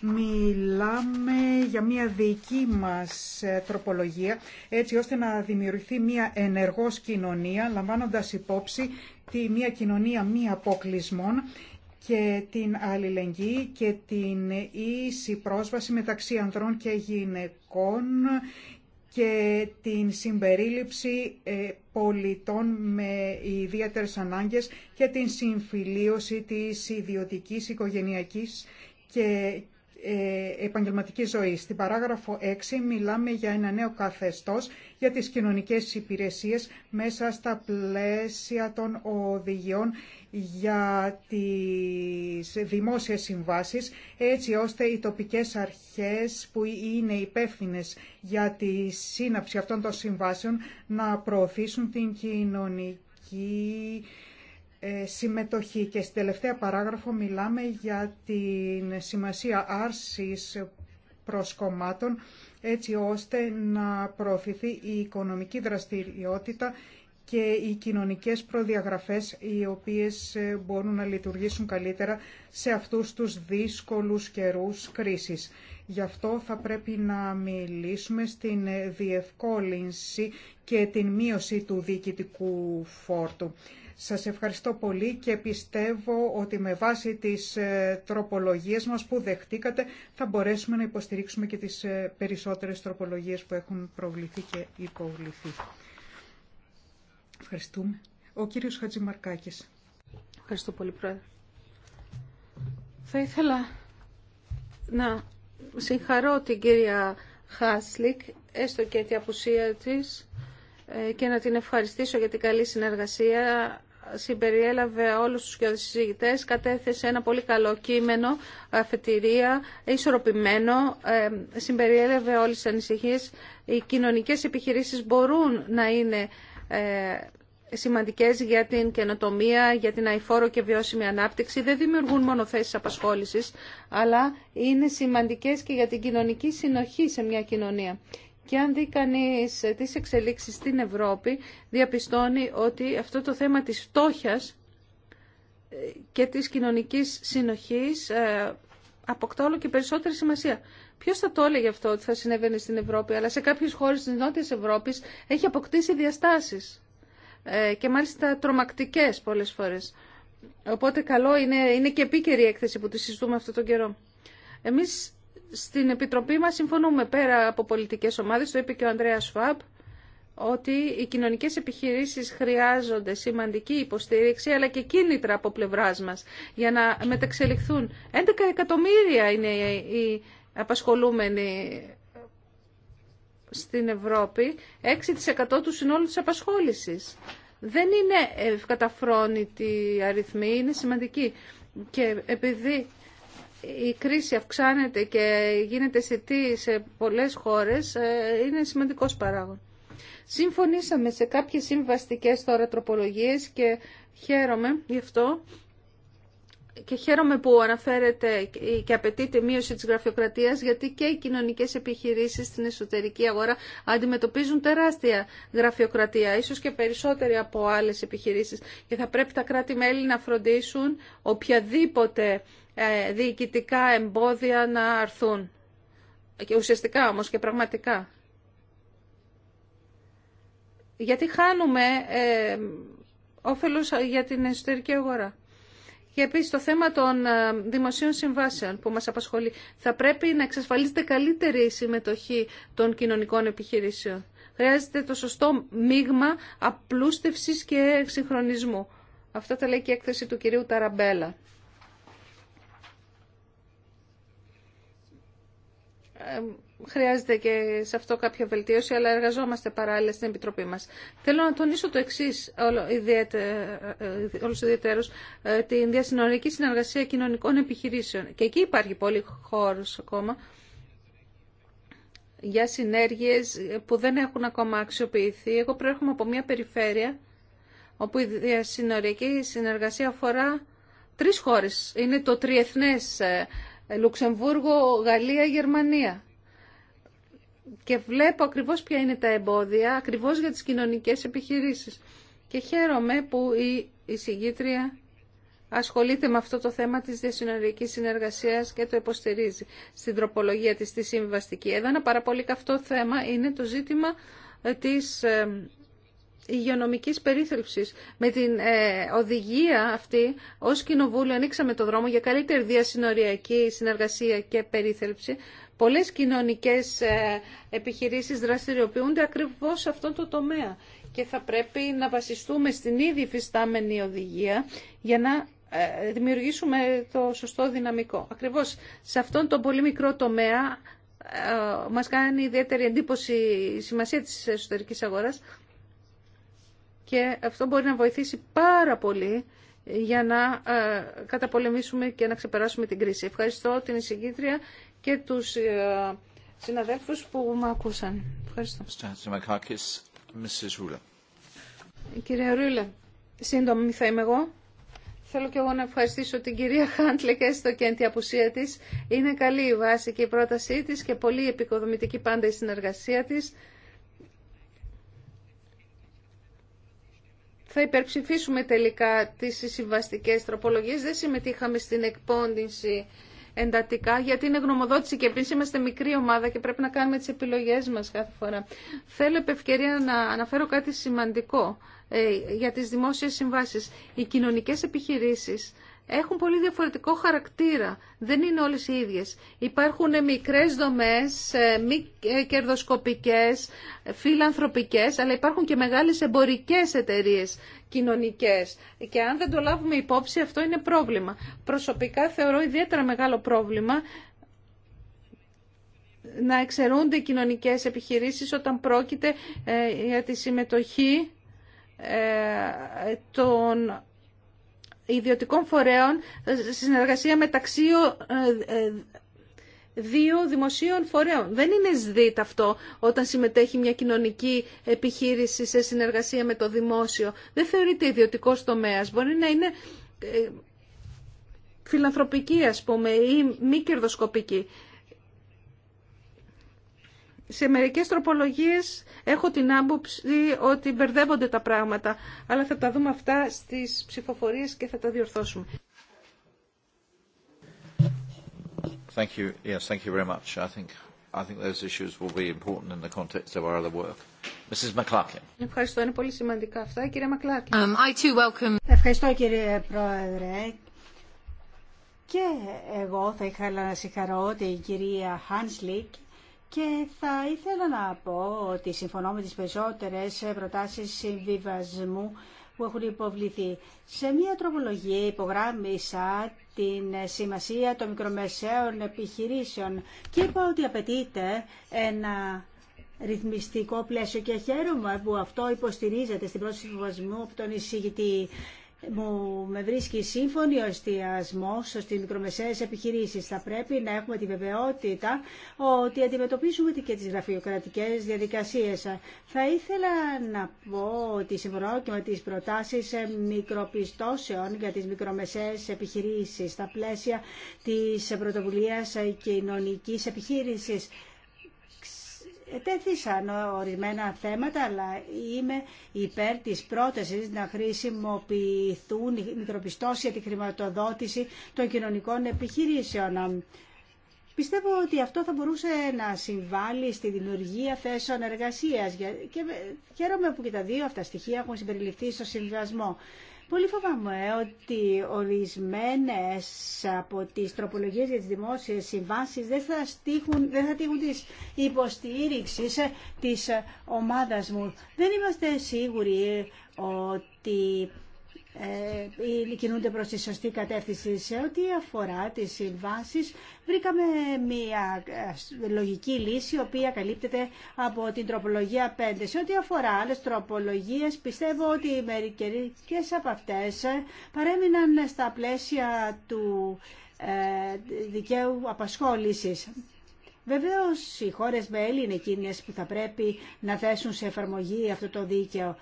μιλάμε για μια δική μας τροπολογία έτσι ώστε να δημιουργηθεί μια ενεργός κοινωνία λαμβάνοντας υπόψη τη μία κοινωνία μη αποκλεισμών και την αλληλεγγύη και την ίση πρόσβαση μεταξύ ανδρών και γυναικών και την συμπερίληψη ε, πολιτών με ιδιαίτερες ανάγκες και την συμφιλίωση της ιδιωτικής, οικογενειακής και ε, επαγγελματική ζωή. Στην παράγραφο 6 μιλάμε για ένα νέο καθεστώς για τις κοινωνικές υπηρεσίες μέσα στα πλαίσια των οδηγιών για τις δημόσιες συμβάσεις, έτσι ώστε οι τοπικές αρχές που είναι υπεύθυνε για τη σύναψη αυτών των συμβάσεων να προωθήσουν την κοινωνική ε, συμμετοχή και στην τελευταία παράγραφο μιλάμε για την σημασία άρσης προσκομάτων έτσι ώστε να προωθηθεί η οικονομική δραστηριότητα και οι κοινωνικές προδιαγραφές οι οποίες ε, μπορούν να λειτουργήσουν καλύτερα σε αυτούς τους δύσκολους καιρούς κρίσης. Γι' αυτό θα πρέπει να μιλήσουμε στην ε, διευκόλυνση και την μείωση του διοικητικού φόρτου. Σας ευχαριστώ πολύ και πιστεύω ότι με βάση τις ε, τροπολογίες μας που δεχτήκατε θα μπορέσουμε να υποστηρίξουμε και τις ε, περισσότερες τροπολογίες που έχουν προβληθεί και υποβληθεί. Ευχαριστούμε. Ο κύριος Χατζημαρκάκης. Ευχαριστώ πολύ, Πρόεδρε. Θα ήθελα να συγχαρώ την κυρία Χάσλικ, έστω και την απουσία της, ε, και να την ευχαριστήσω για την καλή συνεργασία συμπεριέλαβε όλους τους συζητητές, κατέθεσε ένα πολύ καλό κείμενο, αφετηρία, ισορροπημένο, ε, συμπεριέλαβε όλες τις ανησυχίες. Οι κοινωνικές επιχειρήσεις μπορούν να είναι ε, σημαντικές για την καινοτομία, για την αηφόρο και βιώσιμη ανάπτυξη. Δεν δημιουργούν μόνο θέσεις απασχόλησης, αλλά είναι σημαντικές και για την κοινωνική συνοχή σε μια κοινωνία. Και αν δει κανεί ε, τις εξελίξεις στην Ευρώπη, διαπιστώνει ότι αυτό το θέμα της φτώχειας ε, και της κοινωνικής συνοχής ε, αποκτά όλο και περισσότερη σημασία. Ποιο θα το έλεγε αυτό ότι θα συνέβαινε στην Ευρώπη, αλλά σε κάποιε χώρε τη Νότια Ευρώπη έχει αποκτήσει διαστάσει. και μάλιστα τρομακτικέ πολλέ φορέ. Οπότε καλό είναι, είναι και επίκαιρη η έκθεση που τη συζητούμε αυτόν τον καιρό. Εμείς στην Επιτροπή μας συμφωνούμε πέρα από πολιτικές ομάδες, το είπε και ο Ανδρέας Φαμπ, ότι οι κοινωνικές επιχειρήσεις χρειάζονται σημαντική υποστήριξη αλλά και κίνητρα από πλευράς μας για να μεταξελιχθούν. 11 εκατομμύρια είναι οι απασχολούμενοι στην Ευρώπη, 6% του συνόλου της απασχόλησης. Δεν είναι καταφρόνητη αριθμή, είναι σημαντική. Και επειδή η κρίση αυξάνεται και γίνεται τι; σε πολλές χώρες, ε, είναι σημαντικός παράγον. Συμφωνήσαμε σε κάποιες συμβαστικές τώρα τροπολογίες και χαίρομαι γι' αυτό και χαίρομαι που αναφέρεται και απαιτείται μείωση της γραφειοκρατίας γιατί και οι κοινωνικές επιχειρήσεις στην εσωτερική αγορά αντιμετωπίζουν τεράστια γραφειοκρατία, ίσως και περισσότερη από άλλες επιχειρήσεις και θα πρέπει τα κράτη-μέλη να φροντίσουν οποιαδήποτε ε, διοικητικά εμπόδια να αρθούν. Και ουσιαστικά όμως και πραγματικά. Γιατί χάνουμε ε, για την εσωτερική αγορά. Και επίσης το θέμα των ε, δημοσίων συμβάσεων που μας απασχολεί. Θα πρέπει να εξασφαλίζεται καλύτερη η συμμετοχή των κοινωνικών επιχειρήσεων. Χρειάζεται το σωστό μείγμα απλούστευσης και συγχρονισμού. Αυτό τα λέει και η έκθεση του κυρίου Ταραμπέλα. χρειάζεται και σε αυτό κάποια βελτίωση, αλλά εργαζόμαστε παράλληλα στην Επιτροπή μας. Θέλω να τονίσω το εξής όλο, ε, όλος ιδιαίτερος, ε, την διασυνορική συνεργασία κοινωνικών επιχειρήσεων. Και εκεί υπάρχει πολύ χώρος ακόμα για συνέργειες που δεν έχουν ακόμα αξιοποιηθεί. Εγώ προέρχομαι από μια περιφέρεια όπου η διασυνορική συνεργασία αφορά τρεις χώρες. Είναι το τριεθνές ε, ε, Λουξεμβούργο, Γαλλία, Γερμανία. Και βλέπω ακριβώς ποια είναι τα εμπόδια, ακριβώς για τις κοινωνικές επιχειρήσεις. Και χαίρομαι που η, η συγκήτρια ασχολείται με αυτό το θέμα της διασυνοριακής συνεργασίας και το υποστηρίζει στην τροπολογία της στη συμβαστική. Εδώ ένα πάρα πολύ καυτό θέμα είναι το ζήτημα ε, της ε, υγειονομικής περίθαλψης. Με την ε, οδηγία αυτή, ως Κοινοβούλιο ανοίξαμε το δρόμο για καλύτερη διασυνοριακή συνεργασία και περίθαλψη. Πολλές κοινωνικές ε, επιχειρήσεις δραστηριοποιούνται ακριβώς σε αυτό το τομέα και θα πρέπει να βασιστούμε στην ήδη υφιστάμενη οδηγία για να ε, δημιουργήσουμε το σωστό δυναμικό. Ακριβώς σε αυτόν τον πολύ μικρό τομέα ε, μας κάνει ιδιαίτερη εντύπωση η σημασία της εσωτερικής αγοράς και αυτό μπορεί να βοηθήσει πάρα πολύ για να ε, καταπολεμήσουμε και να ξεπεράσουμε την κρίση. Ευχαριστώ την εισηγήτρια και τους ε, συναδέλφους που με ακούσαν. Ευχαριστώ. Κύριε Ρούλε, σύντομη θα είμαι εγώ. Θέλω και εγώ να ευχαριστήσω την κυρία Χάντλε και έστω και εν απουσία της. Είναι καλή η βάση και η πρότασή της και πολύ επικοδομητική πάντα η συνεργασία της. θα υπερψηφίσουμε τελικά τις συμβαστικές τροπολογίες. Δεν συμμετείχαμε στην εκπόντιση εντατικά, γιατί είναι γνωμοδότηση και επίσης είμαστε μικρή ομάδα και πρέπει να κάνουμε τις επιλογές μας κάθε φορά. Θέλω επ' ευκαιρία να αναφέρω κάτι σημαντικό ε, για τις δημόσιες συμβάσεις. Οι κοινωνικές επιχειρήσεις έχουν πολύ διαφορετικό χαρακτήρα. Δεν είναι όλες οι ίδιες. Υπάρχουν μικρές δομές, ε, μη ε, κερδοσκοπικές, φιλανθρωπικές, αλλά υπάρχουν και μεγάλες εμπορικές εταιρείες κοινωνικές. Και αν δεν το λάβουμε υπόψη, αυτό είναι πρόβλημα. Προσωπικά θεωρώ ιδιαίτερα μεγάλο πρόβλημα να εξαιρούνται οι κοινωνικές επιχειρήσεις όταν πρόκειται ε, για τη συμμετοχή των ιδιωτικών φορέων ε, σε συνεργασία μεταξύ ε, ε, δύο δημοσίων φορέων. Δεν είναι σδίτ αυτό όταν συμμετέχει μια κοινωνική επιχείρηση σε συνεργασία με το δημόσιο. Δεν θεωρείται ιδιωτικό τομέα. Μπορεί να είναι φιλανθρωπική ας πούμε ή μη κερδοσκοπική σε μερικές τροπολογίες έχω την άποψη ότι μπερδεύονται τα πράγματα, αλλά θα τα δούμε αυτά στις ψηφοφορίες και θα τα διορθώσουμε. Ευχαριστώ. Είναι πολύ σημαντικά αυτά, κύριε Μακλάκη. Um, Ευχαριστώ, κύριε Πρόεδρε. Και εγώ θα ήθελα να συγχαρώ ότι η κυρία Χάνσλικ και θα ήθελα να πω ότι συμφωνώ με τις περισσότερες προτάσεις συμβιβασμού που έχουν υποβληθεί. Σε μια τροπολογία υπογράμμισα την σημασία των μικρομεσαίων επιχειρήσεων και είπα ότι απαιτείται ένα ρυθμιστικό πλαίσιο και χαίρομαι που αυτό υποστηρίζεται στην πρόσφυγη από τον εισηγητή μου με βρίσκει σύμφωνη ο εστιασμό στι μικρομεσαίε επιχειρήσει. Θα πρέπει να έχουμε τη βεβαιότητα ότι αντιμετωπίζουμε και τι γραφειοκρατικέ διαδικασίε. Θα ήθελα να πω ότι συμφωνώ και με τι προτάσει μικροπιστώσεων για τι μικρομεσαίε επιχειρήσει στα πλαίσια τη πρωτοβουλία κοινωνική επιχείρηση τέθησαν ορισμένα θέματα, αλλά είμαι υπέρ της πρότασης να χρησιμοποιηθούν μικροπιστώσεις για τη χρηματοδότηση των κοινωνικών επιχειρήσεων. Πιστεύω ότι αυτό θα μπορούσε να συμβάλλει στη δημιουργία θέσεων εργασίας και χαίρομαι που και τα δύο αυτά στοιχεία έχουν συμπεριληφθεί στο συμβιβασμό. Πολύ φοβάμαι ότι ορισμένε από τις τροπολογίες για τις δημόσιες συμβάσει δεν θα, δεν θα τύχουν τη υποστήριξη της ομάδας μου. Δεν είμαστε σίγουροι ότι ε, κινούνται προς τη σωστή κατεύθυνση σε ό,τι αφορά τις συμβάσεις. Βρήκαμε μια ε, λογική λύση, η οποία καλύπτεται από την τροπολογία 5. Σε ό,τι αφορά άλλες τροπολογίες, πιστεύω ότι οι μερικές από αυτές ε, παρέμειναν στα πλαίσια του ε, δικαίου απασχόλησης. Βεβαίω, οι χώρε μέλη είναι εκείνε που θα πρέπει να θέσουν σε εφαρμογή αυτό το δίκαιο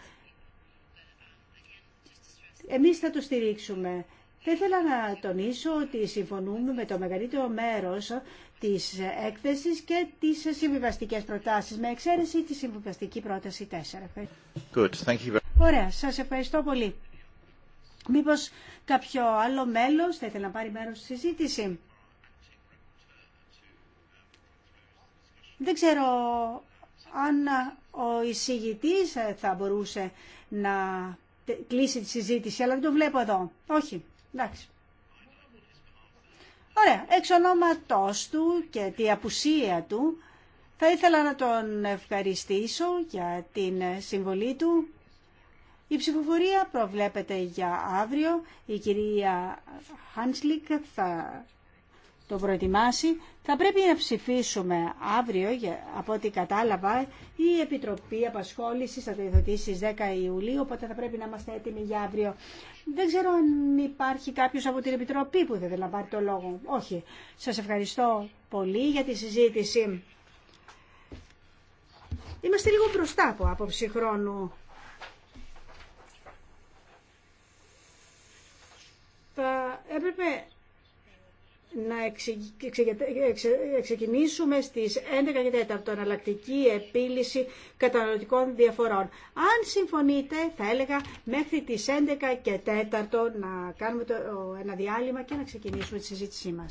εμείς θα το στηρίξουμε. Θα ήθελα να τονίσω ότι συμφωνούμε με το μεγαλύτερο μέρος της έκθεσης και τις συμβιβαστικέ προτάσεις, με εξαίρεση τη συμβιβαστική πρόταση 4. Good. Thank you. Ωραία, σας ευχαριστώ πολύ. Μήπως κάποιο άλλο μέλος θα ήθελε να πάρει μέρος στη συζήτηση. Δεν ξέρω αν ο εισηγητής θα μπορούσε να κλείσει τη συζήτηση, αλλά δεν το βλέπω εδώ. Όχι. Εντάξει. Ωραία. Εξ ονόματός του και τη απουσία του, θα ήθελα να τον ευχαριστήσω για την συμβολή του. Η ψηφοφορία προβλέπεται για αύριο. Η κυρία Χάνσλικ θα το προετοιμάσει. Θα πρέπει να ψηφίσουμε αύριο, από ό,τι κατάλαβα, η Επιτροπή Απασχόληση θα ειδωτήσει στι 10 Ιουλίου, οπότε θα πρέπει να είμαστε έτοιμοι για αύριο. Δεν ξέρω αν υπάρχει κάποιο από την Επιτροπή που δεν θα να πάρει το λόγο. Όχι. Σα ευχαριστώ πολύ για τη συζήτηση. Είμαστε λίγο μπροστά από άποψη χρόνου. Θα έπρεπε να ξεκινήσουμε στις 11 και 4 εναλλακτική επίλυση καταναλωτικών διαφορών. Αν συμφωνείτε, θα έλεγα μέχρι τις 11 και 4 να κάνουμε το, ένα διάλειμμα και να ξεκινήσουμε τη συζήτησή μας.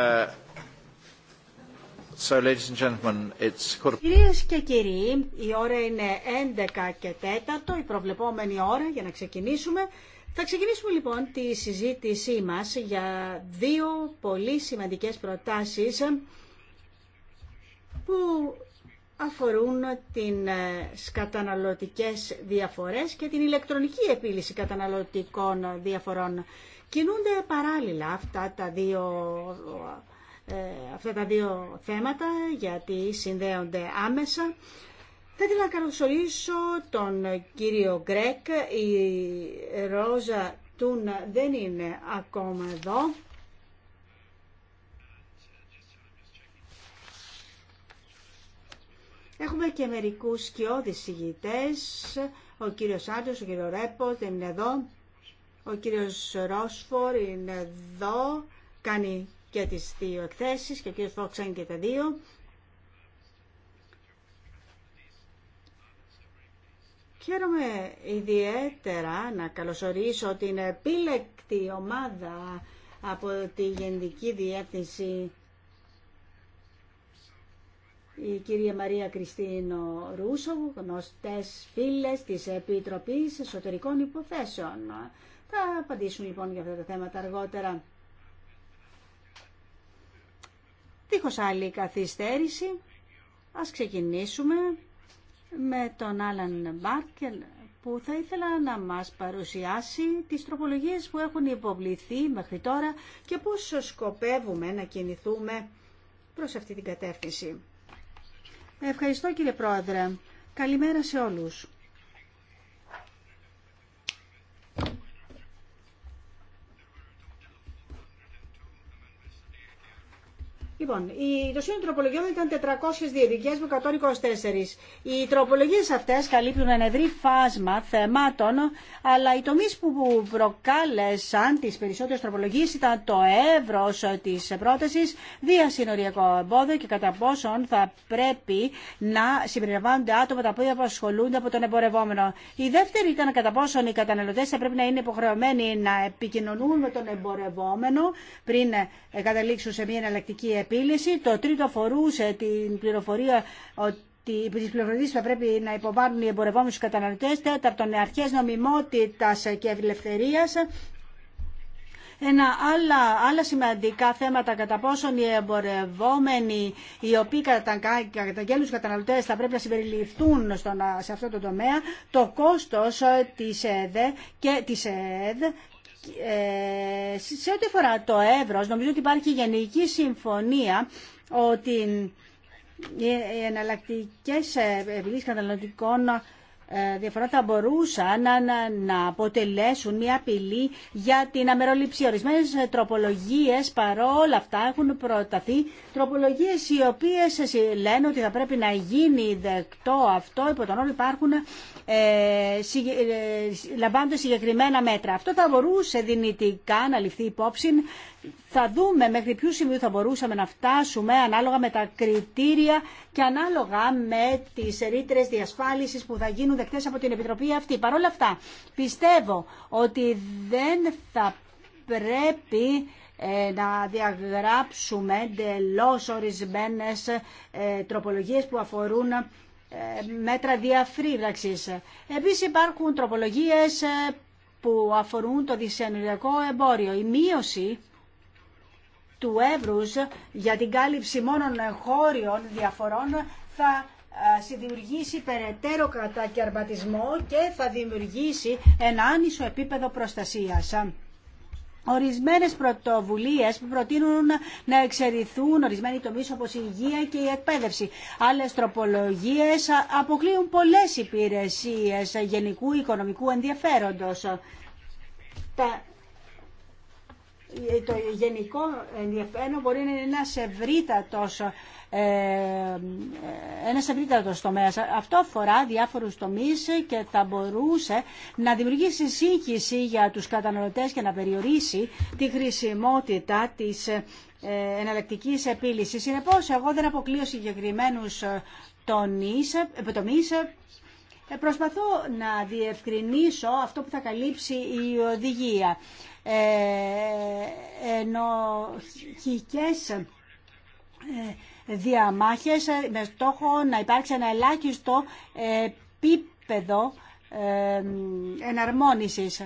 Uh, so, Κυρίες και κύριοι, η ώρα είναι 11 και 4, η προβλεπόμενη ώρα για να ξεκινήσουμε. Θα ξεκινήσουμε λοιπόν τη συζήτησή μας για δύο πολύ σημαντικές προτάσεις αφορούν την ε, καταναλωτικές διαφορές και την ηλεκτρονική επίλυση καταναλωτικών διαφορών. Κινούνται παράλληλα αυτά τα δύο, ε, αυτά τα δύο θέματα γιατί συνδέονται άμεσα. Θα ήθελα να καλωσορίσω τον κύριο Γκρέκ. Η Ρόζα Τούν δεν είναι ακόμα εδώ. Έχουμε και μερικούς σκιώδεις ηγητές, ο κύριος Άντρος, ο κύριος Ρέπο δεν είναι εδώ, ο κύριος Ρόσφορ είναι εδώ, κάνει και τις δύο εκθέσεις και ο κύριος Φόξαν και τα δύο. Χαίρομαι ιδιαίτερα να καλωσορίσω την επίλεκτη ομάδα από τη Γενική Διεύθυνση η κυρία Μαρία Κριστίνο Ρούσο, γνωστές φίλες της Επιτροπής Εσωτερικών Υποθέσεων. Θα απαντήσουν λοιπόν για αυτά τα θέματα αργότερα. Δίχως άλλη καθυστέρηση, ας ξεκινήσουμε με τον Άλαν Μπάρκελ που θα ήθελα να μας παρουσιάσει τις τροπολογίες που έχουν υποβληθεί μέχρι τώρα και πώς σκοπεύουμε να κινηθούμε προς αυτή την κατεύθυνση. Ευχαριστώ κύριε Πρόεδρε. Καλημέρα σε όλους. Λοιπόν, το σύνολο τροπολογιών ήταν 400 διαιτητικέ με 124. Οι τροπολογίε αυτέ καλύπτουν ένα ευρύ φάσμα θεμάτων, αλλά οι τομεί που προκάλεσαν τι περισσότερε τροπολογίε ήταν το εύρος της πρότασης, διασυνοριακό εμπόδιο και κατά πόσον θα πρέπει να συμπεριλαμβάνονται άτομα τα οποία απασχολούνται από τον εμπορευόμενο. Η δεύτερη ήταν κατά πόσον οι καταναλωτέ θα πρέπει να είναι υποχρεωμένοι να επικοινωνούν με τον εμπορευόμενο πριν καταλήξουν σε μια εναλλακτική επίλυση. Το τρίτο αφορούσε την πληροφορία ότι οι πληροφορίε θα πρέπει να υποβάλουν οι εμπορευόμενοι στου καταναλωτέ. Τέταρτον, αρχέ νομιμότητα και ελευθερία. Ένα άλλα, άλλα σημαντικά θέματα κατά πόσον οι εμπορευόμενοι οι οποίοι καταγγέλνουν του καταναλωτέ θα πρέπει να συμπεριληφθούν στον, σε αυτό το τομέα, το κόστο τη ΕΔ και της ΕΔ ε, σε ό,τι αφορά το εύρος, νομίζω ότι υπάρχει γενική συμφωνία ότι οι εναλλακτικέ επιλύσει καταναλωτικών διαφορά θα μπορούσαν να, να, να αποτελέσουν μια απειλή για την αμεροληψία. Ορισμένε τροπολογίε παρόλα αυτά έχουν προταθεί. Τροπολογίε οι οποίε λένε ότι θα πρέπει να γίνει δεκτό αυτό υπό τον όρο υπάρχουν ε, ε συγκεκριμένα μέτρα. Αυτό θα μπορούσε δυνητικά να ληφθεί υπόψη θα δούμε μέχρι ποιο σημείο θα μπορούσαμε να φτάσουμε ανάλογα με τα κριτήρια και ανάλογα με τις ρήτρε διασφάλισης που θα γίνουν δεκτές από την Επιτροπή αυτή. Παρ' όλα αυτά, πιστεύω ότι δεν θα πρέπει ε, να διαγράψουμε εντελώ ορισμένε ε, τροπολογίες που αφορούν ε, μέτρα διαφρύδαξη. Επίσης υπάρχουν τροπολογίες που αφορούν το δυσενεργειακό εμπόριο. Η μείωση του εύρους για την κάλυψη μόνων χώριων διαφορών θα ε, συνδημιουργήσει περαιτέρω κατακαιρματισμό και θα δημιουργήσει ένα άνισο επίπεδο προστασίας. Ορισμένες πρωτοβουλίες που προτείνουν να εξαιρεθούν ορισμένοι τομείς όπως η υγεία και η εκπαίδευση. Άλλες τροπολογίες αποκλείουν πολλές υπηρεσίες γενικού οικονομικού ενδιαφέροντος. Τα ε, το γενικό ενδιαφέρον μπορεί να είναι ένα ευρύτατο ε, ε, ένας ευρύτατος τομέας. Αυτό αφορά διάφορους τομείς και θα μπορούσε να δημιουργήσει σύγχυση για τους καταναλωτές και να περιορίσει τη χρησιμότητα της ε, εναλλακτική επίλυση. Συνεπώ, εγώ δεν αποκλείω συγκεκριμένου τομεί. Προσπαθώ να διευκρινίσω αυτό που θα καλύψει η οδηγία. Ε, ενοχικές ε, διαμάχες με στόχο να υπάρξει ένα ελάχιστο επίπεδο ε, εναρμόνισης.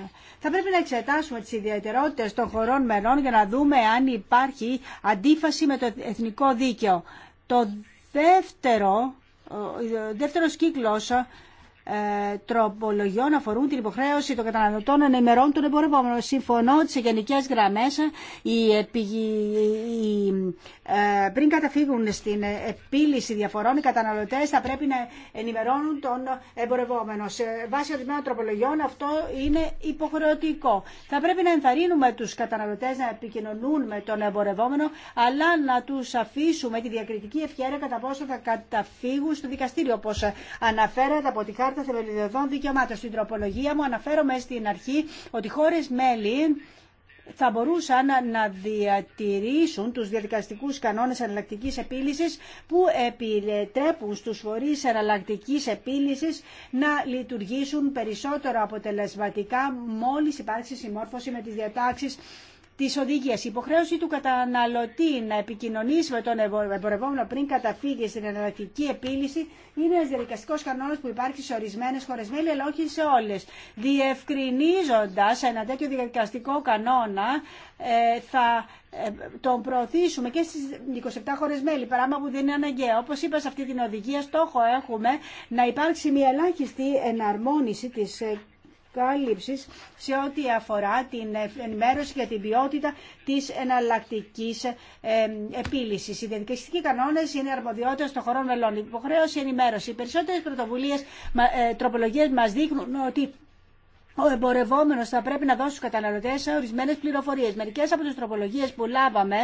Θα πρέπει να εξετάσουμε τις ιδιαιτερότητες των χωρών μερών για να δούμε αν υπάρχει αντίφαση με το εθνικό δίκαιο. Το δεύτερο, ο κύκλος ε, τροπολογιών αφορούν την υποχρέωση των καταναλωτών να ενημερώνουν τον εμπορευόμενο. Συμφωνώ ότι σε γενικέ γραμμέ ε, πριν καταφύγουν στην επίλυση διαφορών, οι καταναλωτέ θα πρέπει να ενημερώνουν τον εμπορευόμενο. Σε βάση ορισμένων τροπολογιών αυτό είναι υποχρεωτικό. Θα πρέπει να ενθαρρύνουμε του καταναλωτέ να επικοινωνούν με τον εμπορευόμενο, αλλά να του αφήσουμε τη διακριτική ευχαίρεια κατά πόσο θα καταφύγουν στο δικαστήριο, όπω αναφέρεται από τη χάρη θα Θεμελιωδών Δικαιωμάτων. Στην τροπολογία μου αναφέρομαι στην αρχή ότι χώρες μέλη θα μπορούσαν να διατηρήσουν τους διαδικαστικούς κανόνες εναλλακτική επίλυσης που επιτρέπουν στους φορείς εναλλακτική επίλυσης να λειτουργήσουν περισσότερο αποτελεσματικά μόλις υπάρξει συμμόρφωση με τις διατάξεις της οδηγίας. υποχρέωση του καταναλωτή να επικοινωνήσει με τον εμπορευόμενο πριν καταφύγει στην εναλλακτική επίλυση είναι ένα διαδικαστικό κανόνα που υπάρχει σε ορισμένε χώρε μέλη, αλλά όχι σε όλε. Διευκρινίζοντα ένα τέτοιο διαδικαστικό κανόνα, ε, θα ε, τον προωθήσουμε και στις 27 χώρες μέλη, πράγμα που δεν είναι αναγκαίο. Όπως είπα σε αυτή την οδηγία, στόχο έχουμε να υπάρξει μια ελάχιστη εναρμόνιση της ε, σε ό,τι αφορά την ενημέρωση για την ποιότητα της εναλλακτική επίλυσης. Οι διαδικαστικοί κανόνες είναι αρμοδιότητα των χωρών μελών. Υποχρέωση ενημέρωση. Οι περισσότερες πρωτοβουλίες ε, τροπολογίες μας δείχνουν ότι ο εμπορευόμενο θα πρέπει να δώσει στου καταναλωτές ορισμένες πληροφορίες. Μερικές από τις τροπολογίες που λάβαμε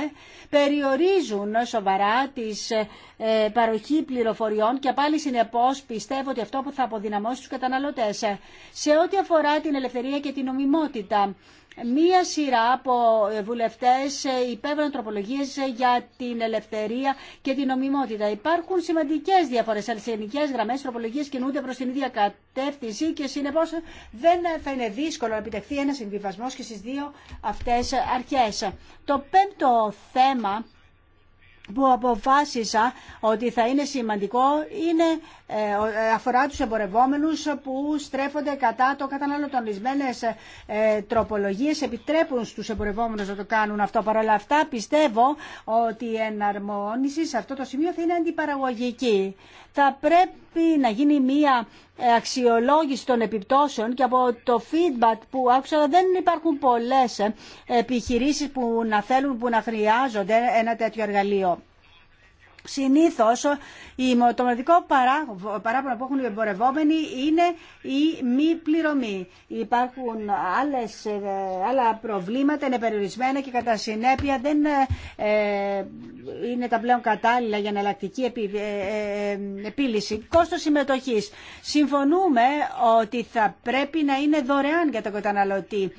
περιορίζουν σοβαρά τις ε, παροχή πληροφοριών και πάλι συνεπώ, πιστεύω ότι αυτό που θα αποδυναμώσει του καταναλωτές. Σε ό,τι αφορά την ελευθερία και την νομιμότητα, μία σειρά από βουλευτές ε, υπέβαλαν τροπολογίες ε, για την ελευθερία και την νομιμότητα. Υπάρχουν σημαντικές διαφορές σε γραμμέ, γραμμές, τροπολογίες κινούνται προς την ίδια κατεύθυνση και συνεπώς δεν θα είναι δύσκολο να επιτευχθεί ένα συμβιβασμό και στις δύο αυτές αρχές. Το πέμπτο θέμα που αποφάσισα ότι θα είναι σημαντικό είναι ε, αφορά τους εμπορευόμενους που στρέφονται κατά το καταναλωτών. Ορισμένες ε, ε, τροπολογίες επιτρέπουν στους εμπορευόμενους να το κάνουν αυτό. Παρ' όλα αυτά πιστεύω ότι η εναρμόνιση σε αυτό το σημείο θα είναι αντιπαραγωγική. Θα πρέπει να γίνει μία αξιολόγηση των επιπτώσεων και από το feedback που άκουσα δεν υπάρχουν πολλές επιχειρήσεις που να θέλουν, που να χρειάζονται ένα τέτοιο εργαλείο. Συνήθω το μοναδικό παράπονο που έχουν οι εμπορευόμενοι είναι η μη πληρωμή. Υπάρχουν άλλες, ε, άλλα προβλήματα, είναι περιορισμένα και κατά συνέπεια δεν ε, ε, είναι τα πλέον κατάλληλα για εναλλακτική επίλυση. κόστο συμμετοχή. Συμφωνούμε ότι θα πρέπει να είναι δωρεάν για τον καταναλωτή.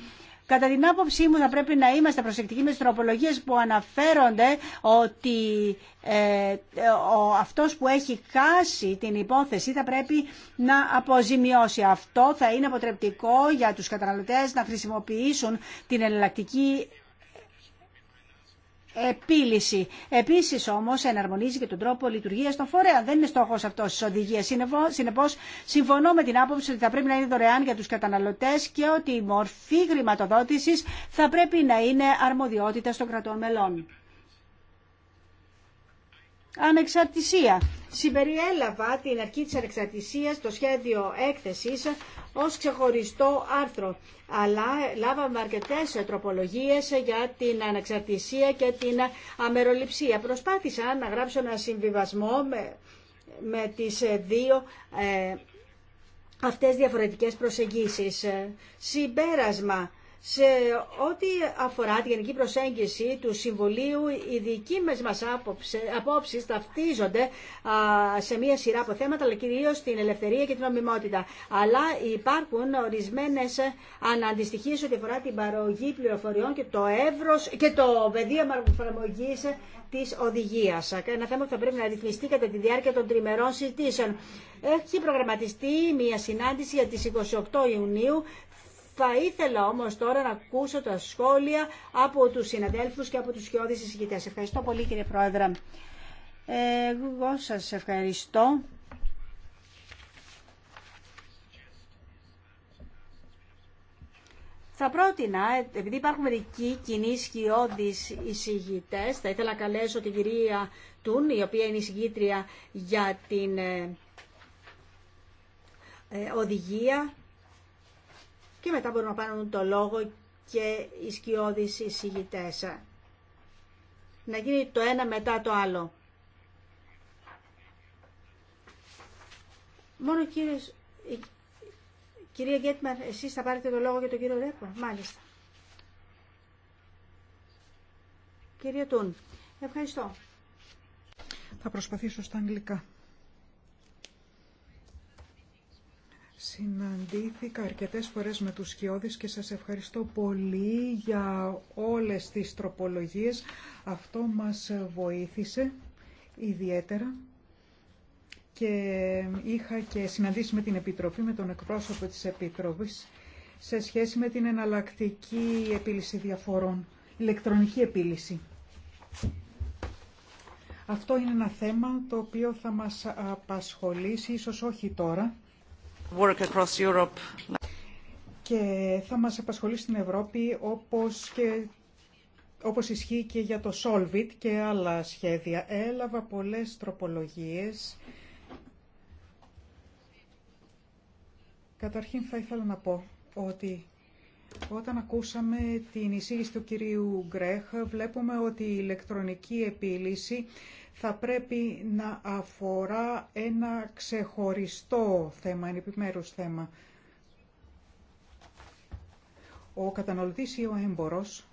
Κατά την άποψή μου θα πρέπει να είμαστε προσεκτικοί με τις τροπολογίες που αναφέρονται ότι ε, ο, αυτός που έχει χάσει την υπόθεση θα πρέπει να αποζημιώσει. Αυτό θα είναι αποτρεπτικό για τους καταναλωτές να χρησιμοποιήσουν την εναλλακτική επίλυση. Επίση όμω εναρμονίζει και τον τρόπο λειτουργία των φορέων. Δεν είναι στόχο αυτό τη οδηγία. Συνεπώ, συμφωνώ με την άποψη ότι θα πρέπει να είναι δωρεάν για του καταναλωτέ και ότι η μορφή χρηματοδότηση θα πρέπει να είναι αρμοδιότητα των κρατών μελών ανεξαρτησία. Συμπεριέλαβα την αρχή της ανεξαρτησίας το σχέδιο έκθεσης ως ξεχωριστό άρθρο, αλλά λάβαμε αρκετές τροπολογίες για την ανεξαρτησία και την αμεροληψία. Προσπάθησα να γράψω ένα συμβιβασμό με, με τις δύο ε, αυτές διαφορετικές προσεγγίσεις. Συμπέρασμα σε ό,τι αφορά τη γενική προσέγγιση του Συμβουλίου, οι δικοί μας μας απόψεις ταυτίζονται σε μία σειρά από θέματα, αλλά κυρίω την ελευθερία και την νομιμότητα. Αλλά υπάρχουν ορισμένες αναντιστοιχίες ό,τι αφορά την παρογή πληροφοριών και το, εύρος, και το πεδίο εφαρμογή της οδηγίας. Ένα θέμα που θα πρέπει να ρυθμιστεί κατά τη διάρκεια των τριμερών συζητήσεων. Έχει προγραμματιστεί μια συνάντηση για τις 28 Ιουνίου. Θα ήθελα όμως τώρα να ακούσω τα σχόλια από τους συναδέλφους και από τους σκιώδεις εισηγητές. Ευχαριστώ πολύ κύριε Πρόεδρε. Εγώ σας ευχαριστώ. Θα πρότεινα, επειδή υπάρχουν μερικοί κοινοί σκιώδει εισηγητέ, θα ήθελα να καλέσω την κυρία Τούν, η οποία είναι εισηγήτρια για την ε, ε, οδηγία και μετά μπορούν να πάρουν το λόγο και οι σκιώδεις εισηγητές. Να γίνει το ένα μετά το άλλο. Μόνο κύριος, κυρία Γκέτμαρ, εσείς θα πάρετε το λόγο για τον κύριο Ρέπο. Μάλιστα. Κυρία Τούν, ευχαριστώ. Θα προσπαθήσω στα αγγλικά. Συναντήθηκα αρκετές φορές με τους Σκιώδης και σας ευχαριστώ πολύ για όλες τις τροπολογίες. Αυτό μας βοήθησε ιδιαίτερα και είχα και συναντήσει με την Επιτροπή, με τον εκπρόσωπο της Επιτροπής σε σχέση με την εναλλακτική επίλυση διαφορών, ηλεκτρονική επίλυση. Αυτό είναι ένα θέμα το οποίο θα μας απασχολήσει, ίσως όχι τώρα, work Και θα μας απασχολεί στην Ευρώπη όπως και όπως ισχύει και για το Solvit και άλλα σχέδια. Έλαβα πολλές τροπολογίες. Καταρχήν θα ήθελα να πω ότι όταν ακούσαμε την εισήγηση του κυρίου Γκρέχ βλέπουμε ότι η ηλεκτρονική επίλυση θα πρέπει να αφορά ένα ξεχωριστό θέμα, ένα επιμέρους θέμα. Ο καταναλωτής ή ο έμπορος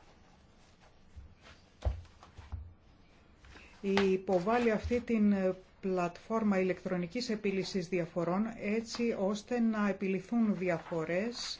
υποβάλλει αυτή την πλατφόρμα ηλεκτρονικής επίλυσης διαφορών έτσι ώστε να επιληθούν διαφορές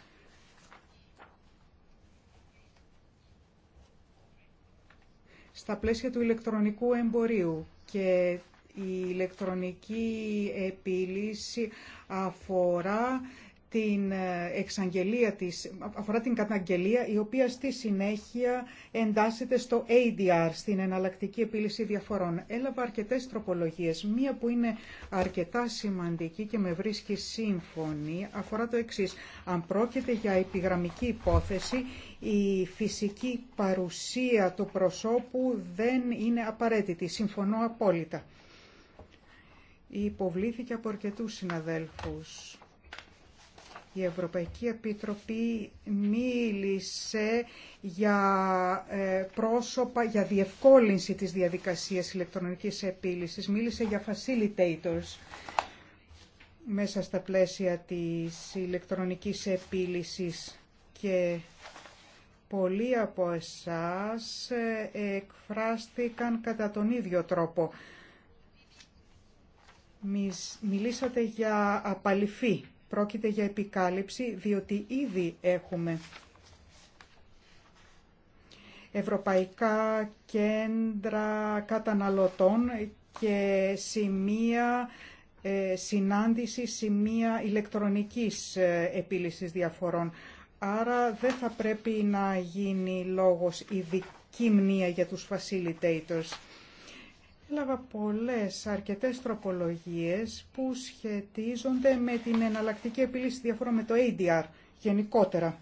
στα πλαίσια του ηλεκτρονικού εμπορίου και η ηλεκτρονική επίλυση αφορά την ε, εξαγγελία της, αφορά την καταγγελία η οποία στη συνέχεια εντάσσεται στο ADR, στην εναλλακτική επίλυση διαφορών. Έλαβα αρκετές τροπολογίες. Μία που είναι αρκετά σημαντική και με βρίσκει σύμφωνη αφορά το εξής. Αν πρόκειται για επιγραμμική υπόθεση, η φυσική παρουσία του προσώπου δεν είναι απαραίτητη. Συμφωνώ απόλυτα. Υποβλήθηκε από αρκετού συναδέλφους. Η Ευρωπαϊκή Επιτροπή μίλησε για ε, πρόσωπα, για διευκόλυνση της διαδικασίας ηλεκτρονικής επίλυσης. Μίλησε για facilitators μέσα στα πλαίσια της ηλεκτρονικής επίλυσης και πολλοί από εσάς ε, εκφράστηκαν κατά τον ίδιο τρόπο. Μιλήσατε για απαλυφή. Πρόκειται για επικάλυψη, διότι ήδη έχουμε ευρωπαϊκά κέντρα καταναλωτών και σημεία ε, συνάντηση, σημεία ηλεκτρονικής ε, επίλυσης διαφορών. Άρα δεν θα πρέπει να γίνει λόγος ειδική μνήμα για τους facilitators. Έλαβα πολλές αρκετές τροπολογίες που σχετίζονται με την εναλλακτική επίλυση διαφορών με το ADR γενικότερα.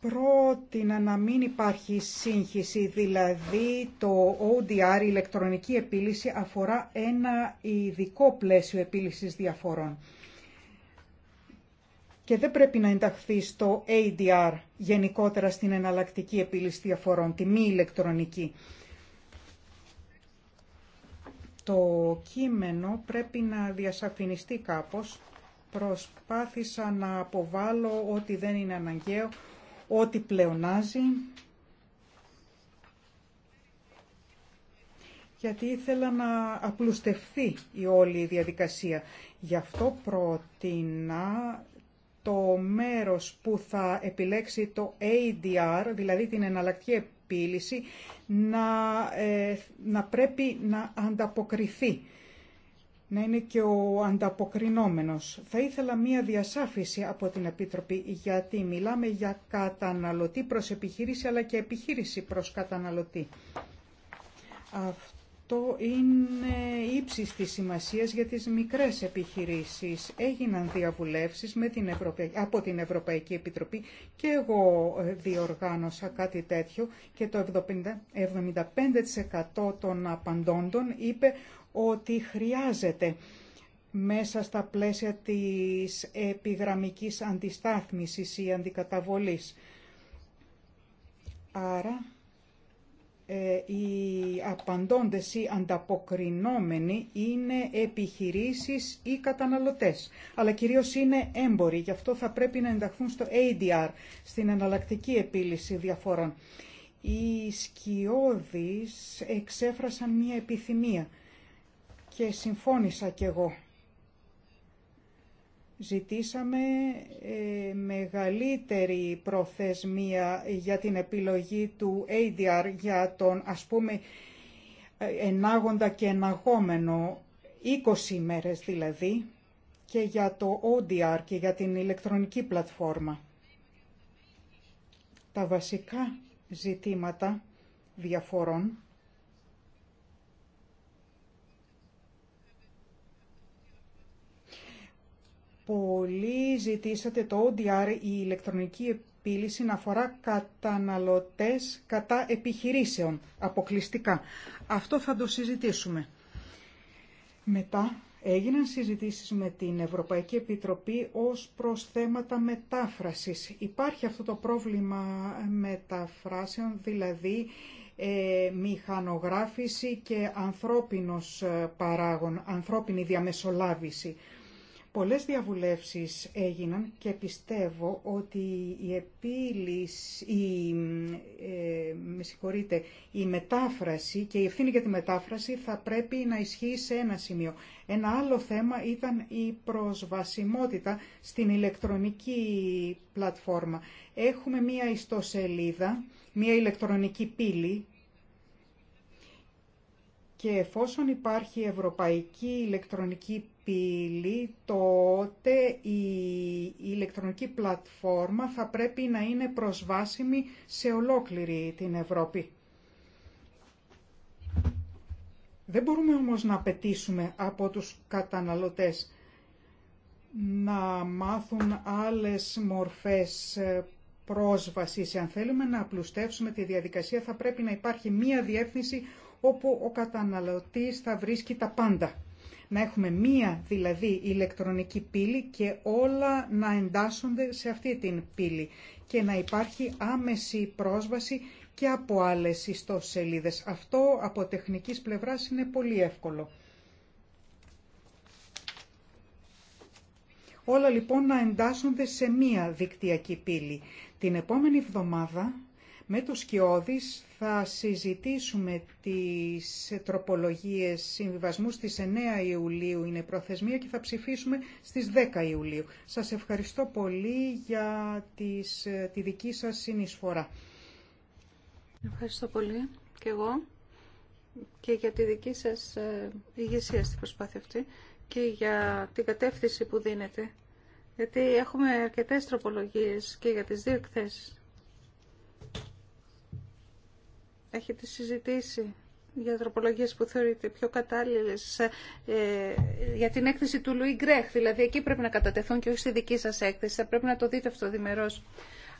Πρότεινα να μην υπάρχει σύγχυση, δηλαδή το ODR, η ηλεκτρονική επίλυση, αφορά ένα ειδικό πλαίσιο επίλυσης διαφορών και δεν πρέπει να ενταχθεί στο ADR, γενικότερα στην εναλλακτική επίλυση διαφορών, τη μη ηλεκτρονική. Το κείμενο πρέπει να διασαφινιστεί κάπως. Προσπάθησα να αποβάλω ό,τι δεν είναι αναγκαίο, ό,τι πλεονάζει. γιατί ήθελα να απλουστευτεί η όλη διαδικασία. Γι' αυτό πρότεινα το μέρος που θα επιλέξει το ADR, δηλαδή την εναλλακτική επίλυση, ε, να, πρέπει να ανταποκριθεί, να είναι και ο ανταποκρινόμενος. Θα ήθελα μία διασάφηση από την Επίτροπη, γιατί μιλάμε για καταναλωτή προς επιχείρηση, αλλά και επιχείρηση προς καταναλωτή. Αυτό αυτό είναι ύψης της σημασίας για τις μικρές επιχειρήσεις. Έγιναν διαβουλεύσεις από την Ευρωπαϊκή Επιτροπή και εγώ ε, διοργάνωσα κάτι τέτοιο και το 75% των απαντώντων είπε ότι χρειάζεται μέσα στα πλαίσια της επιγραμμικής αντιστάθμισης ή αντικαταβολής. Άρα ε, οι απαντώντες ή ανταποκρινόμενοι είναι επιχειρήσεις ή καταναλωτές, αλλά κυρίως είναι έμποροι, γι' αυτό θα πρέπει να ενταχθούν στο ADR, στην εναλλακτική επίλυση διαφόρων. Οι σκιώδεις εξέφρασαν μία επιθυμία και συμφώνησα κι εγώ Ζητήσαμε ε, μεγαλύτερη προθεσμία για την επιλογή του ADR για τον ας πούμε ε, ενάγοντα και εναγόμενο 20 ημέρες δηλαδή και για το ODR και για την ηλεκτρονική πλατφόρμα. Τα βασικά ζητήματα διαφορών Πολύ ζητήσατε το ODR, η ηλεκτρονική επίλυση, να αφορά καταναλωτές κατά επιχειρήσεων, αποκλειστικά. Αυτό θα το συζητήσουμε. Μετά έγιναν συζητήσεις με την Ευρωπαϊκή Επιτροπή ως προς θέματα μετάφρασης. Υπάρχει αυτό το πρόβλημα μεταφράσεων, δηλαδή ε, μηχανογράφηση και ανθρώπινος ε, παράγων, ανθρώπινη διαμεσολάβηση. Πολλές διαβουλεύσεις έγιναν και πιστεύω ότι η επίλυση, η, ε, η μετάφραση και η ευθύνη για τη μετάφραση θα πρέπει να ισχύει σε ένα σημείο. Ένα άλλο θέμα ήταν η προσβασιμότητα στην ηλεκτρονική πλατφόρμα. Έχουμε μία ιστοσελίδα, μία ηλεκτρονική πύλη και εφόσον υπάρχει ευρωπαϊκή ηλεκτρονική τότε η ηλεκτρονική πλατφόρμα θα πρέπει να είναι προσβάσιμη σε ολόκληρη την Ευρώπη. Δεν μπορούμε όμως να απαιτήσουμε από τους καταναλωτές να μάθουν άλλες μορφές πρόσβασης. Αν θέλουμε να απλουστεύσουμε τη διαδικασία θα πρέπει να υπάρχει μία διεύθυνση όπου ο καταναλωτής θα βρίσκει τα πάντα. Να έχουμε μία δηλαδή ηλεκτρονική πύλη και όλα να εντάσσονται σε αυτή την πύλη και να υπάρχει άμεση πρόσβαση και από άλλες ιστοσελίδες. Αυτό από τεχνικής πλευράς είναι πολύ εύκολο. Όλα λοιπόν να εντάσσονται σε μία δικτυακή πύλη. Την επόμενη εβδομάδα με τους Σκιώδης θα συζητήσουμε τις τροπολογίες συμβιβασμού στις 9 Ιουλίου είναι προθεσμία και θα ψηφίσουμε στις 10 Ιουλίου. Σας ευχαριστώ πολύ για τις, τη δική σας συνεισφορά. Ευχαριστώ πολύ και εγώ και για τη δική σας ε, ηγεσία στη προσπάθεια αυτή και για την κατεύθυνση που δίνετε. Γιατί έχουμε αρκετές τροπολογίες και για τις δύο εκθέσεις έχετε συζητήσει για τροπολογίες που θεωρείτε πιο κατάλληλες ε, για την έκθεση του Λουί Γκρέχ. Δηλαδή εκεί πρέπει να κατατεθούν και όχι στη δική σας έκθεση. Θα πρέπει να το δείτε αυτό διμερώς.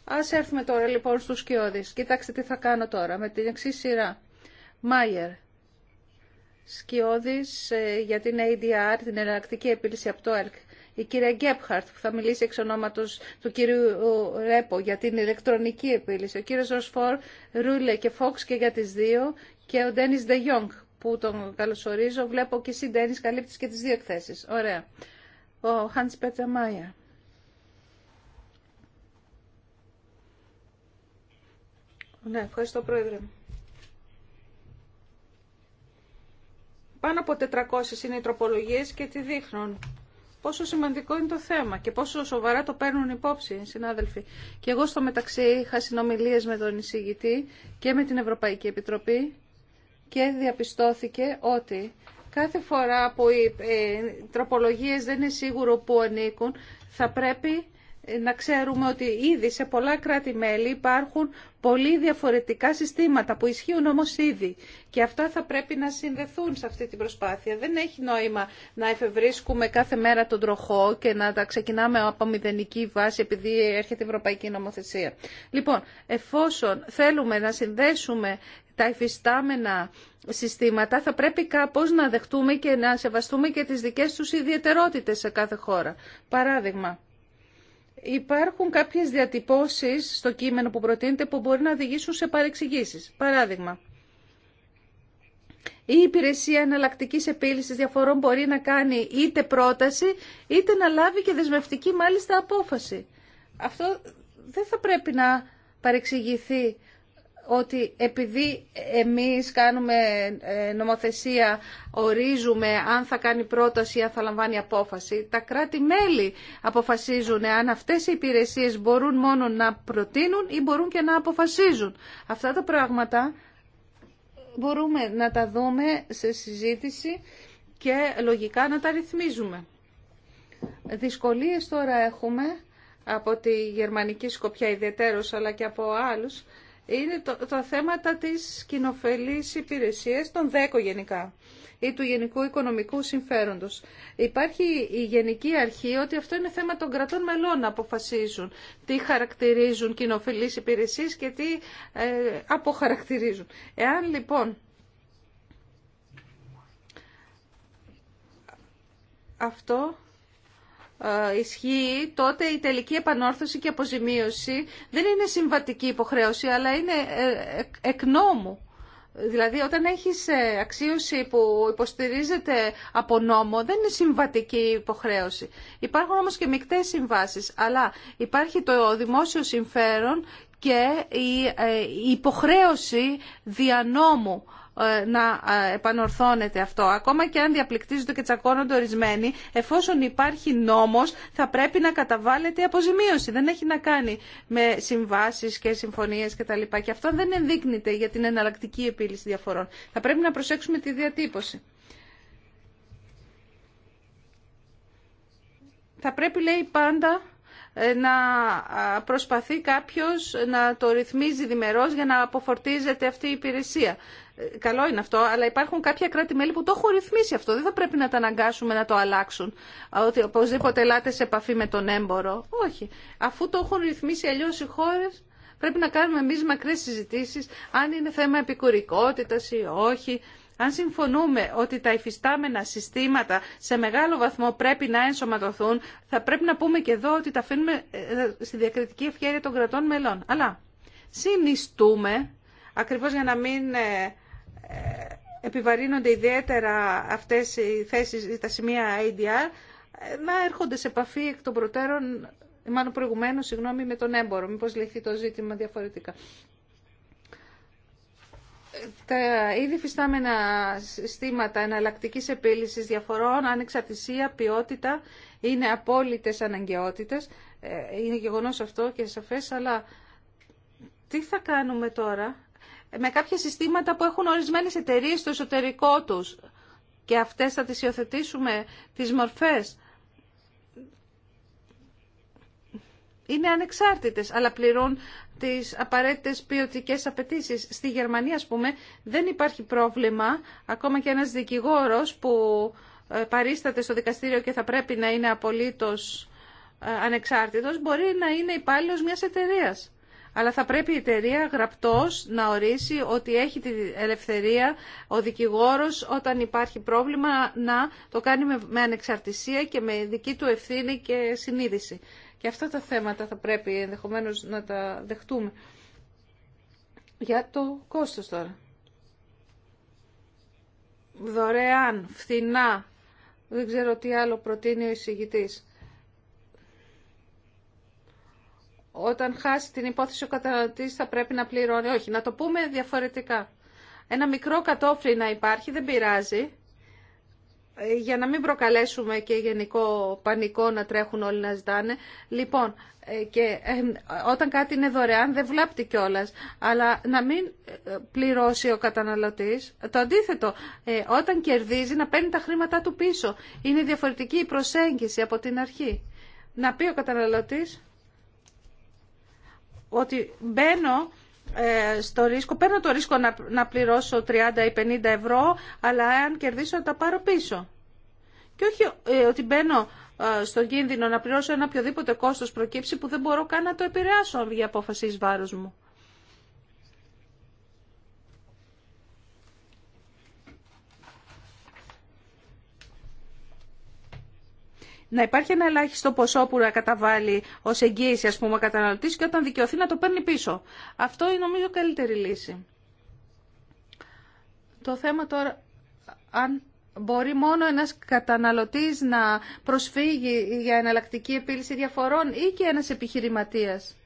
Ας έρθουμε τώρα λοιπόν στους Σκιώδης. Κοιτάξτε τι θα κάνω τώρα με την εξή σειρά. Μάιερ. Σκιώδης ε, για την ADR, την εναλλακτική επίλυση από το ΕΛΚ η κυρία Γκέπχαρτ που θα μιλήσει εξ ονόματος του κυρίου Ρέπο για την ηλεκτρονική επίλυση, ο κύριος Ροσφόρ, Ρούλε και Φόξ και για τις δύο και ο Ντένις Δε Γιόγκ που τον καλωσορίζω. Βλέπω και εσύ Ντένις καλύπτεις και τις δύο εκθέσεις. Ωραία. Ο Χάντς Πέτσα Μάια. Ναι, ευχαριστώ πρόεδρε. Πάνω από 400 είναι οι τροπολογίες και τι δείχνουν πόσο σημαντικό είναι το θέμα και πόσο σοβαρά το παίρνουν υπόψη οι συνάδελφοι. Και εγώ στο μεταξύ είχα συνομιλίες με τον εισηγητή και με την Ευρωπαϊκή Επιτροπή και διαπιστώθηκε ότι κάθε φορά που οι ε, τροπολογίες δεν είναι σίγουρο που ανήκουν θα πρέπει να ξέρουμε ότι ήδη σε πολλά κράτη-μέλη υπάρχουν πολύ διαφορετικά συστήματα που ισχύουν όμως ήδη. Και αυτά θα πρέπει να συνδεθούν σε αυτή την προσπάθεια. Δεν έχει νόημα να εφευρίσκουμε κάθε μέρα τον τροχό και να τα ξεκινάμε από μηδενική βάση επειδή έρχεται η Ευρωπαϊκή Νομοθεσία. Λοιπόν, εφόσον θέλουμε να συνδέσουμε τα υφιστάμενα συστήματα θα πρέπει κάπως να δεχτούμε και να σεβαστούμε και τις δικές τους ιδιαιτερότητες σε κάθε χώρα. Παράδειγμα, Υπάρχουν κάποιες διατυπώσεις στο κείμενο που προτείνεται που μπορεί να οδηγήσουν σε παρεξηγήσεις. Παράδειγμα, η υπηρεσία εναλλακτική επίλυση διαφορών μπορεί να κάνει είτε πρόταση, είτε να λάβει και δεσμευτική μάλιστα απόφαση. Αυτό δεν θα πρέπει να παρεξηγηθεί ότι επειδή εμείς κάνουμε ε, νομοθεσία, ορίζουμε αν θα κάνει πρόταση ή αν θα λαμβάνει απόφαση, τα κράτη-μέλη αποφασίζουν αν αυτές οι υπηρεσίες μπορούν μόνο να προτείνουν ή μπορούν και να αποφασίζουν. Αυτά τα πράγματα μπορούμε να τα δούμε σε συζήτηση και λογικά να τα ρυθμίζουμε. Δυσκολίες τώρα έχουμε από τη γερμανική σκοπιά ιδιαίτερως αλλά και από άλλους είναι το, τα θέματα της κοινοφελής υπηρεσίας των ΔΕΚΟ γενικά ή του Γενικού Οικονομικού Συμφέροντος. Υπάρχει η Γενική Αρχή ότι αυτό είναι θέμα των κρατών μελών να αποφασίζουν τι χαρακτηρίζουν κοινοφελείς υπηρεσίες και τι ε, αποχαρακτηρίζουν. Εάν λοιπόν αυτό ε, ισχύει, τότε η τελική επανόρθωση και αποζημίωση δεν είναι συμβατική υποχρέωση, αλλά είναι ε, εκ νόμου. Δηλαδή, όταν έχεις ε, αξίωση που υποστηρίζεται από νόμο, δεν είναι συμβατική υποχρέωση. Υπάρχουν όμως και μικτές συμβάσεις, αλλά υπάρχει το δημόσιο συμφέρον και η υποχρέωση διανόμου ε, να ε, επανορθώνεται αυτό. Ακόμα και αν διαπληκτίζονται και τσακώνονται ορισμένοι, εφόσον υπάρχει νόμος θα πρέπει να καταβάλλεται αποζημίωση. Δεν έχει να κάνει με συμβάσεις και συμφωνίες κτλ. Και, και αυτό δεν ενδείκνυται για την εναλλακτική επίλυση διαφορών. Θα πρέπει να προσέξουμε τη διατύπωση. Θα πρέπει, λέει, πάντα ε, να προσπαθεί κάποιος να το ρυθμίζει διμερώς για να αποφορτίζεται αυτή η υπηρεσία. Ε, καλό είναι αυτό, αλλά υπάρχουν κάποια κράτη-μέλη που το έχουν ρυθμίσει αυτό. Δεν θα πρέπει να τα αναγκάσουμε να το αλλάξουν. Ότι οπωσδήποτε ελάτε σε επαφή με τον έμπορο. Όχι. Αφού το έχουν ρυθμίσει αλλιώ οι χώρε, πρέπει να κάνουμε εμεί μακρέ συζητήσει αν είναι θέμα επικουρικότητα ή όχι. Αν συμφωνούμε ότι τα υφιστάμενα συστήματα σε μεγάλο βαθμό πρέπει να ενσωματωθούν, θα πρέπει να πούμε και εδώ ότι τα αφήνουμε ε, στη διακριτική ευχαίρεια των κρατών μελών. Αλλά συνιστούμε, ακριβώς για να μην ε, επιβαρύνονται ιδιαίτερα αυτές οι θέσεις, τα σημεία ADR, να έρχονται σε επαφή εκ των προτέρων, μάλλον προηγουμένως, συγγνώμη, με τον έμπορο, μήπως λεχθεί το ζήτημα διαφορετικά. Τα ήδη φυστάμενα συστήματα εναλλακτικής επίλυσης διαφορών, ανεξαρτησία, ποιότητα, είναι απόλυτες αναγκαιότητες. Ε, είναι γεγονός αυτό και σαφές, αλλά τι θα κάνουμε τώρα με κάποια συστήματα που έχουν ορισμένες εταιρείε στο εσωτερικό τους και αυτές θα τις υιοθετήσουμε τις μορφές. Είναι ανεξάρτητες, αλλά πληρούν τις απαραίτητες ποιοτικέ απαιτήσεις. Στη Γερμανία, ας πούμε, δεν υπάρχει πρόβλημα, ακόμα και ένας δικηγόρος που ε, παρίσταται στο δικαστήριο και θα πρέπει να είναι απολύτως ε, ανεξάρτητος, μπορεί να είναι υπάλληλο μιας εταιρείας αλλά θα πρέπει η εταιρεία γραπτός να ορίσει ότι έχει τη ελευθερία ο δικηγόρος όταν υπάρχει πρόβλημα να το κάνει με ανεξαρτησία και με δική του ευθύνη και συνείδηση. Και αυτά τα θέματα θα πρέπει ενδεχομένως να τα δεχτούμε. Για το κόστος τώρα. Δωρεάν, φθηνά, δεν ξέρω τι άλλο προτείνει ο εισηγητής. όταν χάσει την υπόθεση ο καταναλωτή θα πρέπει να πληρώνει. Όχι, να το πούμε διαφορετικά. Ένα μικρό κατόφλι να υπάρχει δεν πειράζει ε, για να μην προκαλέσουμε και γενικό πανικό να τρέχουν όλοι να ζητάνε. Λοιπόν, ε, και ε, όταν κάτι είναι δωρεάν δεν βλάπτει κιόλα, αλλά να μην πληρώσει ο καταναλωτής. Το αντίθετο, όταν κερδίζει να παίρνει τα χρήματά του πίσω. Είναι διαφορετική η προσέγγιση από την αρχή. Να πει ο καταναλωτής, ότι μπαίνω ε, στο ρίσκο, παίρνω το ρίσκο να, να πληρώσω 30 ή 50 ευρώ, αλλά αν κερδίσω τα πάρω πίσω. Και όχι ε, ότι μπαίνω ε, στον κίνδυνο να πληρώσω ένα οποιοδήποτε κόστος προκύψει που δεν μπορώ καν να το επηρεάσω για απόφαση εις βάρος μου. να υπάρχει ένα ελάχιστο ποσό που να καταβάλει ω εγγύηση, α πούμε, ο καταναλωτή και όταν δικαιωθεί να το παίρνει πίσω. Αυτό είναι νομίζω καλύτερη λύση. Το θέμα τώρα, αν μπορεί μόνο ένας καταναλωτής να προσφύγει για εναλλακτική επίλυση διαφορών ή και ένας επιχειρηματίας.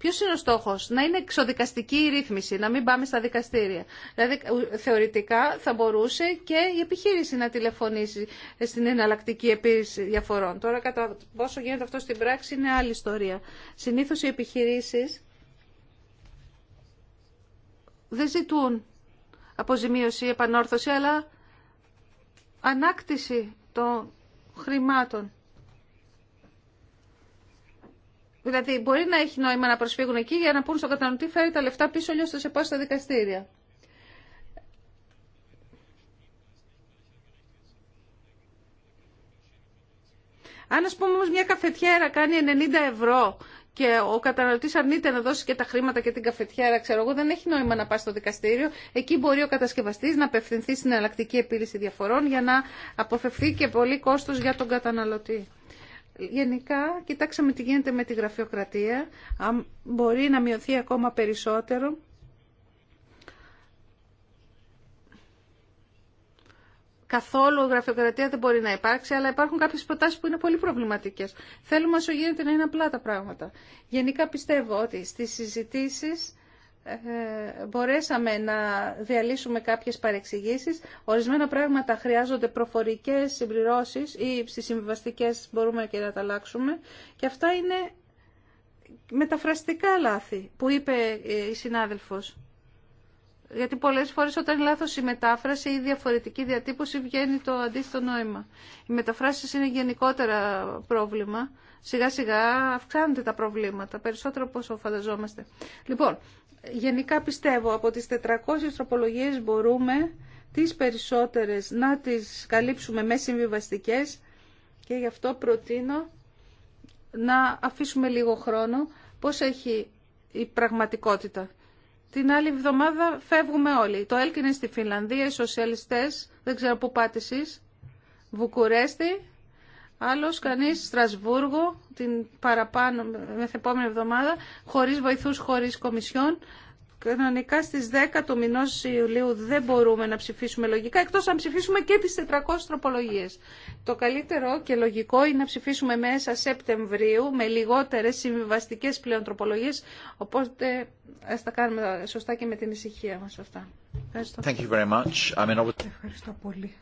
Ποιο είναι ο στόχος, να είναι εξοδικαστική η ρύθμιση, να μην πάμε στα δικαστήρια. Δηλαδή θεωρητικά θα μπορούσε και η επιχείρηση να τηλεφωνήσει στην εναλλακτική επίρρηση διαφορών. Τώρα κατά πόσο γίνεται αυτό στην πράξη είναι άλλη ιστορία. Συνήθως οι επιχειρήσεις δεν ζητούν αποζημίωση, ή επανόρθωση, αλλά ανάκτηση των χρημάτων. Δηλαδή μπορεί να έχει νόημα να προσφύγουν εκεί για να πούν στον καταναλωτή φέρει τα λεφτά πίσω, αλλιώ θα σε πάω στα δικαστήρια. Αν α πούμε όμω μια καφετιέρα κάνει 90 ευρώ και ο καταναλωτή αρνείται να δώσει και τα χρήματα και την καφετιέρα, ξέρω εγώ, δεν έχει νόημα να πάει στο δικαστήριο. Εκεί μπορεί ο κατασκευαστή να απευθυνθεί στην εναλλακτική επίλυση διαφορών για να αποφευθεί και πολύ κόστο για τον καταναλωτή. Γενικά, κοιτάξαμε τι γίνεται με τη γραφειοκρατία, αν μπορεί να μειωθεί ακόμα περισσότερο. Καθόλου γραφειοκρατία δεν μπορεί να υπάρξει, αλλά υπάρχουν κάποιες προτάσεις που είναι πολύ προβληματικές. Θέλουμε όσο γίνεται να είναι απλά τα πράγματα. Γενικά πιστεύω ότι στις συζητήσεις ε, μπορέσαμε να διαλύσουμε κάποιες παρεξηγήσεις. Ορισμένα πράγματα χρειάζονται προφορικές συμπληρώσεις ή στις συμβιβαστικές μπορούμε και να τα αλλάξουμε. Και αυτά είναι μεταφραστικά λάθη που είπε ε, η συνάδελφος. Γιατί πολλές φορές όταν είναι λάθος η μετάφραση ή η διαφορετική διατύπωση βγαίνει το αντίστοιχο νόημα. Οι μεταφράσει είναι γενικότερα πρόβλημα. Σιγά σιγά αυξάνονται τα προβλήματα, περισσότερο από όσο φανταζόμαστε. Λοιπόν, γενικά πιστεύω από τις 400 τροπολογίες μπορούμε τις περισσότερες να τις καλύψουμε με συμβιβαστικέ και γι' αυτό προτείνω να αφήσουμε λίγο χρόνο πώς έχει η πραγματικότητα. Την άλλη εβδομάδα φεύγουμε όλοι. Το έλκυνε στη Φινλανδία, οι σοσιαλιστές, δεν ξέρω πού πάτε εσείς, Άλλος κανείς Στρασβούργο την παραπάνω επόμενη εβδομάδα χωρίς βοηθούς, χωρίς κομισιόν. Κανονικά στις 10 του μηνό Ιουλίου δεν μπορούμε να ψηφίσουμε λογικά εκτός να ψηφίσουμε και τις 400 τροπολογίες. Το καλύτερο και λογικό είναι να ψηφίσουμε μέσα Σεπτεμβρίου με λιγότερες συμβιβαστικές πλέον τροπολογίες οπότε ας τα κάνουμε σωστά και με την ησυχία μας αυτά. Ευχαριστώ, Ευχαριστώ πολύ.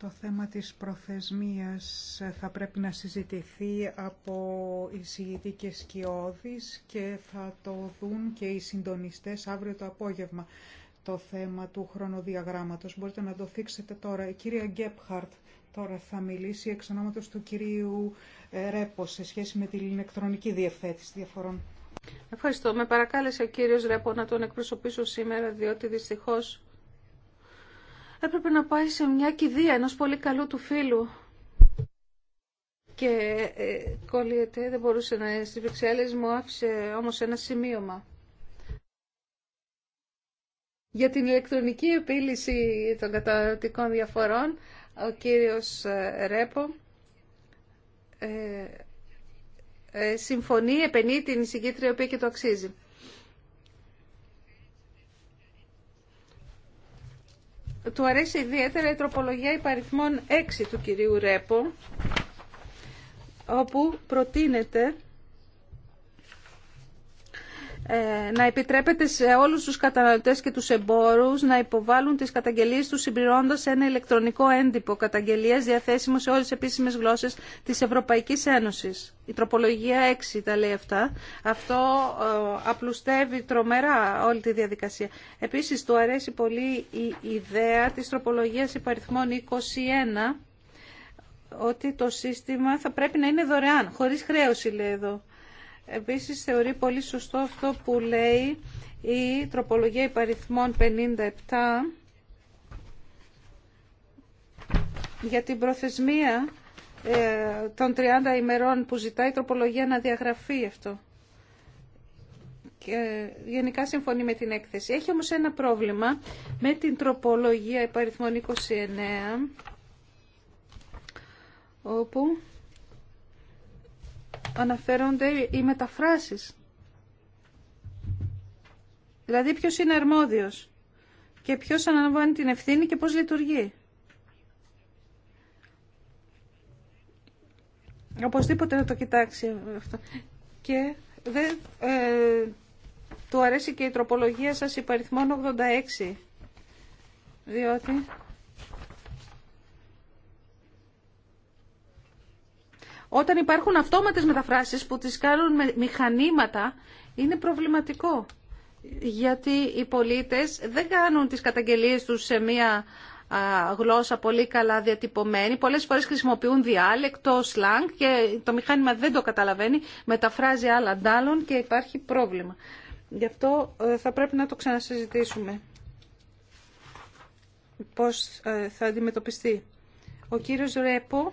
Το θέμα της προθεσμίας θα πρέπει να συζητηθεί από εισηγητή και σκιώδης και θα το δουν και οι συντονιστές αύριο το απόγευμα το θέμα του χρονοδιαγράμματος. Μπορείτε να το θίξετε τώρα. Η κυρία Γκέπχαρτ τώρα θα μιλήσει εξ ονόματος του κυρίου ε, Ρέπο σε σχέση με την ηλεκτρονική διευθέτηση διαφορών. Ευχαριστώ. Με παρακάλεσε ο κύριος Ρέπο να τον εκπροσωπήσω σήμερα διότι δυστυχώς έπρεπε να πάει σε μια κηδεία ενός πολύ καλού του φίλου και ε, δεν μπορούσε να είναι στις Βρυξέλλες, μου άφησε όμως ένα σημείωμα. Για την ηλεκτρονική επίλυση των καταναλωτικών διαφορών, ο κύριος ε, Ρέπο ε, ε, συμφωνεί, επενεί την εισηγήτρια, η οποία και το αξίζει. του αρέσει ιδιαίτερα η τροπολογία υπαριθμών 6 του κυρίου Ρέπο, όπου προτείνεται ε, να επιτρέπεται σε όλους τους καταναλωτές και τους εμπόρους να υποβάλουν τις καταγγελίες τους συμπληρώνοντας ένα ηλεκτρονικό έντυπο καταγγελίας διαθέσιμο σε όλες τις επίσημες γλώσσες της Ευρωπαϊκής Ένωσης. Η τροπολογία 6 τα λέει αυτά. Αυτό ε, απλουστεύει τρομερά όλη τη διαδικασία. Επίσης, του αρέσει πολύ η ιδέα της τροπολογίας υπαριθμών 21 ότι το σύστημα θα πρέπει να είναι δωρεάν, χωρίς χρέωση λέει εδώ. Επίσης θεωρεί πολύ σωστό αυτό που λέει η τροπολογία υπαριθμών 57 για την προθεσμία ε, των 30 ημερών που ζητάει η τροπολογία να διαγραφεί αυτό. Και γενικά συμφωνεί με την έκθεση. Έχει όμως ένα πρόβλημα με την τροπολογία υπαριθμών 29 όπου αναφέρονται οι μεταφράσεις. Δηλαδή ποιος είναι αρμόδιος και ποιος αναλαμβάνει την ευθύνη και πώς λειτουργεί. Οπωσδήποτε να το κοιτάξει αυτό. Και δεν, ε, του αρέσει και η τροπολογία σας υπαριθμών 86. Διότι Όταν υπάρχουν αυτόματες μεταφράσεις που τις κάνουν με μηχανήματα, είναι προβληματικό. Γιατί οι πολίτες δεν κάνουν τις καταγγελίες τους σε μία γλώσσα πολύ καλά διατυπωμένη. Πολλές φορές χρησιμοποιούν διάλεκτο, σλάνγκ και το μηχάνημα δεν το καταλαβαίνει, μεταφράζει άλλα αντάλλων και υπάρχει πρόβλημα. Γι' αυτό ε, θα πρέπει να το ξανασυζητήσουμε. Πώς ε, θα αντιμετωπιστεί. Ο κύριος Ρέπο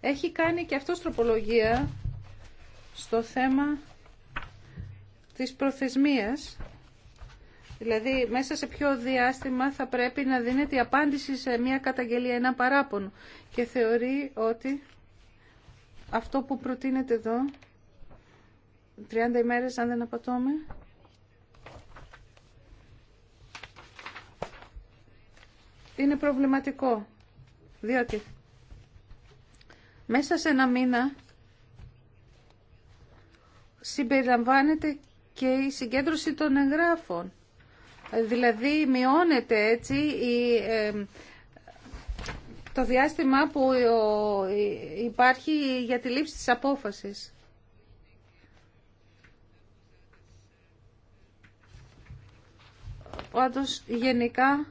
έχει κάνει και αυτό τροπολογία στο θέμα της προθεσμίας. Δηλαδή, μέσα σε ποιο διάστημα θα πρέπει να δίνεται η απάντηση σε μια καταγγελία, ένα παράπονο. Και θεωρεί ότι αυτό που προτείνεται εδώ, 30 ημέρες αν δεν απατώμε, είναι προβληματικό. Διότι μέσα σε ένα μήνα συμπεριλαμβάνεται και η συγκέντρωση των εγγράφων. Ε, δηλαδή μειώνεται έτσι η, ε, το διάστημα που ε, υπάρχει για τη λήψη της απόφασης. Πάντως γενικά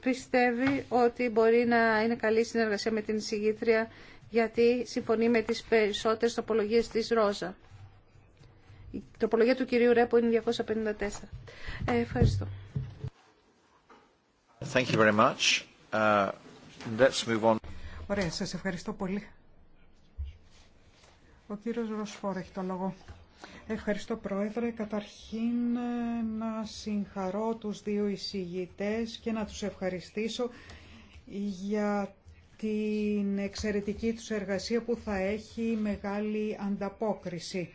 πιστεύει ότι μπορεί να είναι καλή συνεργασία με την εισηγήτρια γιατί συμφωνεί με τις περισσότερες τοπολογίες της Ρόζα. Η τοπολογία του κυρίου Ρέπο είναι 254. Ε, ευχαριστώ. Thank you very much. Uh, let's move on. Ωραία, σας ευχαριστώ πολύ. Ο κύριος Ροσφόρ έχει το λόγο. Ευχαριστώ Πρόεδρε. Καταρχήν να συγχαρώ τους δύο εισηγητές και να τους ευχαριστήσω για την εξαιρετική τους εργασία που θα έχει μεγάλη ανταπόκριση.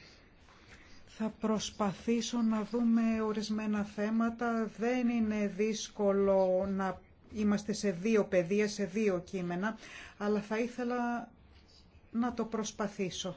Θα προσπαθήσω να δούμε ορισμένα θέματα. Δεν είναι δύσκολο να είμαστε σε δύο πεδία, σε δύο κείμενα, αλλά θα ήθελα να το προσπαθήσω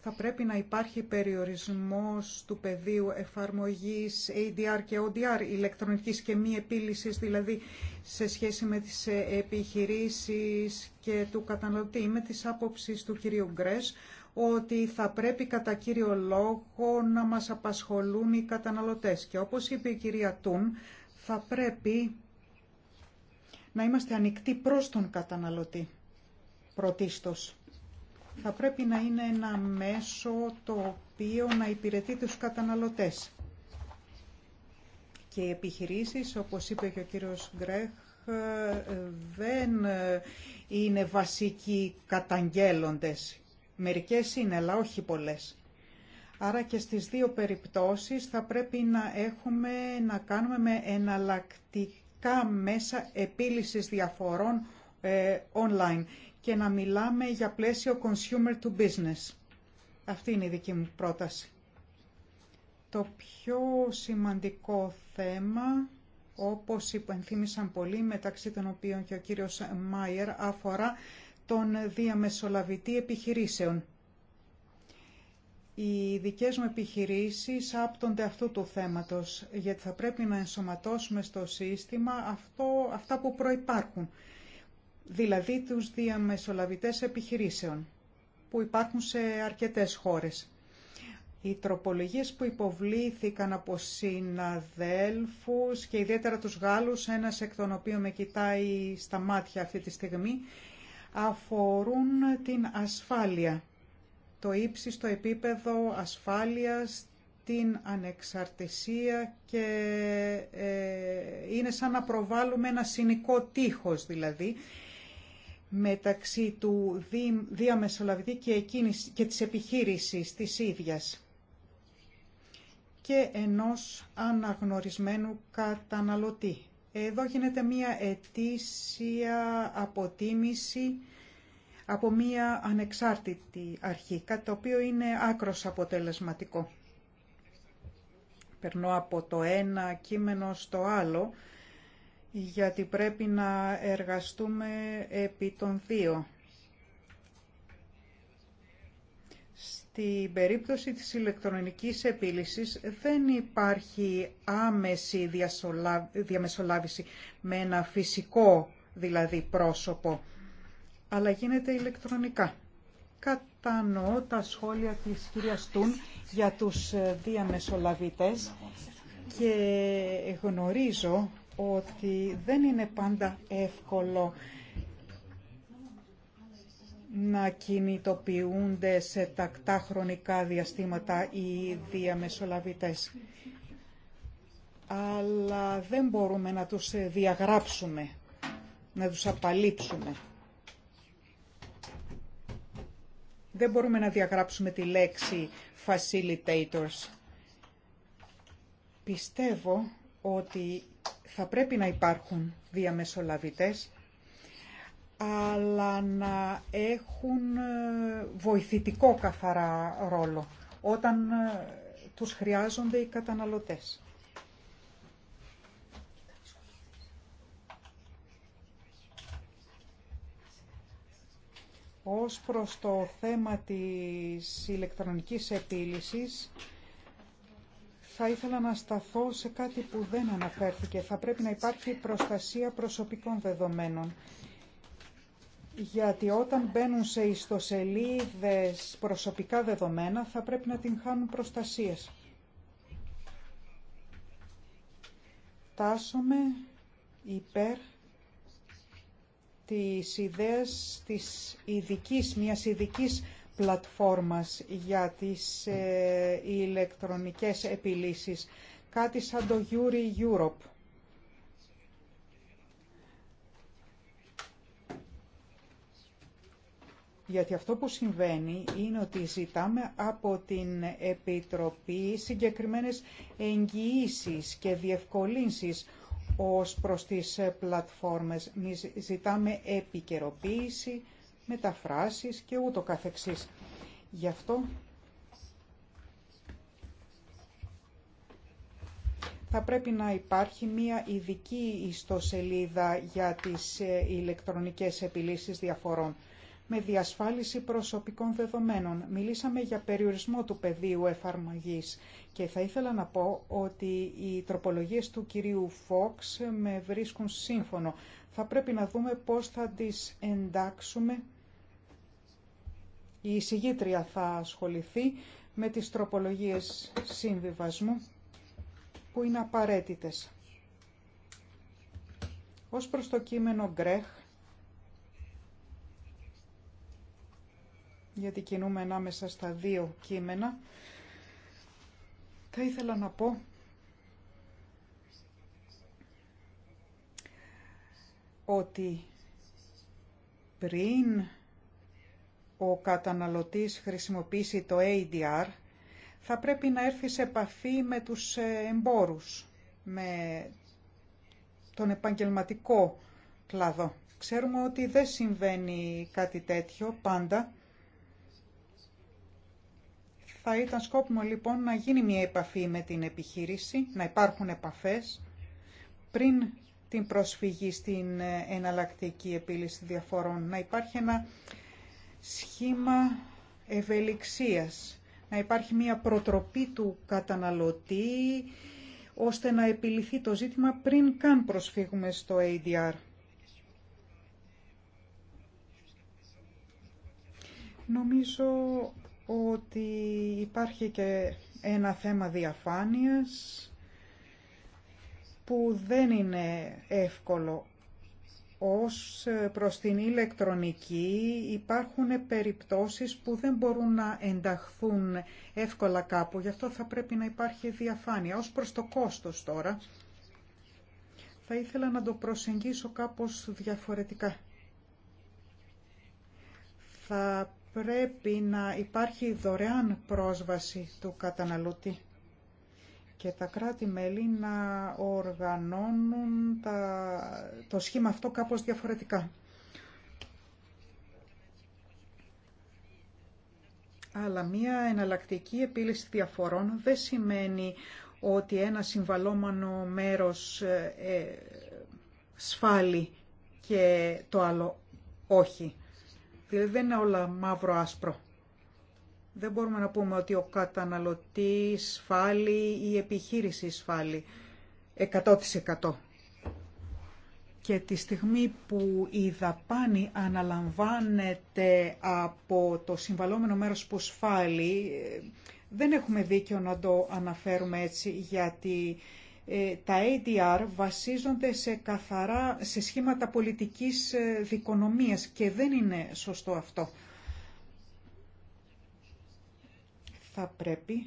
θα πρέπει να υπάρχει περιορισμός του πεδίου εφαρμογής ADR και ODR, ηλεκτρονικής και μη επίλυσης, δηλαδή σε σχέση με τις επιχειρήσεις και του καταναλωτή. Είμαι της άποψης του κυρίου Γκρές ότι θα πρέπει κατά κύριο λόγο να μας απασχολούν οι καταναλωτές. Και όπως είπε η κυρία Τούν, θα πρέπει να είμαστε ανοιχτοί προς τον καταναλωτή πρωτίστως θα πρέπει να είναι ένα μέσο το οποίο να υπηρετεί τους καταναλωτές. Και οι επιχειρήσεις, όπως είπε και ο κύριος Γκρέχ, δεν είναι βασικοί καταγγέλλοντες. Μερικές είναι, αλλά όχι πολλές. Άρα και στις δύο περιπτώσεις θα πρέπει να έχουμε να κάνουμε με εναλλακτικά μέσα επίλυσης διαφορών ε, online και να μιλάμε για πλαίσιο consumer to business. Αυτή είναι η δική μου πρόταση. Το πιο σημαντικό θέμα, όπως υπενθύμησαν πολλοί, μεταξύ των οποίων και ο κύριος Μάιερ, αφορά τον διαμεσολαβητή επιχειρήσεων. Οι δικές μου επιχειρήσεις άπτονται αυτού του θέματος, γιατί θα πρέπει να ενσωματώσουμε στο σύστημα αυτό, αυτά που προϋπάρχουν δηλαδή τους διαμεσολαβητές επιχειρήσεων που υπάρχουν σε αρκετές χώρες. Οι τροπολογίες που υποβλήθηκαν από συναδέλφους και ιδιαίτερα τους Γάλλους, ένας εκ των οποίων με κοιτάει στα μάτια αυτή τη στιγμή, αφορούν την ασφάλεια, το ύψιστο επίπεδο ασφάλειας, την ανεξαρτησία και ε, είναι σαν να προβάλλουμε ένα συνικό τείχος δηλαδή, μεταξύ του διαμεσολαβητή και, εκείνης, και της επιχείρησης της ίδιας και ενός αναγνωρισμένου καταναλωτή. Εδώ γίνεται μία ετήσια αποτίμηση από μία ανεξάρτητη αρχή, κάτι το οποίο είναι άκρος αποτελεσματικό. Περνώ από το ένα κείμενο στο άλλο γιατί πρέπει να εργαστούμε επί των δύο. Στην περίπτωση της ηλεκτρονικής επίλυσης δεν υπάρχει άμεση διαμεσολάβηση με ένα φυσικό δηλαδή πρόσωπο, αλλά γίνεται ηλεκτρονικά. Κατανοώ τα σχόλια της κυρίας Τούν για τους διαμεσολαβητές και γνωρίζω ότι δεν είναι πάντα εύκολο να κινητοποιούνται σε τακτά χρονικά διαστήματα οι διαμεσολαβητές. Αλλά δεν μπορούμε να τους ε, διαγράψουμε, να τους απαλείψουμε. Δεν μπορούμε να διαγράψουμε τη λέξη facilitators. Πιστεύω ότι θα πρέπει να υπάρχουν διαμεσολαβητές, αλλά να έχουν ε, βοηθητικό καθαρά ρόλο όταν ε, τους χρειάζονται οι καταναλωτές. Ως προς το θέμα της ηλεκτρονικής επίλυσης, θα ήθελα να σταθώ σε κάτι που δεν αναφέρθηκε. Θα πρέπει να υπάρχει προστασία προσωπικών δεδομένων. Γιατί όταν μπαίνουν σε ιστοσελίδες προσωπικά δεδομένα θα πρέπει να την χάνουν προστασίες. Τάσομαι υπέρ της ιδέας της ειδικής, μιας ειδικής πλατφόρμας για τις ε, ηλεκτρονικές επιλύσεις, κάτι σαν το Yuri Europe. Γιατί αυτό που συμβαίνει είναι ότι ζητάμε από την Επιτροπή συγκεκριμένες εγγυήσει και διευκολύνσεις ως προς τις πλατφόρμες. Ζητάμε επικαιροποίηση, μεταφράσεις και ούτω καθεξής. Γι' αυτό θα πρέπει να υπάρχει μία ειδική ιστοσελίδα για τις ε, ηλεκτρονικές επιλύσεις διαφορών με διασφάλιση προσωπικών δεδομένων. Μιλήσαμε για περιορισμό του πεδίου εφαρμογής και θα ήθελα να πω ότι οι τροπολογίες του κυρίου Φόξ με βρίσκουν σύμφωνο. Θα πρέπει να δούμε πώς θα τις εντάξουμε η εισηγήτρια θα ασχοληθεί με τις τροπολογίες συμβιβασμού που είναι απαραίτητες. Ως προς το κείμενο Γκρέχ, γιατί κινούμε ανάμεσα στα δύο κείμενα, θα ήθελα να πω ότι πριν ο καταναλωτής χρησιμοποιήσει το ADR, θα πρέπει να έρθει σε επαφή με τους ε, εμπόρους, με τον επαγγελματικό κλάδο. Ξέρουμε ότι δεν συμβαίνει κάτι τέτοιο πάντα. Θα ήταν σκόπιμο λοιπόν να γίνει μια επαφή με την επιχείρηση, να υπάρχουν επαφές πριν την προσφυγή στην ε, εναλλακτική επίλυση διαφορών, να υπάρχει ένα σχήμα ευελιξίας. Να υπάρχει μια προτροπή του καταναλωτή ώστε να επιληθεί το ζήτημα πριν καν προσφύγουμε στο ADR. Νομίζω ότι υπάρχει και ένα θέμα διαφάνειας που δεν είναι εύκολο ως ε, προς την ηλεκτρονική υπάρχουν περιπτώσεις που δεν μπορούν να ενταχθούν εύκολα κάπου. Γι' αυτό θα πρέπει να υπάρχει διαφάνεια. Ως προς το κόστος τώρα, θα ήθελα να το προσεγγίσω κάπως διαφορετικά. Θα πρέπει να υπάρχει δωρεάν πρόσβαση του καταναλωτή και τα κράτη-μέλη να οργανώνουν τα... το σχήμα αυτό κάπως διαφορετικά. Αλλά μία εναλλακτική επίλυση διαφορών δεν σημαίνει ότι ένα συμβαλόμενο μέρος ε, ε σφάλει και το άλλο όχι. Δηλαδή δεν είναι όλα μαύρο-άσπρο. Δεν μπορούμε να πούμε ότι ο καταναλωτής σφάλει ή η επιχείρηση σφάλει 100%. Και τη στιγμή που η δαπάνη αναλαμβάνεται από το συμβαλόμενο μέρος που σφάλει, ε, δεν έχουμε δίκιο να το αναφέρουμε έτσι, γιατί ε, τα ADR βασίζονται σε, καθαρά, σε σχήματα πολιτικής ε, δικονομίας και δεν είναι σωστό αυτό. θα πρέπει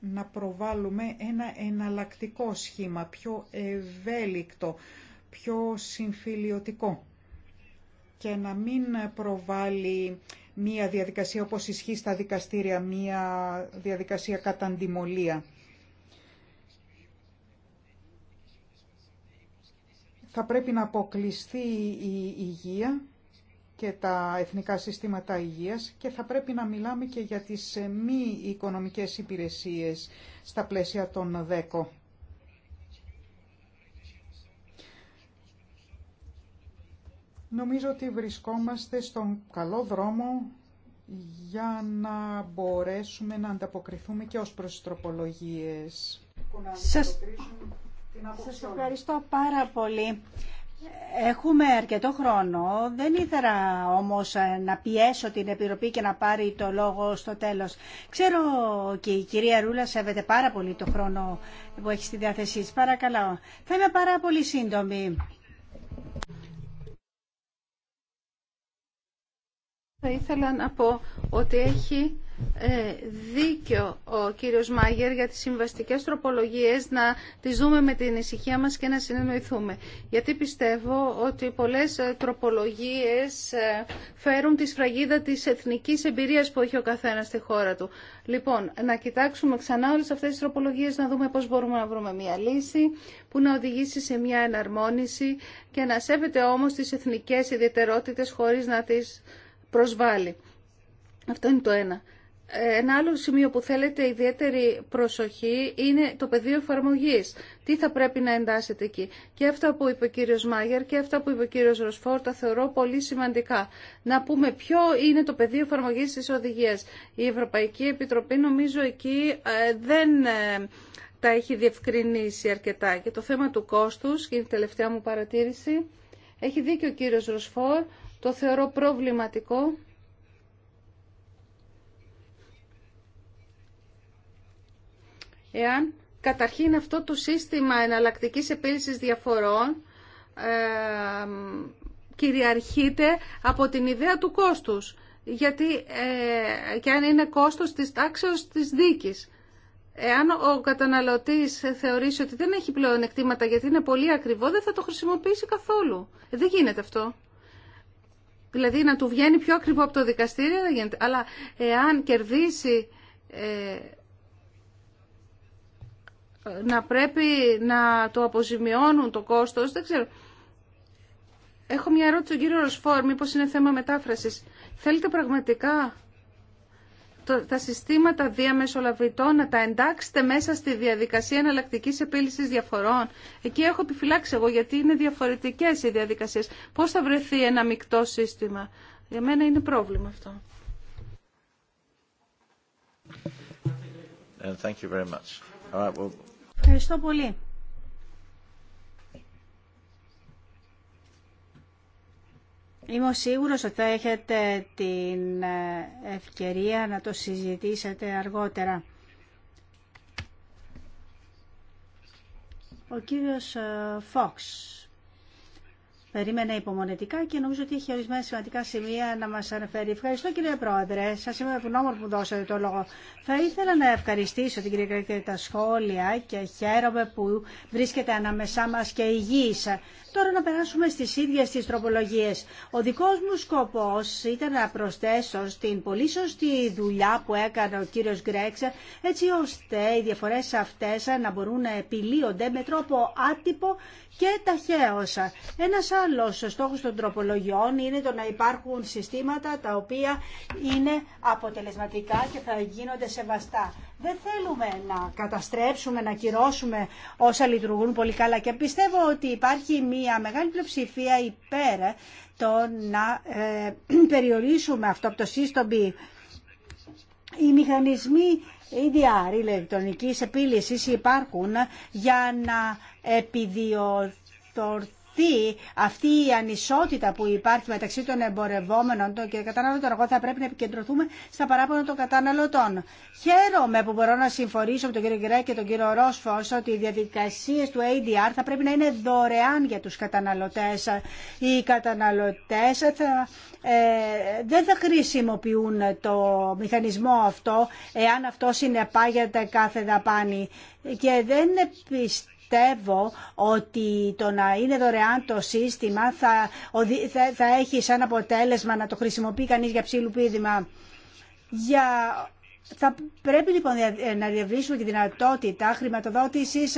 να προβάλλουμε ένα εναλλακτικό σχήμα, πιο ευέλικτο, πιο συμφιλιωτικό και να μην προβάλλει μία διαδικασία όπως ισχύει στα δικαστήρια, μία διαδικασία κατά αντιμολία. Θα πρέπει να αποκλειστεί η υγεία και τα εθνικά συστήματα υγείας και θα πρέπει να μιλάμε και για τις μη οικονομικές υπηρεσίες στα πλαίσια των ΔΕΚΟ. Νομίζω ότι βρισκόμαστε στον καλό δρόμο για να μπορέσουμε να ανταποκριθούμε και ως προς τις τροπολογίες. Λοιπόν, σας... Σας ευχαριστώ πάρα πολύ. Έχουμε αρκετό χρόνο. Δεν ήθελα όμως ε, να πιέσω την Επιτροπή και να πάρει το λόγο στο τέλος. Ξέρω και η κυρία Ρούλα σέβεται πάρα πολύ το χρόνο που έχει στη διάθεσή της. Παρακαλώ. Θα είμαι πάρα πολύ σύντομη. Θα ήθελα να πω ότι έχει ε, δίκιο ο κύριος Μάγερ για τις συμβαστικές τροπολογίες να τις δούμε με την ησυχία μας και να συνεννοηθούμε. Γιατί πιστεύω ότι πολλές ε, τροπολογίες ε, φέρουν τη σφραγίδα της εθνικής εμπειρίας που έχει ο καθένας στη χώρα του. Λοιπόν, να κοιτάξουμε ξανά όλες αυτές τις τροπολογίες, να δούμε πώς μπορούμε να βρούμε μια λύση που να οδηγήσει σε μια εναρμόνιση και να σέβεται όμως τις εθνικές ιδιαιτερότητες χωρίς να τις προσβάλλει. Αυτό είναι το ένα. Ένα άλλο σημείο που θέλετε ιδιαίτερη προσοχή είναι το πεδίο εφαρμογή. Τι θα πρέπει να εντάσσεται εκεί. Και αυτά που είπε ο κύριο Μάγερ και αυτά που είπε ο κύριο Ροσφόρ τα θεωρώ πολύ σημαντικά. Να πούμε ποιο είναι το πεδίο εφαρμογή τη οδηγία. Η Ευρωπαϊκή Επιτροπή νομίζω εκεί ε, δεν ε, τα έχει διευκρινίσει αρκετά. Και το θέμα του κόστου, και η τελευταία μου παρατήρηση, έχει δίκιο ο κύριο Ροσφόρ το θεωρώ προβληματικό. Εάν καταρχήν αυτό το σύστημα εναλλακτικής επίλυσης διαφορών ε, κυριαρχείται από την ιδέα του κόστους. Γιατί ε, και αν είναι κόστος της τάξεως της δίκης. Εάν ο καταναλωτής θεωρήσει ότι δεν έχει πλέον εκτήματα γιατί είναι πολύ ακριβό, δεν θα το χρησιμοποιήσει καθόλου. Ε, δεν γίνεται αυτό. Δηλαδή να του βγαίνει πιο ακριβό από το δικαστήριο, αλλά εάν κερδίσει ε, να πρέπει να το αποζημιώνουν το κόστος, δεν ξέρω. Έχω μια ερώτηση στον κύριο Ροσφόρ, μήπως είναι θέμα μετάφρασης. Θέλετε πραγματικά τα συστήματα διαμεσολαβητών να τα εντάξετε μέσα στη διαδικασία εναλλακτική επίλυση διαφορών. Εκεί έχω επιφυλάξει εγώ γιατί είναι διαφορετικέ οι διαδικασίε. Πώ θα βρεθεί ένα μεικτό σύστημα. Για μένα είναι πρόβλημα αυτό. Uh, Ευχαριστώ πολύ. Είμαι σίγουρος ότι θα έχετε την ε, ευκαιρία να το συζητήσετε αργότερα. Ο κύριος ε, Φόξ. Περίμενε υπομονετικά και νομίζω ότι έχει ορισμένα σημαντικά σημεία να μας αναφέρει. Ευχαριστώ κύριε Πρόεδρε, σας είμαι ευγνώμων που δώσατε το λόγο. Θα ήθελα να ευχαριστήσω την κυρία Κρέτη τα σχόλια και χαίρομαι που βρίσκεται ανάμεσά μας και υγιής. Τώρα να περάσουμε στις ίδιες τις τροπολογίες. Ο δικός μου σκοπός ήταν να προσθέσω στην πολύ σωστή δουλειά που έκανε ο κύριος Γκρέξ, έτσι ώστε οι διαφορές αυτές να μπορούν να επιλύονται με τρόπο άτυπο και ταχαίως. Ένας άλλος στόχος των τροπολογιών είναι το να υπάρχουν συστήματα τα οποία είναι αποτελεσματικά και θα γίνονται σεβαστά. Δεν θέλουμε να καταστρέψουμε, να κυρώσουμε όσα λειτουργούν πολύ καλά και πιστεύω ότι υπάρχει μια μεγάλη πλειοψηφία υπέρ το να ε, περιορίσουμε αυτό από το B. Οι μηχανισμοί EDR, ηλεκτρονικής επίλυσης, υπάρχουν για να επιδιορθωθεί αυτή η ανισότητα που υπάρχει μεταξύ των εμπορευόμενων και καταναλωτών. Εγώ θα πρέπει να επικεντρωθούμε στα παράπονα των καταναλωτών. Χαίρομαι που μπορώ να συμφορήσω με τον κύριο Γκρέ και τον κύριο Ρόσφο ότι οι διαδικασίε του ADR θα πρέπει να είναι δωρεάν για του καταναλωτέ. Οι καταναλωτέ θα ε, δεν θα χρησιμοποιούν το μηχανισμό αυτό εάν αυτό συνεπάγεται κάθε δαπάνη. Και δεν πιστεύω πιστεύω ότι το να είναι δωρεάν το σύστημα θα, θα έχει σαν αποτέλεσμα να το χρησιμοποιεί κανείς για πίδημα. Για... Θα πρέπει λοιπόν να διαβρίσουμε τη δυνατότητα χρηματοδότησης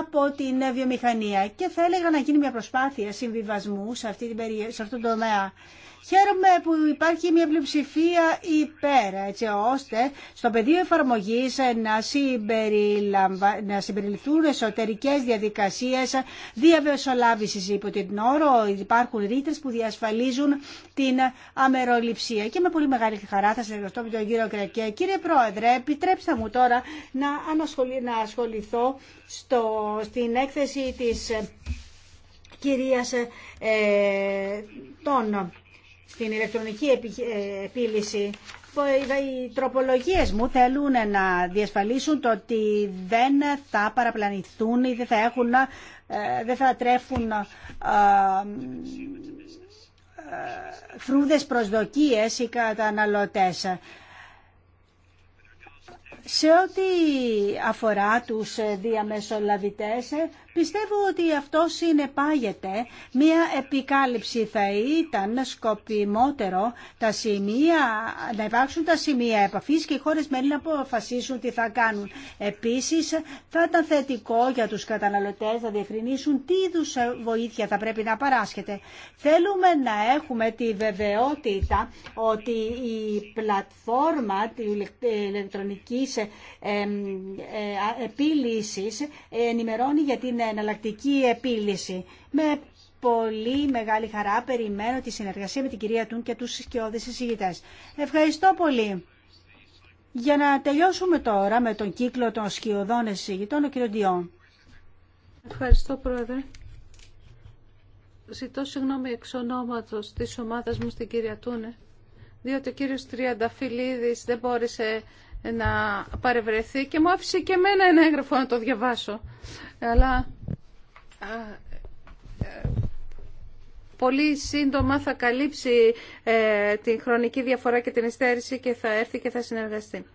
από την βιομηχανία και θα έλεγα να γίνει μια προσπάθεια συμβιβασμού σε, αυτή την περι... σε αυτό το τομέα. Χαίρομαι που υπάρχει μια πλειοψηφία υπέρ, έτσι ώστε στο πεδίο εφαρμογής να, συμπεριλαμβα... να συμπεριληφθούν εσωτερικές διαδικασίες διαβεσολάβησης υπό την όρο. Υπάρχουν ρήτρες που διασφαλίζουν την αμεροληψία. Και με πολύ μεγάλη χαρά θα συνεργαστώ με τον κύριο Κρακέ. Κύριε Πρόεδρε, επιτρέψτε μου τώρα να, να ασχοληθώ στο... στην έκθεση της κυρίας ε, την ηλεκτρονική ε, επίλυση. Οι τροπολογίες μου θέλουν να διασφαλίσουν το ότι δεν θα παραπλανηθούν ή δεν θα, έχουν, ε, δεν θα τρέφουν ε, φρούδες προσδοκίες οι καταναλωτές. Σε ό,τι αφορά τους διαμεσολαβητές, Πιστεύω ότι αυτό συνεπάγεται μία επικάλυψη. Θα ήταν σκοπιμότερο τα σημεία, να υπάρξουν τα σημεία επαφής και οι χώρες μέλη να αποφασίσουν τι θα κάνουν. Επίσης θα ήταν θετικό για τους καταναλωτές να διευκρινίσουν τι είδου βοήθεια θα πρέπει να παράσχεται. Θέλουμε να έχουμε τη βεβαιότητα ότι η πλατφόρμα της ηλεκτρονικής ε, ε, επίλυσης ενημερώνει για την εναλλακτική επίλυση. Με πολύ μεγάλη χαρά περιμένω τη συνεργασία με την κυρία Τούν και τους σκιώδες εισηγητές. Ευχαριστώ πολύ. Για να τελειώσουμε τώρα με τον κύκλο των σκιωδών εισηγητών, ο κύριο Ντιόν. Ευχαριστώ, Πρόεδρε. Ζητώ συγγνώμη εξ ονόματος της ομάδας μου στην κυρία Τούνε, διότι ο κύριος Τριανταφυλλίδης δεν μπόρεσε να παρευρεθεί και μου άφησε και εμένα ένα έγγραφο να το διαβάσω. Αλλά ε, πολύ σύντομα θα καλύψει ε, την χρονική διαφορά και την εστέρηση και θα έρθει και θα συνεργαστεί.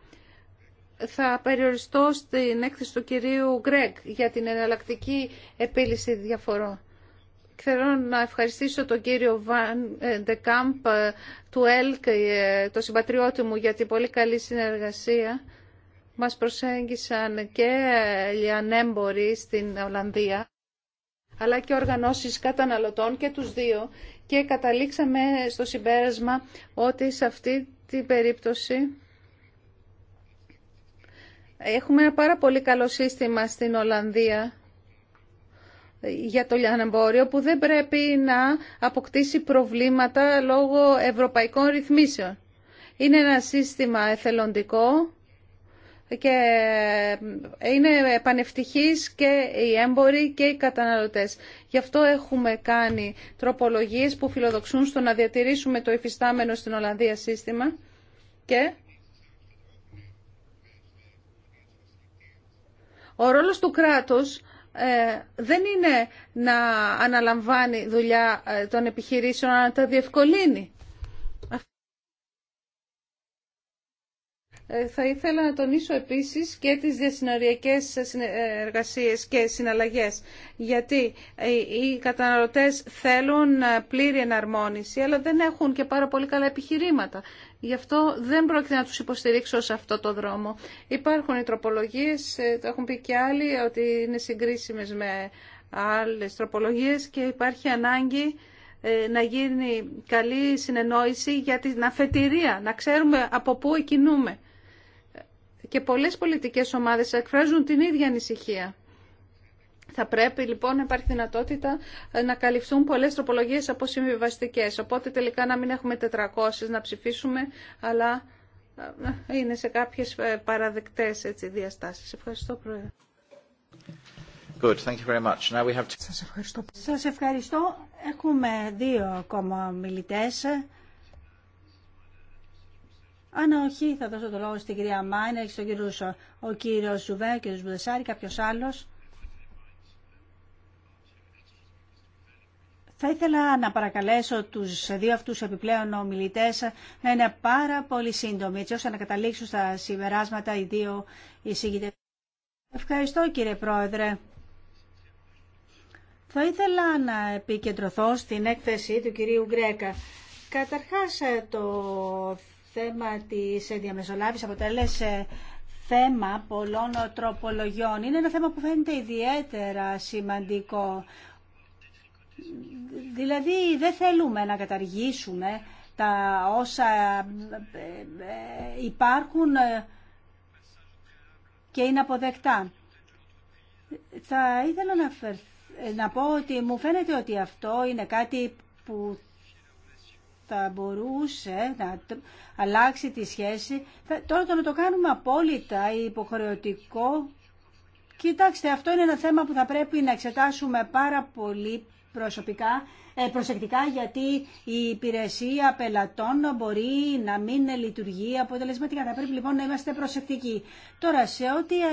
Θα περιοριστώ στην έκθεση του κυρίου Γκρέγ για την εναλλακτική επίλυση διαφορών. Θέλω να ευχαριστήσω τον κύριο Βαν ε, Ντεκάμπ ε, του ΕΛΚ, ε, το συμπατριώτη μου, για την πολύ καλή συνεργασία. Μας προσέγγισαν και ανέμποροι στην Ολλανδία, αλλά και οργανώσεις καταναλωτών και τους δύο. Και καταλήξαμε στο συμπέρασμα ότι σε αυτή την περίπτωση έχουμε ένα πάρα πολύ καλό σύστημα στην Ολλανδία για το λιανεμπόριο που δεν πρέπει να αποκτήσει προβλήματα λόγω ευρωπαϊκών ρυθμίσεων. Είναι ένα σύστημα εθελοντικό και είναι πανευτυχής και οι έμποροι και οι καταναλωτές. Γι' αυτό έχουμε κάνει τροπολογίες που φιλοδοξούν στο να διατηρήσουμε το υφιστάμενο στην Ολλανδία σύστημα και ο ρόλος του κράτους ε, δεν είναι να αναλαμβάνει δουλειά ε, των επιχειρήσεων, αλλά να τα διευκολύνει. Ε, θα ήθελα να τονίσω επίσης και τις διασυνοριακές εργασίες και συναλλαγές, γιατί οι καταναλωτές θέλουν πλήρη εναρμόνιση, αλλά δεν έχουν και πάρα πολύ καλά επιχειρήματα Γι' αυτό δεν πρόκειται να τους υποστηρίξω σε αυτό το δρόμο. Υπάρχουν οι τροπολογίες, ε, το έχουν πει και άλλοι, ότι είναι συγκρίσιμες με άλλες τροπολογίες και υπάρχει ανάγκη ε, να γίνει καλή συνεννόηση για την αφετηρία, να ξέρουμε από πού εκινούμε. Και πολλές πολιτικές ομάδες εκφράζουν την ίδια ανησυχία. Θα πρέπει λοιπόν να υπάρχει δυνατότητα ε, να καλυφθούν πολλές τροπολογίες από συμβιβαστικές, Οπότε τελικά να μην έχουμε 400 να ψηφίσουμε, αλλά ε, ε, είναι σε κάποιες παραδεκτές έτσι, διαστάσεις. Ευχαριστώ Πρόεδρε. Good, thank you very much. Now we have... Σας ευχαριστώ. Σας ευχαριστώ. Έχουμε δύο ακόμα μιλητές. Αν όχι, θα δώσω το λόγο στην κυρία Μάινα και στον κύριο Σουβέ, ο κύριο Ζουβέ, ο κύριο Μπουδεσάρη, κάποιο άλλο. Θα ήθελα να παρακαλέσω τους δύο αυτούς επιπλέον ομιλητές να είναι πάρα πολύ σύντομοι, έτσι ώστε να καταλήξουν στα συμπεράσματα οι δύο εισηγητές. Ευχαριστώ κύριε Πρόεδρε. Θα ήθελα να επικεντρωθώ στην έκθεση του κυρίου Γκρέκα. Καταρχάς το θέμα της διαμεσολάβησης αποτέλεσε θέμα πολλών τροπολογιών. Είναι ένα θέμα που φαίνεται ιδιαίτερα σημαντικό. Δηλαδή δεν θέλουμε να καταργήσουμε τα όσα ε, ε, υπάρχουν ε, και είναι αποδεκτά. Θα ήθελα να, να πω ότι μου φαίνεται ότι αυτό είναι κάτι που θα μπορούσε να αλλάξει τη σχέση. Τώρα το να το κάνουμε απόλυτα υποχρεωτικό, κοιτάξτε αυτό είναι ένα θέμα που θα πρέπει να εξετάσουμε πάρα πολύ προσωπικά, ε, προσεκτικά γιατί η υπηρεσία πελατών μπορεί να μην λειτουργεί αποτελεσματικά. Θα πρέπει λοιπόν να είμαστε προσεκτικοί. Τώρα σε ό,τι ε,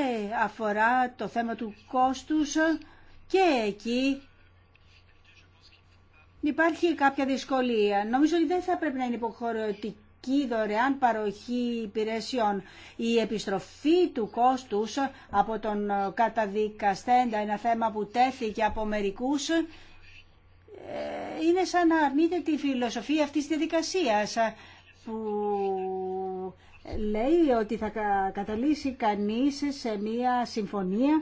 αφορά το θέμα του κόστους ε, και εκεί υπάρχει κάποια δυσκολία. Νομίζω ότι δεν θα πρέπει να είναι υποχρεωτική δωρεάν παροχή υπηρεσιών. Η επιστροφή του κόστους από τον καταδικαστέντα, ένα θέμα που τέθηκε από μερικούς ε, είναι σαν να αρνείται τη φιλοσοφία αυτής της διαδικασίας που λέει ότι θα καταλήξει κανείς σε μία συμφωνία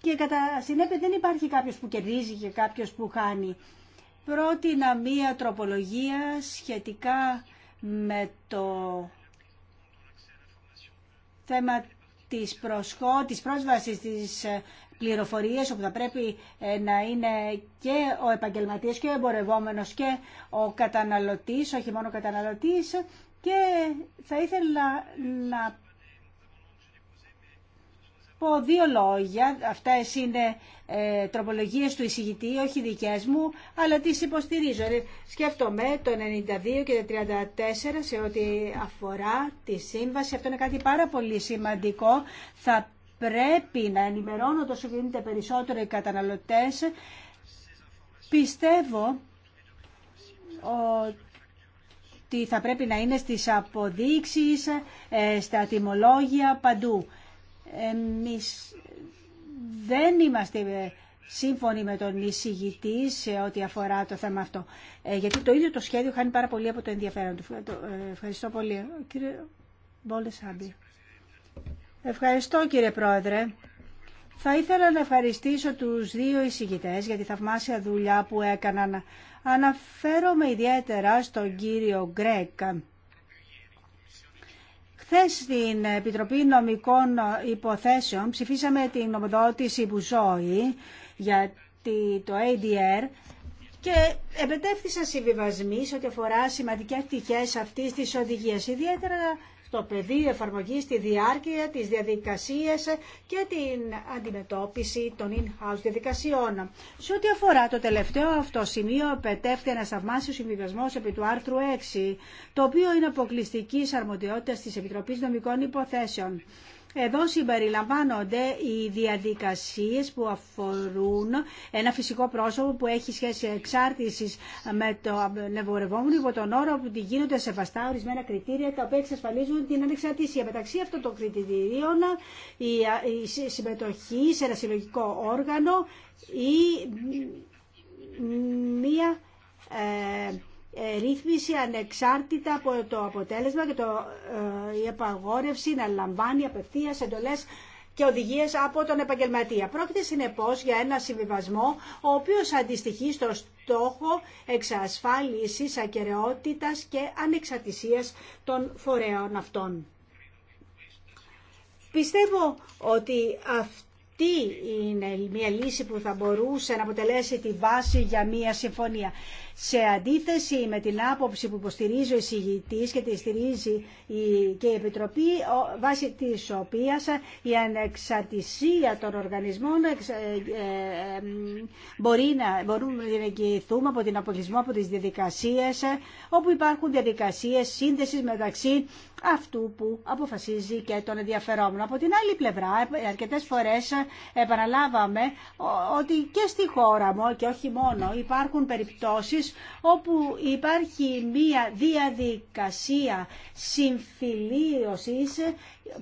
και κατά συνέπεια δεν υπάρχει κάποιος που κερδίζει και κάποιος που χάνει. Πρότεινα μία τροπολογία σχετικά με το θέμα της, προσχώ, της πρόσβασης της ε, πληροφορίε όπου θα πρέπει ε, να είναι και ο επαγγελματία και ο εμπορευόμενο και ο καταναλωτή, όχι μόνο ο καταναλωτή, και θα ήθελα να πω δύο λόγια. Αυτά είναι ε, τροπολογίες του εισηγητή, όχι δικές μου, αλλά τι υποστηρίζω. Ε, σκέφτομαι το 92 και το 34 σε ό,τι αφορά τη σύμβαση. Αυτό είναι κάτι πάρα πολύ σημαντικό. Θα πρέπει να ενημερώνω το γίνεται περισσότερο οι καταναλωτές. Πιστεύω ότι θα πρέπει να είναι στις αποδείξεις, ε, στα τιμολόγια, παντού. Εμείς δεν είμαστε σύμφωνοι με τον εισηγητή σε ό,τι αφορά το θέμα αυτό. Ε, γιατί το ίδιο το σχέδιο χάνει πάρα πολύ από το ενδιαφέρον του. Ε, ευχαριστώ πολύ. Κύριε Μπόλε Ευχαριστώ κύριε Πρόεδρε. Θα ήθελα να ευχαριστήσω τους δύο εισηγητές για τη θαυμάσια δουλειά που έκαναν. Αναφέρομαι ιδιαίτερα στον κύριο Γκρέκ. Χθε στην Επιτροπή Νομικών Υποθέσεων ψηφίσαμε την νομοδότηση ζώη για το ADR και επετέφθησαν συμβιβασμοί σε ό,τι αφορά σημαντικές πτυχές αυτής της οδηγίας. Ιδιαίτερα στο πεδίο εφαρμογής, στη διάρκεια, της διαδικασίας και την αντιμετώπιση των in-house διαδικασιών. Σε ό,τι αφορά το τελευταίο αυτό σημείο, πετεύχθη ένα θαυμάσιο συμβιβασμό επί του άρθρου 6, το οποίο είναι αποκλειστική αρμοδιότητα της Επιτροπής Νομικών Υποθέσεων. Εδώ συμπεριλαμβάνονται οι διαδικασίες που αφορούν ένα φυσικό πρόσωπο που έχει σχέση εξάρτησης με το νευορευόμενο υπό τον όρο που γίνονται σεβαστά ορισμένα κριτήρια τα οποία εξασφαλίζουν την ανεξαρτησία. Μεταξύ αυτών των κριτηρίων η συμμετοχή σε ένα συλλογικό όργανο ή μία ε, ε, ρύθμιση ανεξάρτητα από το αποτέλεσμα και το, ε, η επαγόρευση να λαμβάνει απευθεία εντολές και οδηγίες από τον επαγγελματία. Πρόκειται συνεπώς για ένα συμβιβασμό ο οποίος αντιστοιχεί στο στόχο εξασφάλισης ακαιρεότητας και ανεξαρτησίας των φορέων αυτών. Πιστεύω ότι αυτή είναι μια λύση που θα μπορούσε να αποτελέσει τη βάση για μια συμφωνία σε αντίθεση με την άποψη που υποστηρίζει ο εισηγητής και τη στηρίζει και η Επιτροπή βάσει της οποίας η ανεξαρτησία των οργανισμών ε, ε, μπορεί να, μπορούμε να εγγυηθούμε από την αποκλεισμό από τις διαδικασίες όπου υπάρχουν διαδικασίες σύνδεσης μεταξύ αυτού που αποφασίζει και τον ενδιαφερόμενο. Από την άλλη πλευρά, αρκετές φορές επαναλάβαμε ότι και στη χώρα μου και όχι μόνο υπάρχουν περιπτώσεις όπου υπάρχει μία διαδικασία συμφιλίωσης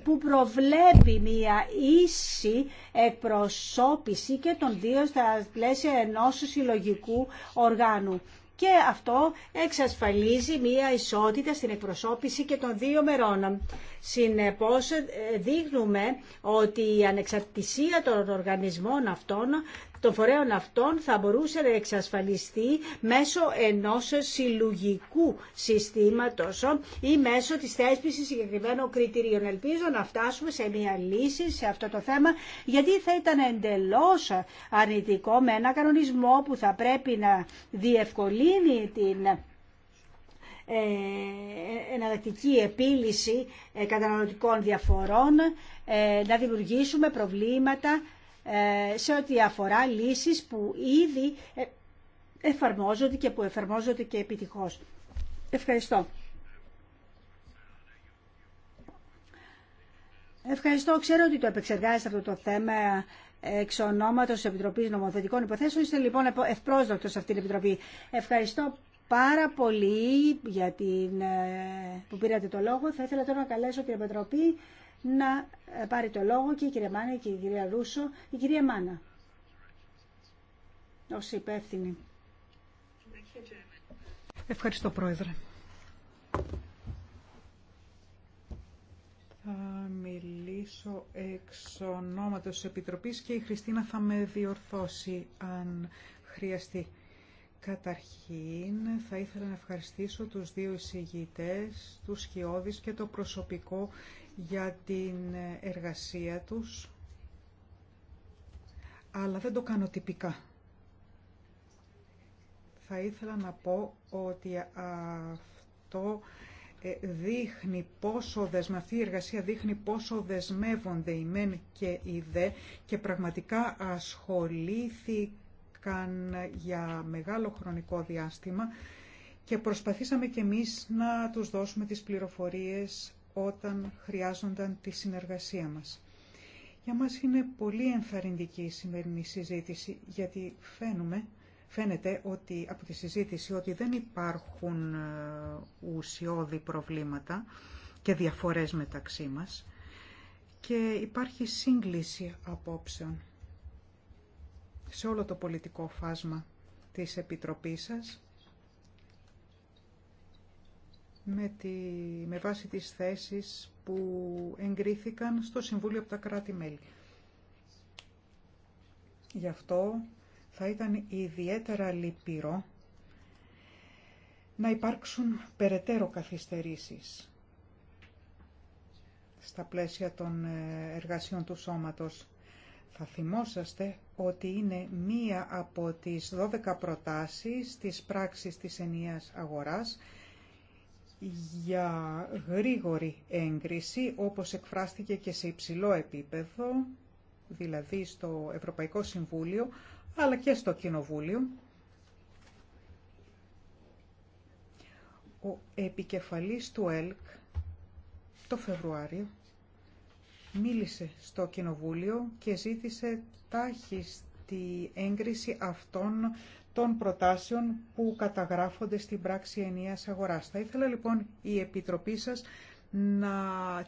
που προβλέπει μία ίση εκπροσώπηση και των δύο στα πλαίσια ενός συλλογικού οργάνου. Και αυτό εξασφαλίζει μία ισότητα στην εκπροσώπηση και των δύο μερών. Συνεπώς ε, δείχνουμε ότι η ανεξαρτησία των οργανισμών αυτών των φορέων αυτών θα μπορούσε να εξασφαλιστεί μέσω ενός συλλογικού συστήματος ή μέσω της θέσπισης συγκεκριμένων κριτηρίων. Ελπίζω να φτάσουμε σε μια λύση σε αυτό το θέμα, γιατί θα ήταν εντελώς αρνητικό με ένα κανονισμό που θα πρέπει να διευκολύνει την ε, εναλλακτική επίλυση ε, καταναλωτικών διαφορών, ε, να δημιουργήσουμε προβλήματα ε, σε ό,τι αφορά λύσεις που ήδη ε, εφαρμόζονται και που εφαρμόζονται και επιτυχώς. Ευχαριστώ. Ευχαριστώ. Ξέρω ότι το επεξεργάζεστε αυτό το θέμα εξ ονόματος Επιτροπής Νομοθετικών Υποθέσεων. Είστε λοιπόν ευπρόσδοκτος σε αυτή την Επιτροπή. Ευχαριστώ πάρα πολύ για την, ε, που πήρατε το λόγο. Θα ήθελα τώρα να καλέσω την Επιτροπή να ε, πάρει το λόγο και η κυρία Μάνα και η κυρία Ρούσο. Η κυρία Μάνα, ως υπεύθυνη. Ευχαριστώ, Πρόεδρε. Θα μιλήσω εξ ονόματος Επιτροπής και η Χριστίνα θα με διορθώσει αν χρειαστεί. Καταρχήν θα ήθελα να ευχαριστήσω τους δύο εισηγητές, τους Σκιώδης και το προσωπικό για την εργασία τους, αλλά δεν το κάνω τυπικά. Θα ήθελα να πω ότι αυτό ε, δείχνει πόσο αυτή η εργασία, δείχνει πόσο δεσμεύονται οι μεν και οι δε και πραγματικά ασχολήθηκαν για μεγάλο χρονικό διάστημα και προσπαθήσαμε και εμείς να τους δώσουμε τις πληροφορίες όταν χρειάζονταν τη συνεργασία μας. Για μας είναι πολύ ενθαρρυντική η σημερινή συζήτηση, γιατί φαίνουμε, φαίνεται ότι, από τη συζήτηση ότι δεν υπάρχουν ε, ουσιώδη προβλήματα και διαφορές μεταξύ μας και υπάρχει σύγκληση απόψεων σε όλο το πολιτικό φάσμα της Επιτροπής σας με, τη, με βάση τις θέσεις που εγκρίθηκαν στο Συμβούλιο από τα κράτη-μέλη. Γι' αυτό θα ήταν ιδιαίτερα λυπηρό να υπάρξουν περαιτέρω καθυστερήσεις στα πλαίσια των ε, εργασιών του σώματος. Θα θυμόσαστε ότι είναι μία από τις 12 προτάσεις της πράξης της ενίας αγοράς για γρήγορη έγκριση, όπως εκφράστηκε και σε υψηλό επίπεδο, δηλαδή στο Ευρωπαϊκό Συμβούλιο, αλλά και στο Κοινοβούλιο. Ο επικεφαλής του ΕΛΚ το Φεβρουάριο μίλησε στο Κοινοβούλιο και ζήτησε τάχιστη έγκριση αυτών των προτάσεων που καταγράφονται στην πράξη ενίας αγοράς. Θα ήθελα λοιπόν η Επιτροπή σας να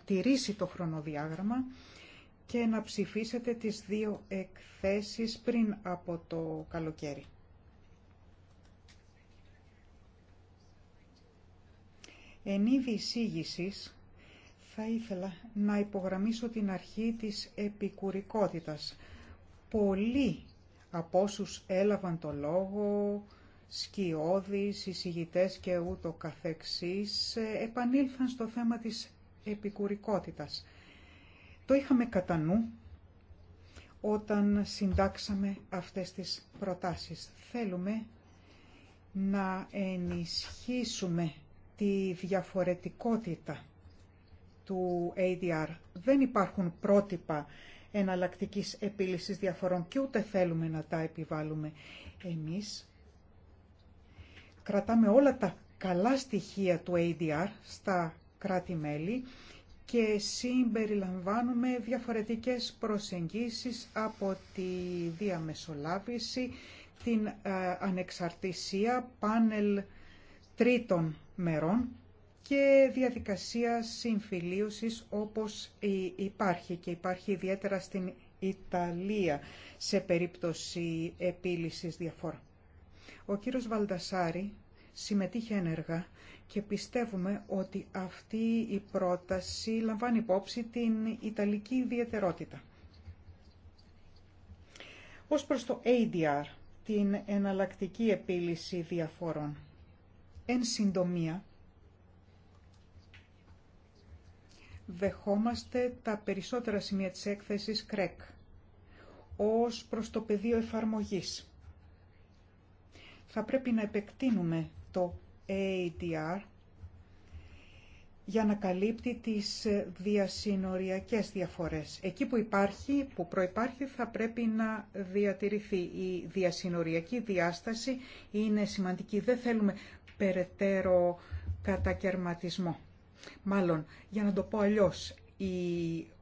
τηρήσει το χρονοδιάγραμμα και να ψηφίσετε τις δύο εκθέσεις πριν από το καλοκαίρι. Εν είδη εισήγησης, θα ήθελα να υπογραμμίσω την αρχή της επικουρικότητας. Πολύ από όσους έλαβαν το λόγο, σκιώδεις, εισηγητές και ούτω καθεξής, ε, επανήλθαν στο θέμα της επικουρικότητας. Το είχαμε κατά νου όταν συντάξαμε αυτές τις προτάσεις. Θέλουμε να ενισχύσουμε τη διαφορετικότητα του ADR. Δεν υπάρχουν πρότυπα Εναλλακτική επίλυση διαφορών και ούτε θέλουμε να τα επιβάλλουμε. Εμείς κρατάμε όλα τα καλά στοιχεία του ADR στα κράτη-μέλη και συμπεριλαμβάνουμε διαφορετικές προσεγγίσεις από τη διαμεσολάβηση, την ε, ανεξαρτησία, πάνελ τρίτων μερών και διαδικασία συμφιλίωσης όπως υπάρχει και υπάρχει ιδιαίτερα στην Ιταλία σε περίπτωση επίλυσης διαφόρων. Ο κύριος Βαλτασάρη συμμετείχε ενεργά και πιστεύουμε ότι αυτή η πρόταση λαμβάνει υπόψη την Ιταλική ιδιαιτερότητα. Ως προς το ADR, την εναλλακτική επίλυση διαφόρων. Εν συντομία, δεχόμαστε τα περισσότερα σημεία της έκθεσης ΚΡΕΚ ως προς το πεδίο εφαρμογής. Θα πρέπει να επεκτείνουμε το ADR για να καλύπτει τις διασυνοριακές διαφορές. Εκεί που υπάρχει, που προϋπάρχει θα πρέπει να διατηρηθεί. Η διασυνοριακή διάσταση είναι σημαντική. Δεν θέλουμε περαιτέρω κατακαιρματισμό. Μάλλον, για να το πω αλλιώς,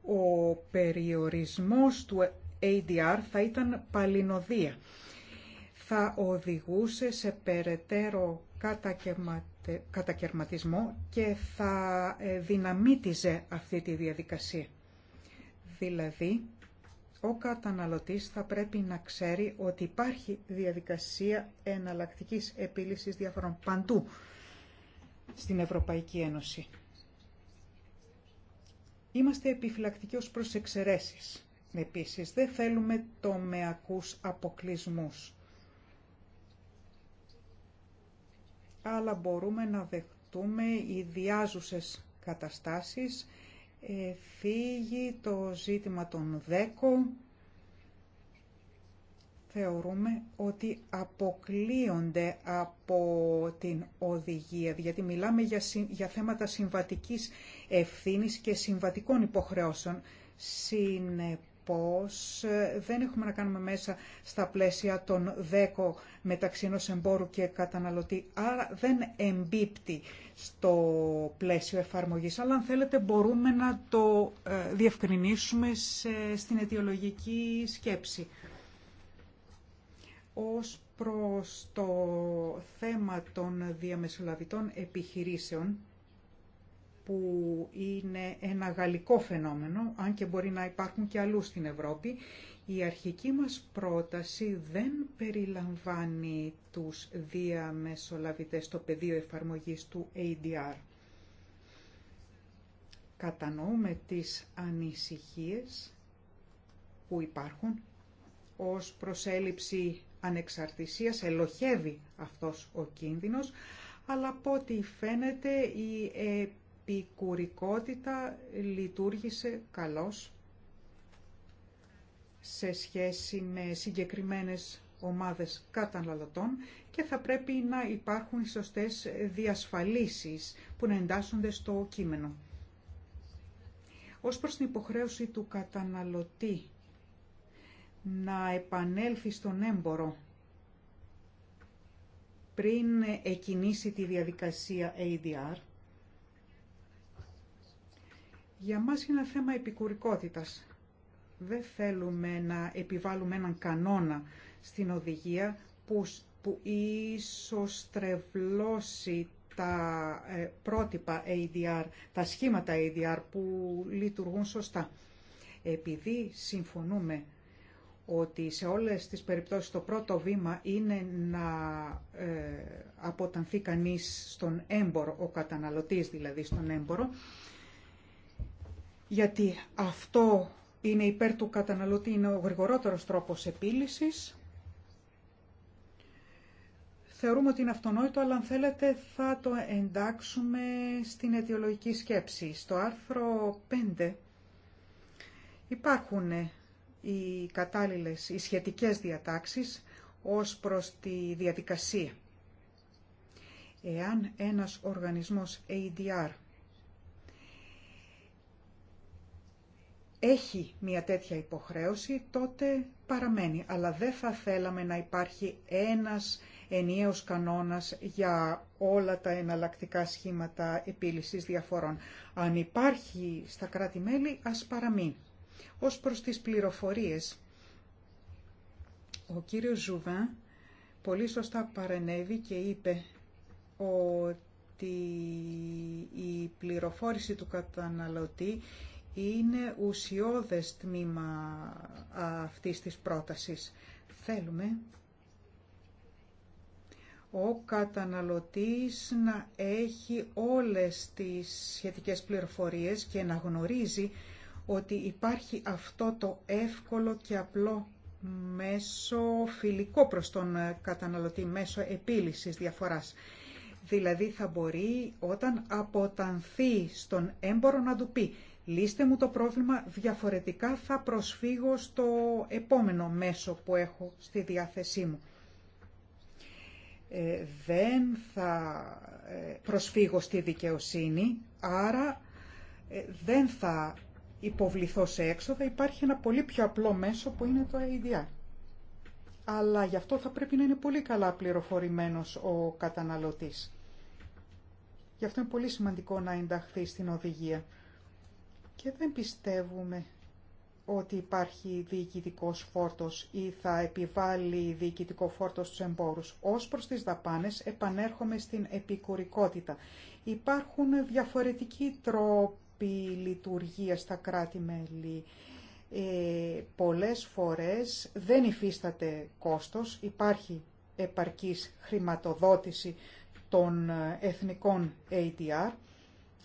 ο περιορισμός του ADR θα ήταν παλινοδία. Θα οδηγούσε σε περαιτέρω κατακερματισμό και θα ε, δυναμίτιζε αυτή τη διαδικασία. Δηλαδή, ο καταναλωτής θα πρέπει να ξέρει ότι υπάρχει διαδικασία εναλλακτικής επίλυσης διαφορών παντού στην Ευρωπαϊκή Ένωση. Είμαστε επιφυλακτικοί ως προς εξαιρέσεις. Επίσης, δεν θέλουμε τομεακούς αποκλισμούς. Αλλά μπορούμε να δεχτούμε διάζουσες καταστάσεις. φύγει το ζήτημα των δέκο. Θεωρούμε ότι αποκλείονται από την οδηγία, γιατί μιλάμε για, για θέματα συμβατικής ευθύνης και συμβατικών υποχρεώσεων. Συνεπώς δεν έχουμε να κάνουμε μέσα στα πλαίσια των δέκο μεταξύ ενό εμπόρου και καταναλωτή, άρα δεν εμπίπτει στο πλαίσιο εφαρμογής, αλλά αν θέλετε μπορούμε να το ε, διευκρινίσουμε στην αιτιολογική σκέψη. Ως προς το θέμα των διαμεσολαβητών επιχειρήσεων, που είναι ένα γαλλικό φαινόμενο, αν και μπορεί να υπάρχουν και αλλού στην Ευρώπη, η αρχική μας πρόταση δεν περιλαμβάνει τους διαμεσολαβητές στο πεδίο εφαρμογής του ADR. Κατανοούμε τις ανησυχίες που υπάρχουν ως προσέλιψη ανεξαρτησίας, ελοχεύει αυτός ο κίνδυνος, αλλά από ό,τι φαίνεται η επικουρικότητα λειτουργήσε καλώς σε σχέση με συγκεκριμένες ομάδες καταναλωτών και θα πρέπει να υπάρχουν σωστές διασφαλίσεις που να εντάσσονται στο κείμενο. Ως προς την υποχρέωση του καταναλωτή να επανέλθει στον έμπορο πριν εκινήσει τη διαδικασία ADR, για μας είναι ένα θέμα επικουρικότητας. Δεν θέλουμε να επιβάλλουμε έναν κανόνα στην οδηγία που, που ίσως τρευλώσει τα ε, πρότυπα ADR, τα σχήματα ADR που λειτουργούν σωστά. Επειδή συμφωνούμε ότι σε όλες τις περιπτώσεις το πρώτο βήμα είναι να ε, αποτανθεί κανείς στον έμπορο, ο καταναλωτής δηλαδή στον έμπορο, γιατί αυτό είναι υπέρ του καταναλωτή, είναι ο γρηγορότερος τρόπος επίλυσης. Θεωρούμε ότι είναι αυτονόητο, αλλά αν θέλετε θα το εντάξουμε στην αιτιολογική σκέψη. Στο άρθρο 5 υπάρχουν οι κατάλληλες, οι σχετικές διατάξεις ως προς τη διαδικασία. Εάν ένας οργανισμός ADR έχει μια τέτοια υποχρέωση, τότε παραμένει. Αλλά δεν θα θέλαμε να υπάρχει ένας ενιαίος κανόνας για όλα τα εναλλακτικά σχήματα επίλυσης διαφορών. Αν υπάρχει στα κράτη-μέλη, ας παραμείνει. Ως προς τις πληροφορίες, ο κύριος Ζουβά πολύ σωστά παρενέβη και είπε ότι η πληροφόρηση του καταναλωτή είναι ουσιώδες τμήμα αυτής της πρότασης. Θέλουμε ο καταναλωτής να έχει όλες τις σχετικές πληροφορίες και να γνωρίζει ότι υπάρχει αυτό το εύκολο και απλό μέσο φιλικό προς τον καταναλωτή, μέσο επίλυσης διαφοράς. Δηλαδή θα μπορεί όταν αποτανθεί στον έμπορο να του πει λύστε μου το πρόβλημα, διαφορετικά θα προσφύγω στο επόμενο μέσο που έχω στη διάθεσή μου. Ε, δεν θα ε, προσφύγω στη δικαιοσύνη, άρα ε, δεν θα υποβληθώ σε έξοδα. Υπάρχει ένα πολύ πιο απλό μέσο που είναι το ADR. Αλλά γι' αυτό θα πρέπει να είναι πολύ καλά πληροφορημένος ο καταναλωτής. Γι' αυτό είναι πολύ σημαντικό να ενταχθεί στην οδηγία και δεν πιστεύουμε ότι υπάρχει διοικητικός φόρτος ή θα επιβάλλει διοικητικό φόρτο στους εμπόρους. Ως προς τις δαπάνες επανέρχομαι στην επικουρικότητα. Υπάρχουν διαφορετικοί τρόποι λειτουργίας στα κράτη-μέλη. Ε, πολλές φορές δεν υφίσταται κόστος, υπάρχει επαρκής χρηματοδότηση των εθνικών ATR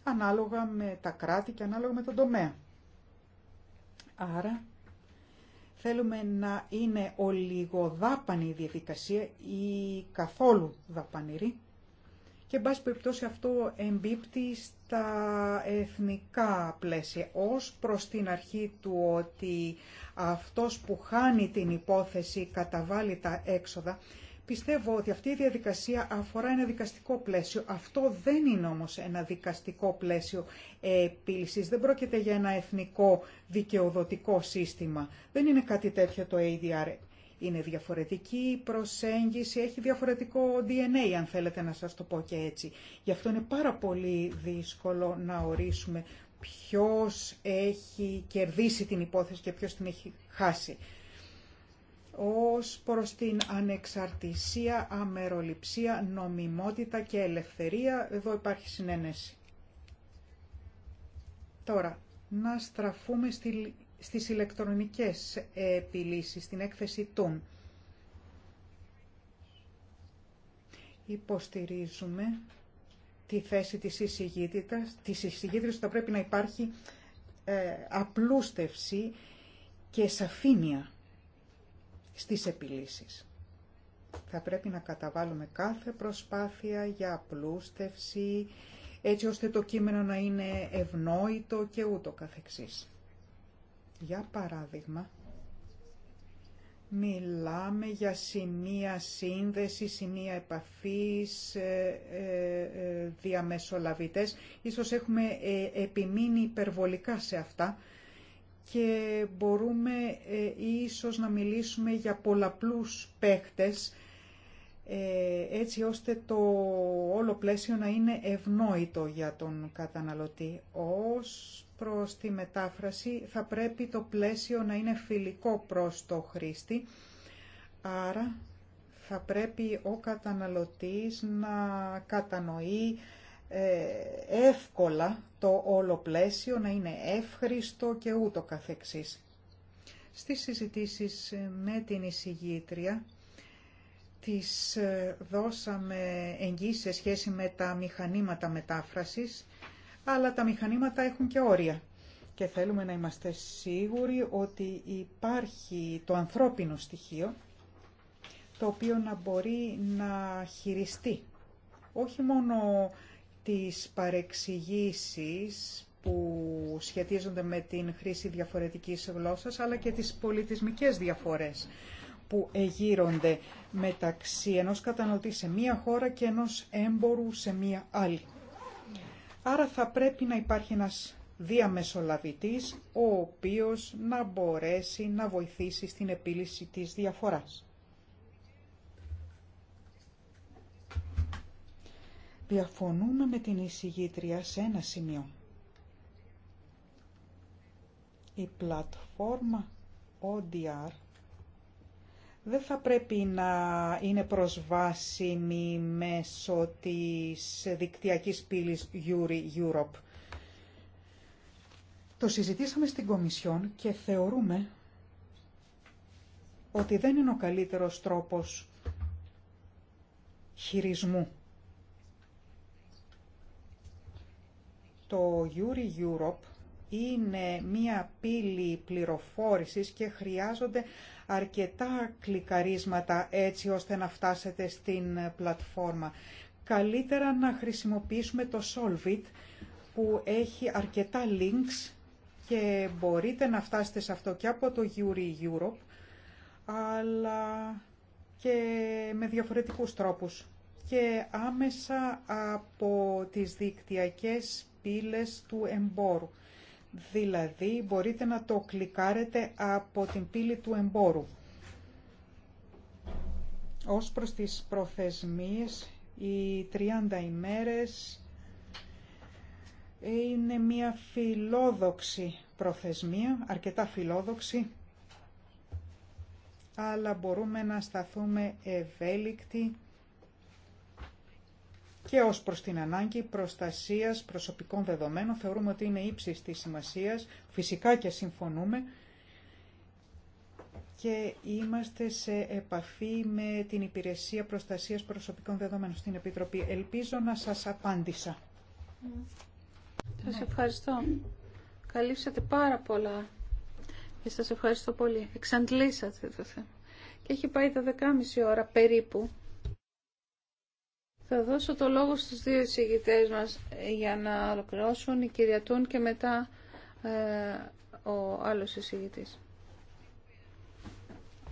ανάλογα με τα κράτη και ανάλογα με τον τομέα. Άρα θέλουμε να είναι ολιγοδάπανη η διαδικασία ή καθόλου δαπανηρή και εν πάση περιπτώσει αυτό εμπίπτει στα εθνικά πλαίσια ως προς την αρχή του ότι αυτός που χάνει την υπόθεση καταβάλει τα έξοδα Πιστεύω ότι αυτή η διαδικασία αφορά ένα δικαστικό πλαίσιο. Αυτό δεν είναι όμως ένα δικαστικό πλαίσιο επίλυσης. Δεν πρόκειται για ένα εθνικό δικαιοδοτικό σύστημα. Δεν είναι κάτι τέτοιο το ADR. Είναι διαφορετική προσέγγιση, έχει διαφορετικό DNA αν θέλετε να σας το πω και έτσι. Γι' αυτό είναι πάρα πολύ δύσκολο να ορίσουμε ποιος έχει κερδίσει την υπόθεση και ποιος την έχει χάσει ως προς την ανεξαρτησία, αμεροληψία, νομιμότητα και ελευθερία. Εδώ υπάρχει συνένεση. Τώρα, να στραφούμε στις ηλεκτρονικές επιλύσεις, στην έκθεση των. Υποστηρίζουμε τη θέση της εισηγήτητας, της εισηγήτητας ότι θα πρέπει να υπάρχει ε, απλούστευση και σαφήνεια στις επιλύσεις. Θα πρέπει να καταβάλουμε κάθε προσπάθεια για απλούστευση, έτσι ώστε το κείμενο να είναι ευνόητο και ούτω καθεξής. Για παράδειγμα, μιλάμε για σημεία σύνδεση, σημεία επαφής, ε, ε, ε, διαμεσολαβητές. Ίσως έχουμε επιμείνει υπερβολικά σε αυτά, και μπορούμε ε, ίσως να μιλήσουμε για πολλαπλούς παίχτες ε, έτσι ώστε το όλο πλαίσιο να είναι ευνόητο για τον καταναλωτή. Ως προς τη μετάφραση θα πρέπει το πλαίσιο να είναι φιλικό προς το χρήστη, άρα θα πρέπει ο καταναλωτής να κατανοεί ε, εύκολα το όλο πλαίσιο να είναι εύχριστο και ούτω καθεξής. Στις συζητήσεις με την εισηγήτρια τις ε, δώσαμε εγγύηση σε σχέση με τα μηχανήματα μετάφρασης, αλλά τα μηχανήματα έχουν και όρια και θέλουμε να είμαστε σίγουροι ότι υπάρχει το ανθρώπινο στοιχείο το οποίο να μπορεί να χειριστεί όχι μόνο τις παρεξηγήσεις που σχετίζονται με την χρήση διαφορετικής γλώσσας, αλλά και τις πολιτισμικές διαφορές που εγείρονται μεταξύ ενός καταναλωτή σε μία χώρα και ενός έμπορου σε μία άλλη. Άρα θα πρέπει να υπάρχει ένας διαμεσολαβητής, ο οποίος να μπορέσει να βοηθήσει στην επίλυση της διαφοράς. Διαφωνούμε με την εισηγήτρια σε ένα σημείο. Η πλατφόρμα ODR δεν θα πρέπει να είναι προσβάσιμη μέσω της δικτυακής πύλης Europe. Το συζητήσαμε στην Κομισιόν και θεωρούμε ότι δεν είναι ο καλύτερος τρόπος χειρισμού Το Yuri Europe είναι μία πύλη πληροφόρησης και χρειάζονται αρκετά κλικαρίσματα έτσι ώστε να φτάσετε στην πλατφόρμα. Καλύτερα να χρησιμοποιήσουμε το Solvit που έχει αρκετά links και μπορείτε να φτάσετε σε αυτό και από το Yuri Europe αλλά και με διαφορετικούς τρόπους και άμεσα από τις δικτυακές πύλες του εμπόρου. Δηλαδή μπορείτε να το κλικάρετε από την πύλη του εμπόρου. Ως προς τις προθεσμίες, οι 30 ημέρες είναι μια φιλόδοξη προθεσμία, αρκετά φιλόδοξη, αλλά μπορούμε να σταθούμε ευέλικτοι και ως προς την ανάγκη προστασίας προσωπικών δεδομένων θεωρούμε ότι είναι ύψης της σημασίας, φυσικά και συμφωνούμε και είμαστε σε επαφή με την Υπηρεσία Προστασίας Προσωπικών Δεδομένων στην Επιτροπή. Ελπίζω να σας απάντησα. Σας ευχαριστώ. Καλύψατε πάρα πολλά και σας ευχαριστώ πολύ. Εξαντλήσατε το θέμα. Και έχει πάει τα ώρα περίπου. Θα δώσω το λόγο στους δύο εισηγητές μας για να ολοκληρώσουν οι κυριατούν και μετά ε, ο άλλος εισηγητής.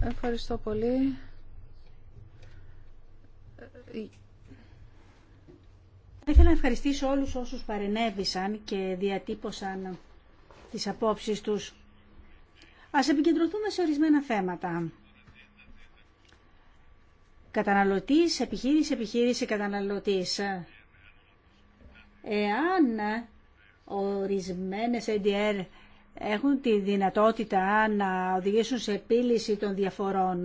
Ευχαριστώ πολύ. Θα ήθελα να ευχαριστήσω όλους όσους παρενέβησαν και διατύπωσαν τις απόψεις τους. Ας επικεντρωθούμε σε ορισμένα θέματα καταναλωτής, επιχείρηση, επιχείρηση, καταναλωτής. Εάν ορισμένες ADR έχουν τη δυνατότητα να οδηγήσουν σε επίλυση των διαφορών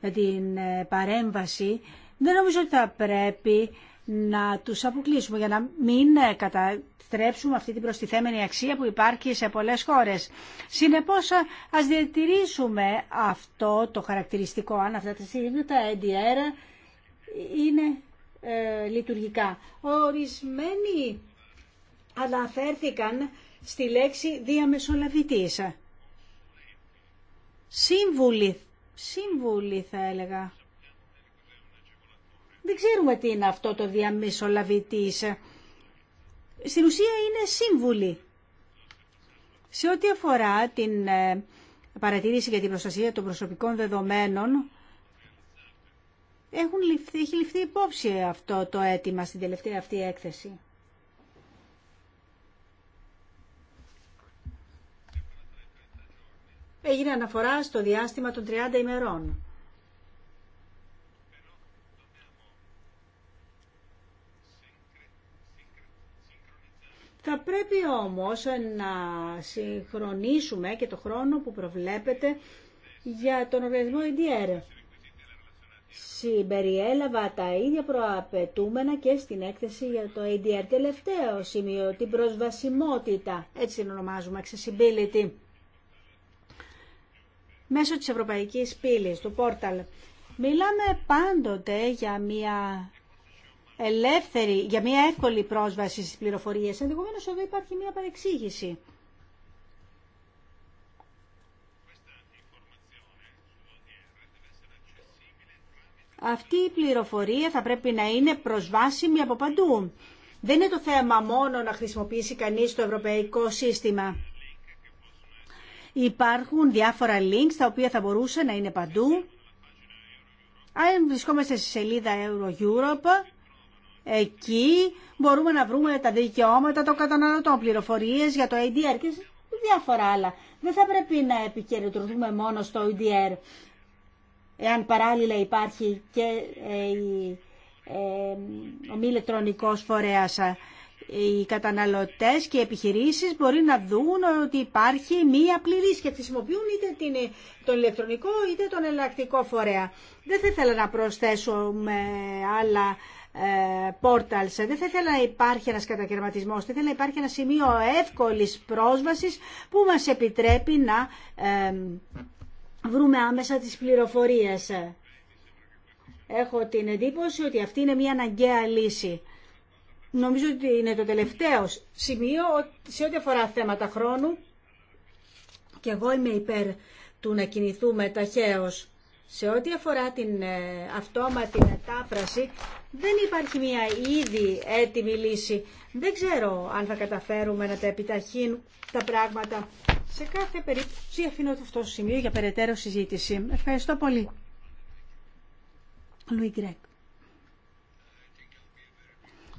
με την παρέμβαση, δεν νομίζω ότι θα πρέπει να τους αποκλείσουμε για να μην ε, καταστρέψουμε αυτή την προστιθέμενη αξία που υπάρχει σε πολλές χώρες. Συνεπώς ε, ας διατηρήσουμε αυτό το χαρακτηριστικό αν αυτά τα Τα NDR ε, είναι λειτουργικά. Ορισμένοι αναφέρθηκαν στη λέξη διαμεσολαβητής. σύμβουλοι θα έλεγα. Δεν ξέρουμε τι είναι αυτό το διαμεσολαβητής. Στην ουσία είναι σύμβουλοι. Σε ό,τι αφορά την ε, παρατήρηση για την προστασία των προσωπικών δεδομένων, έχουν ληφθεί, έχει ληφθεί υπόψη αυτό το αίτημα στην τελευταία αυτή έκθεση. Έγινε αναφορά στο διάστημα των 30 ημερών. Θα πρέπει όμως να συγχρονίσουμε και το χρόνο που προβλέπετε για τον οργανισμό EDR. Συμπεριέλαβα τα ίδια προαπαιτούμενα και στην έκθεση για το ADR. Τελευταίο σημείο, την προσβασιμότητα, έτσι την ονομάζουμε, accessibility. Μέσω της Ευρωπαϊκής Πύλης, του πόρταλ, μιλάμε πάντοτε για μια ελεύθερη, για μια εύκολη πρόσβαση στις πληροφορίες. Ενδεχομένως εδώ υπάρχει μια παρεξήγηση. Αυτή η πληροφορία θα πρέπει να είναι προσβάσιμη από παντού. Δεν είναι το θέμα μόνο να χρησιμοποιήσει κανείς το ευρωπαϊκό σύστημα. Υπάρχουν διάφορα links τα οποία θα μπορούσαν να είναι παντού. Αν βρισκόμαστε στη σελίδα Euro Europe, Εκεί μπορούμε να βρούμε τα δικαιώματα των καταναλωτών, πληροφορίες για το ADR και διάφορα άλλα. Δεν θα πρέπει να επικεντρωθούμε μόνο στο ADR, εάν παράλληλα υπάρχει και ε, ε, ο μη ηλεκτρονικός φορέας ε, οι καταναλωτές και οι επιχειρήσεις μπορεί να δουν ότι υπάρχει μία πληρή και χρησιμοποιούν είτε την, τον ηλεκτρονικό είτε τον ελλακτικό φορέα. Δεν θα ήθελα να προσθέσω άλλα ε, ε, δεν θα ήθελα να υπάρχει ένας κατακαιρματισμός, θα ήθελα να υπάρχει ένα σημείο εύκολης πρόσβασης που μας επιτρέπει να ε, βρούμε άμεσα τις πληροφορίες. Έχω την εντύπωση ότι αυτή είναι μια αναγκαία λύση. Νομίζω ότι είναι το τελευταίο σημείο σε ό,τι αφορά θέματα χρόνου και εγώ είμαι υπέρ του να κινηθούμε ταχαίως. Σε ό,τι αφορά την ε, αυτόματη μετάφραση, δεν υπάρχει μια ήδη έτοιμη λύση. Δεν ξέρω αν θα καταφέρουμε να τα επιταχύνουμε τα πράγματα. Σε κάθε περίπτωση αφήνω αυτό το σημείο για περαιτέρω συζήτηση. Ευχαριστώ πολύ. Λουί Γκρέκ.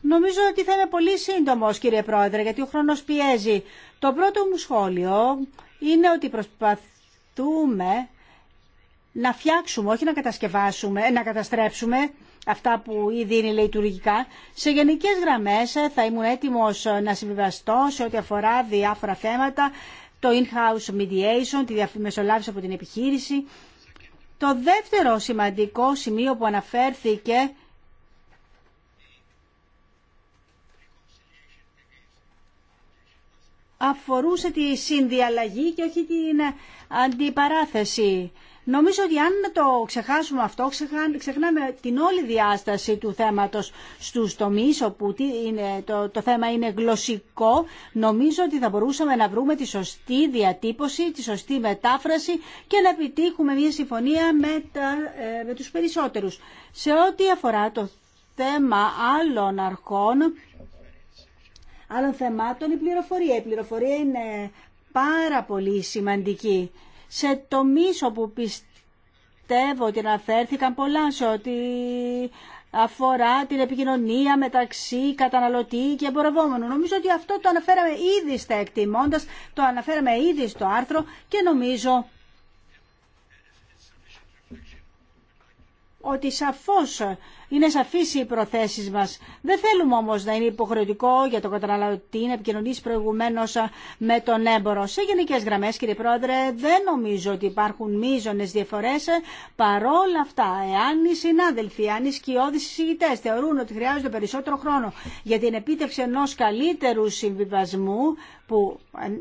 Νομίζω ότι θα είμαι πολύ σύντομο, κύριε Πρόεδρε, γιατί ο χρόνο πιέζει. Το πρώτο μου σχόλιο είναι ότι προσπαθούμε να φτιάξουμε, όχι να κατασκευάσουμε, να καταστρέψουμε αυτά που ήδη είναι λειτουργικά. Σε γενικές γραμμές θα ήμουν έτοιμος να συμβιβαστώ σε ό,τι αφορά διάφορα θέματα, το in-house mediation, τη διαμεσολάβηση από την επιχείρηση. Το δεύτερο σημαντικό σημείο που αναφέρθηκε αφορούσε τη συνδιαλλαγή και όχι την αντιπαράθεση. Νομίζω ότι αν το ξεχάσουμε αυτό, ξεχνάμε την όλη διάσταση του θέματος στους τομείς, όπου είναι, το, θέμα είναι γλωσσικό. Νομίζω ότι θα μπορούσαμε να βρούμε τη σωστή διατύπωση, τη σωστή μετάφραση και να επιτύχουμε μια συμφωνία με, ε, με τους περισσότερους. Σε ό,τι αφορά το θέμα άλλων αρχών, άλλων θεμάτων, η πληροφορία. Η πληροφορία είναι πάρα πολύ σημαντική σε τομείς όπου πιστεύω ότι αναφέρθηκαν πολλά σε ότι αφορά την επικοινωνία μεταξύ καταναλωτή και εμπορευόμενου. Νομίζω ότι αυτό το αναφέραμε ήδη στα εκτιμώντας, το αναφέραμε ήδη στο άρθρο και νομίζω ότι σαφώς είναι σαφείς οι προθέσεις μας. Δεν θέλουμε όμως να είναι υποχρεωτικό για τον καταναλωτή να επικοινωνήσει προηγουμένως με τον έμπορο. Σε γενικές γραμμές κύριε Πρόεδρε δεν νομίζω ότι υπάρχουν μείζονες διαφορές. Παρόλα αυτά, εάν οι συνάδελφοι, αν οι σκιώδεις συζητητές θεωρούν ότι χρειάζονται περισσότερο χρόνο για την επίτευξη ενός καλύτερου συμβιβασμού που ε,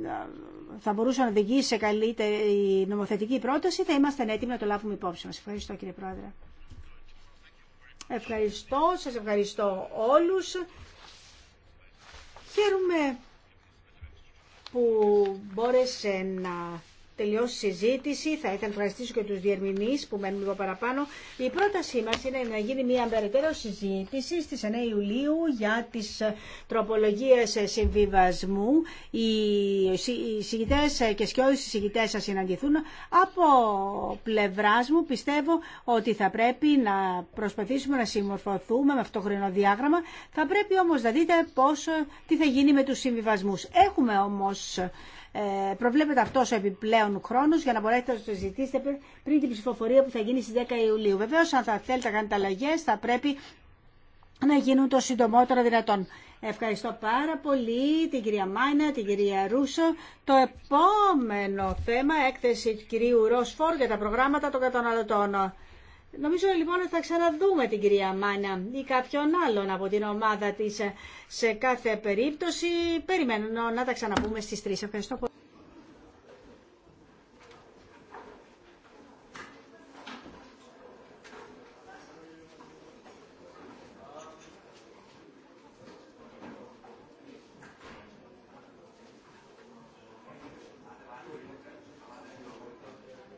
θα μπορούσε να οδηγήσει σε καλύτερη νομοθετική πρόταση, θα είμαστε έτοιμοι να το λάβουμε υπόψη μα. Ευχαριστώ κύριε Πρόεδρε. Ευχαριστώ, σας ευχαριστώ όλους. Χαίρομαι που μπόρεσε να τελειώσει η συζήτηση. Θα ήθελα να ευχαριστήσω και του διερμηνείς που μένουν λίγο παραπάνω. Η πρότασή μα είναι να γίνει μια περαιτέρω συζήτηση στις 9 Ιουλίου για τι ε, τροπολογίε ε, συμβιβασμού. Οι συγκητές ε, και σκιώδει συγκητές θα συναντηθούν. Από πλευρά μου πιστεύω ότι θα πρέπει να προσπαθήσουμε να συμμορφωθούμε με αυτό το χρονοδιάγραμμα. Θα πρέπει όμω να δείτε πώς, τι θα γίνει με του συμβιβασμού. Έχουμε όμως ε, προβλέπεται αυτό ο επιπλέον χρόνος για να μπορέσετε να το συζητήσετε πριν την ψηφοφορία που θα γίνει στις 10 Ιουλίου. Βεβαίω, αν θα θέλετε να κάνετε αλλαγέ, θα πρέπει να γίνουν το συντομότερο δυνατόν. Ευχαριστώ πάρα πολύ την κυρία Μάινα, την κυρία Ρούσο. Το επόμενο θέμα, έκθεση του κυρίου Ροσφόρ για τα προγράμματα των καταναλωτών. Νομίζω λοιπόν ότι θα ξαναδούμε την κυρία Μάνα ή κάποιον άλλον από την ομάδα της ε, σε κάθε περίπτωση. Περιμένω να τα ξαναπούμε στις 3. Ευχαριστώ πολύ.